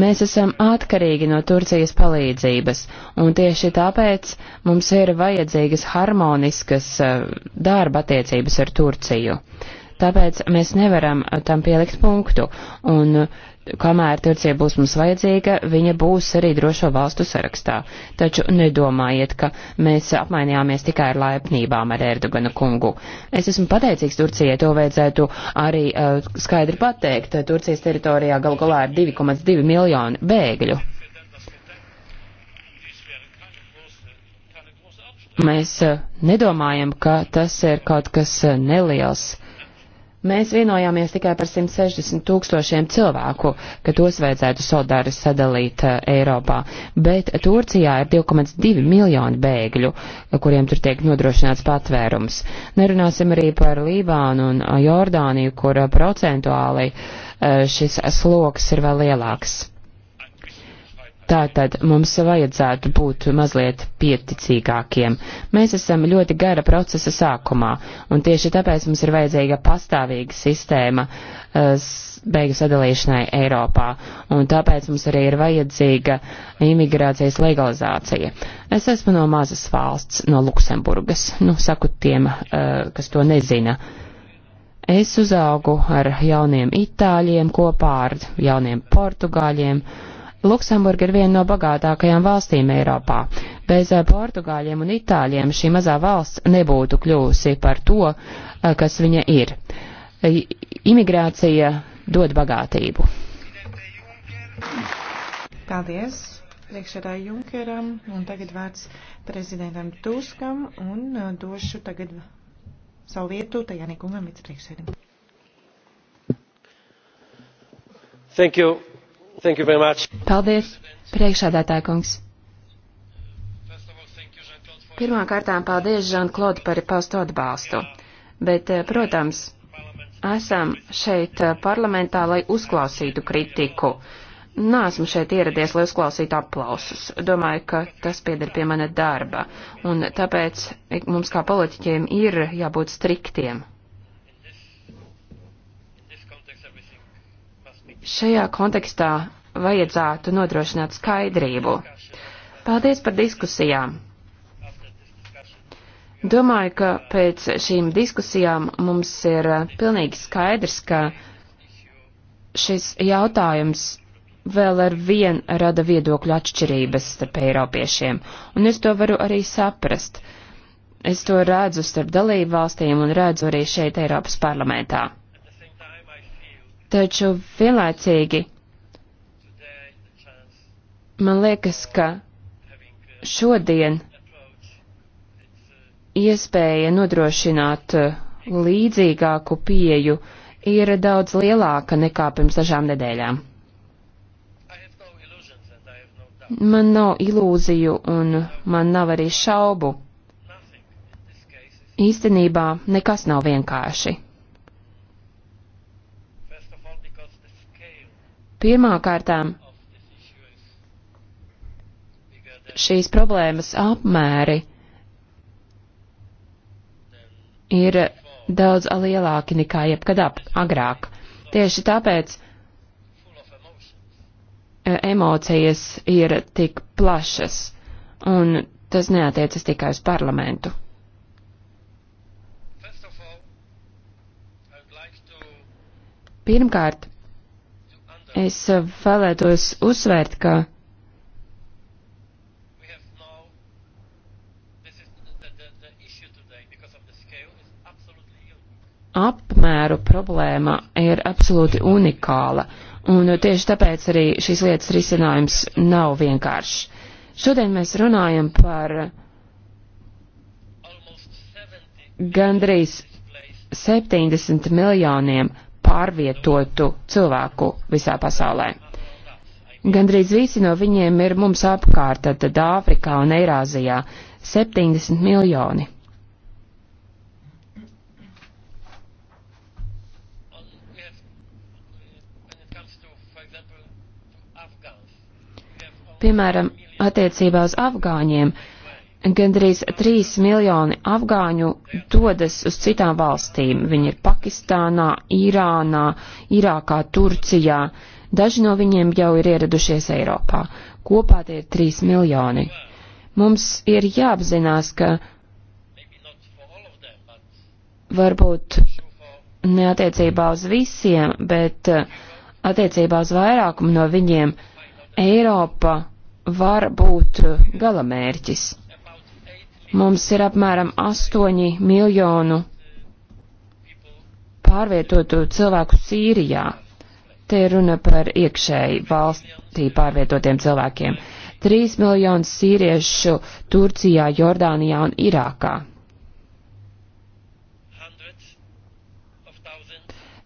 Speaker 1: Mēs esam atkarīgi no Turcijas palīdzības, un tieši tāpēc mums ir vajadzīgas harmoniskas eh, darba attiecības ar Turciju. Tāpēc mēs nevaram eh, tam pielikt punktu, un kamēr Turcija būs mums vajadzīga, viņa būs arī drošo valstu sarakstā. Taču nedomājiet, ka mēs apmainījāmies tikai ar laipnībām ar Erdoganu kungu. Es esmu pateicīgs Turcijai, to vajadzētu arī uh, skaidri pateikt. Turcijas teritorijā gal galā ir 2,2 miljoni bēgļu. Mēs uh, nedomājam, ka tas ir kaut kas eh, neliels Mēs vienojāmies tikai par 160 tūkstošiem cilvēku, ka tos vajadzētu solidāri sadalīt uh, Eiropā, bet Turcijā ir 2,2 miljoni bēgļu, kuriem tur tiek nodrošināts patvērums. Nerunāsim arī par Lībānu un Jordāniju, kur procentuāli uh, šis sloks ir vēl lielāks. Tātad mums vajadzētu būt mazliet pieticīgākiem. Mēs esam ļoti gara procesa sākumā, un tieši tāpēc mums ir vajadzīga pastāvīga sistēma uh, beigu sadalīšanai Eiropā, un tāpēc mums arī ir vajadzīga imigrācijas legalizācija. Es esmu no mazas valsts, no Luksemburgas, nu saku tiem, uh, kas to nezina. Es uzaugu ar jauniem itāļiem kopā ar jauniem portugāļiem Luksemburga ir viena no bagātākajām valstīm Eiropā. Bez eh, portugāļiem un itāļiem šī mazā valsts nebūtu kļūsi par to, eh, kas viņa ir. Imigrācija dod bagātību.
Speaker 4: Paldies priekšsēdā Junkeram un tagad vārds prezidentam Tuskam un eh, došu tagad savu vietu Tajani kungam vicepriekšsēdim.
Speaker 2: Thank you. Paldies,
Speaker 1: priekšādātāja kungs. Pirmkārtām paldies Žanklod par paustu atbalstu. Bet, eh, protams, esam šeit eh, parlamentā, lai uzklausītu kritiku. Nāsmu šeit ieradies, lai uzklausītu aplausus. Domāju, ka tas pieder pie mana darba, un tāpēc mums kā politiķiem ir jābūt striktiem šajā kontekstā vajadzētu nodrošināt skaidrību. Paldies par diskusijām! Domāju, ka pēc šīm diskusijām mums ir eh, pilnīgi skaidrs, ka šis jautājums vēl ar vien rada viedokļu atšķirības starp eiropiešiem, un es to varu arī saprast. Es to redzu starp dalību valstīm un redzu arī šeit Eiropas parlamentā. Taču vienlaicīgi man liekas, ka šodien iespēja nodrošināt uh, līdzīgāku pieju ir daudz lielāka nekā pirms dažām nedēļām. Man nav ilūziju un man nav arī šaubu. Īstenībā nekas nav vienkārši. Pirmkārtām šīs problēmas apmēri ir daudz lielāki nekā jebkad agrāk. Tieši tāpēc e, emocijas ir tik plašas, un tas neatiecas tikai uz parlamentu. Pirmkārt, Es eh, vēlētos uzsvērt, ka apmēru problēma ir absolūti unikāla, un tieši tāpēc arī šīs lietas risinājums nav vienkāršs. Šodien mēs runājam par gandrīz 70 miljoniem pārvietotu cilvēku visā pasaulē. Gandrīz visi no viņiem ir mums apkārt, tad Āfrikā un Eirāzijā - 70 miljoni. Piemēram, attiecībā uz afgāņiem Gandrīz 3 miljoni afgāņu dodas uz citām valstīm. Viņi ir Pakistānā, Irānā, Irākā, Turcijā. Daži no viņiem jau ir ieradušies Eiropā. Kopā tie ir 3 miljoni. Mums ir jāapzinās, ka varbūt neatiecībā uz visiem, bet uh, attiecībā uz vairākumu no viņiem Eiropa var būt uh, galamērķis. Mums ir apmēram 8 miljonu pārvietotu cilvēku Sīrijā. Te ir runa par iekšēji valstī pārvietotiem cilvēkiem. 3 miljonus sīriešu Turcijā, Jordānijā un Irākā.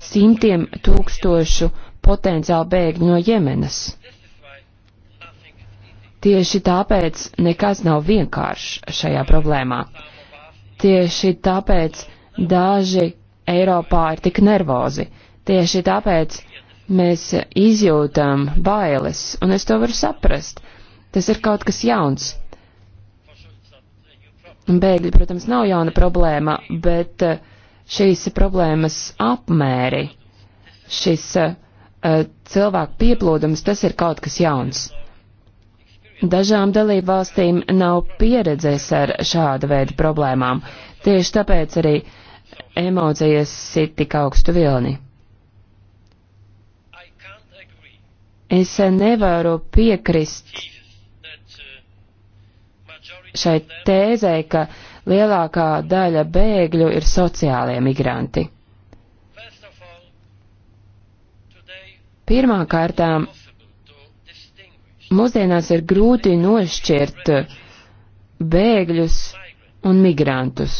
Speaker 1: Simtiem tūkstošu potenciāli bēgļu no Jemenas. Tieši tāpēc nekas nav vienkāršs šajā problēmā. Tieši tāpēc daži Eiropā ir tik nervozi. Tieši tāpēc mēs izjūtam bailes, un es to varu saprast. Tas ir kaut kas jauns. Bēgļi, protams, nav jauna problēma, bet eh, šīs problēmas apmēri, šis uh, cilvēku pieplūdums, tas ir kaut kas jauns. Dažām dalībvalstīm nav pieredzes ar šāda veida problēmām, tieši tāpēc arī emocijas sit tik augstu vilni. Es nevaru piekrist šai tēzē, ka lielākā daļa bēgļu ir sociālie migranti. Pirmkārtām, Mūsdienās ir grūti nošķirt bēgļus un migrantus.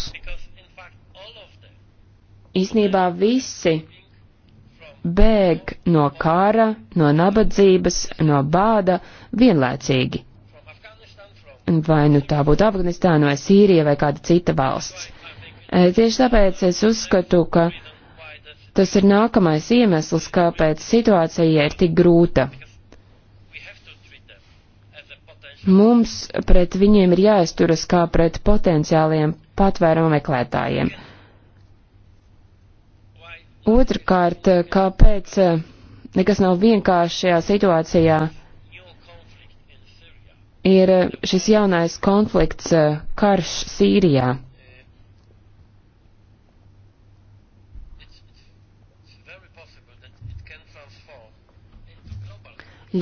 Speaker 1: Īsnībā visi bēg no kara, no nabadzības, no bāda vienlaicīgi. Vai nu tā būtu Afganistāna vai Sīrija vai kāda cita valsts. E, tieši tāpēc es uzskatu, ka tas ir nākamais iemesls, kāpēc situācija ir tik grūta. Mums pret viņiem ir jāizturas kā pret potenciāliem patvērumu meklētājiem. Otrakārt, kāpēc eh, nekas nav vienkārši šajā situācijā, ir eh, šis jaunais konflikts eh, karš Sīrijā.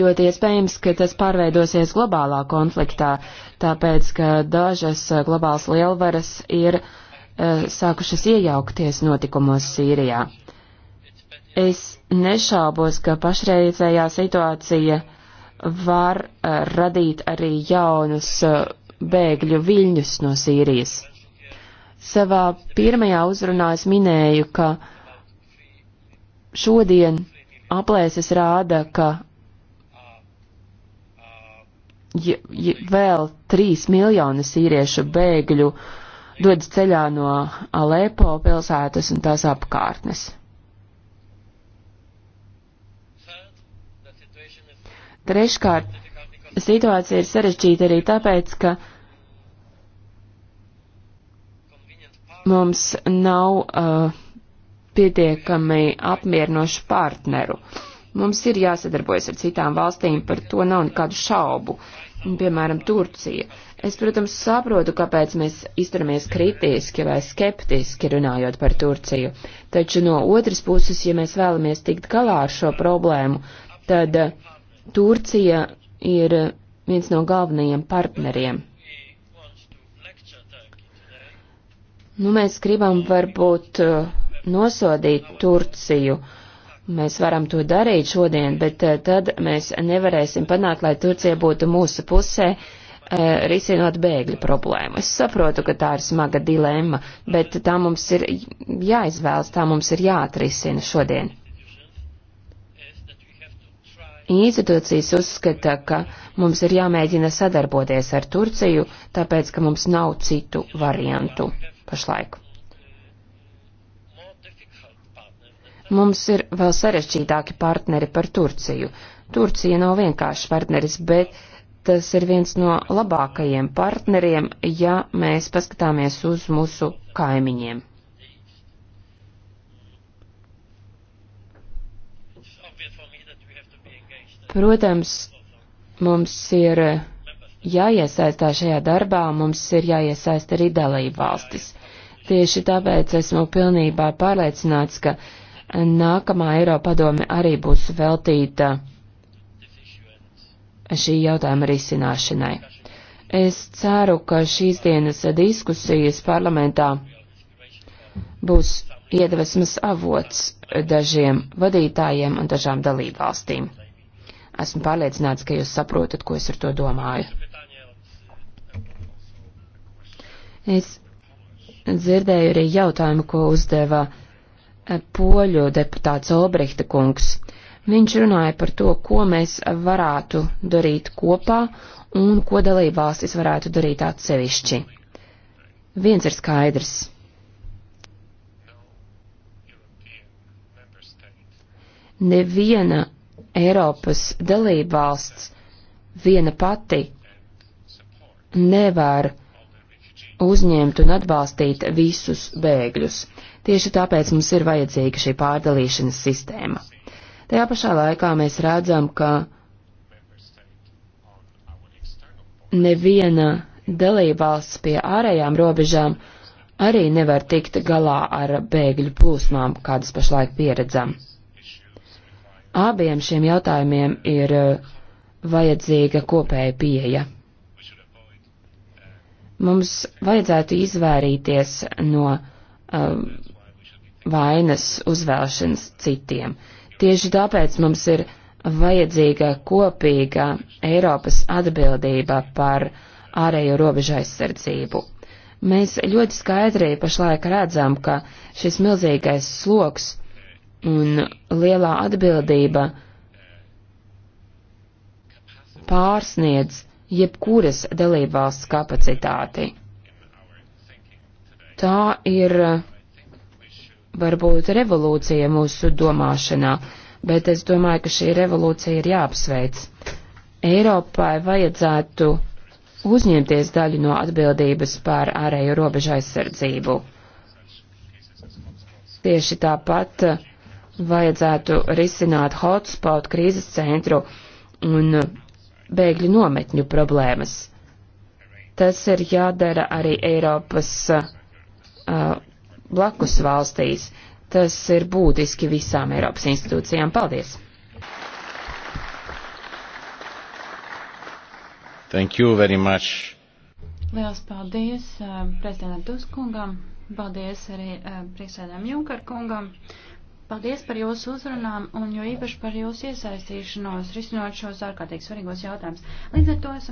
Speaker 1: Ļoti iespējams, ka tas pārveidosies globālā konfliktā, tāpēc, ka dažas eh, globālas lielvaras ir uh, sākušas iejaukties notikumos Sīrijā. Es nešaubos, ka pašreizējā situācija var uh, radīt arī jaunus uh, bēgļu viļņus no Sīrijas. Savā pirmajā uzrunā es minēju, ka šodien aplēses rāda, ka ja, ja vēl 3 miljoni sīriešu bēgļu dodas ceļā no Alepo pilsētas un tās apkārtnes. Treškārt, situācija ir sarežģīta arī tāpēc, ka mums nav uh, pietiekami apmierinošu partneru. Uh, Mums ir jāsadarbojas ar citām valstīm, par to nav nekādu šaubu. Piemēram, Turcija. Es, protams, saprotu, kāpēc mēs izturamies kritiski vai skeptiski runājot par Turciju. Taču no otras puses, ja mēs vēlamies tikt galā ar šo problēmu, tad eh, Turcija ir viens no galvenajiem partneriem. Nu, mēs gribam varbūt eh, nosodīt Turciju Mēs varam to darīt šodien, bet eh, tad mēs nevarēsim panākt, lai Turcija būtu mūsu pusē, eh, risinot bēgļu problēmu. Es saprotu, ka tā ir smaga dilemma, bet tā mums ir jāizvēlas, tā mums ir jāatrisina šodien. Institūcijas uzskata, ka mums ir jāmēģina sadarboties ar Turciju, tāpēc, ka mums nav citu variantu pašlaik. Mums ir vēl sarežģītāki partneri par Turciju. Turcija nav vienkārši partneris, bet tas ir viens no labākajiem partneriem, ja mēs paskatāmies uz mūsu kaimiņiem. Protams, mums ir jāiesaistās šajā darbā, mums ir jāiesaist arī dalību valstis. Tieši tāpēc esmu pilnībā pārliecināts, ka nākamā Eiropadome arī būs veltīta šī jautājuma risināšanai. Es ceru, ka šīs dienas diskusijas parlamentā būs iedvesmas avots dažiem vadītājiem un dažām dalībvalstīm. Esmu pārliecināts, ka jūs saprotat, ko es ar to domāju. Es dzirdēju arī jautājumu, ko uzdeva uh, poļu deputāts Olbrihta kungs. Viņš runāja par to, ko mēs varētu darīt kopā un ko dalībvalstis varētu darīt atsevišķi. Viens ir skaidrs. Neviena Eiropas dalībvalsts viena pati nevar uzņemt un atbalstīt visus bēgļus. Tieši tāpēc mums ir vajadzīga šī pārdalīšanas sistēma. Tajā pašā laikā mēs redzam, ka neviena dalībvalsts pie ārējām robežām arī nevar tikt galā ar bēgļu plūsmām, kādas pašlaik pieredzam. Abiem šiem jautājumiem ir uh, vajadzīga kopēja pieeja. Mums vajadzētu izvairīties no um, vainas uzvēlšanas citiem. Tieši tāpēc mums ir vajadzīga kopīga Eiropas atbildība par ārējo robežu aizsardzību. Mēs ļoti skaidri pašlaik redzam, ka šis milzīgais sloks un lielā atbildība pārsniedz jebkuras dalībvalsts kapacitāti. Tā ir uh, varbūt revolūcija mūsu domāšanā, bet es domāju, ka šī revolūcija ir jāapsveic. Eiropai vajadzētu uzņemties daļu no atbildības pār ārējo robežu aizsardzību. Tieši tāpat vajadzētu risināt hotspot krīzes centru un bēgļu nometņu problēmas. Tas ir jādara arī Eiropas uh, blakus valstīs. Tas ir būtiski visām Eiropas institūcijām. Paldies!
Speaker 2: Thank you very much.
Speaker 3: Liels paldies uh, prezidentam Tuskungam, paldies arī uh, eh, priekšsēdām Junkar kungam. Paldies par jūsu uzrunām un jo īpaši par jūsu iesaistīšanos risinot šos ārkārtīgi svarīgos jautājumus. Līdz ar to esam.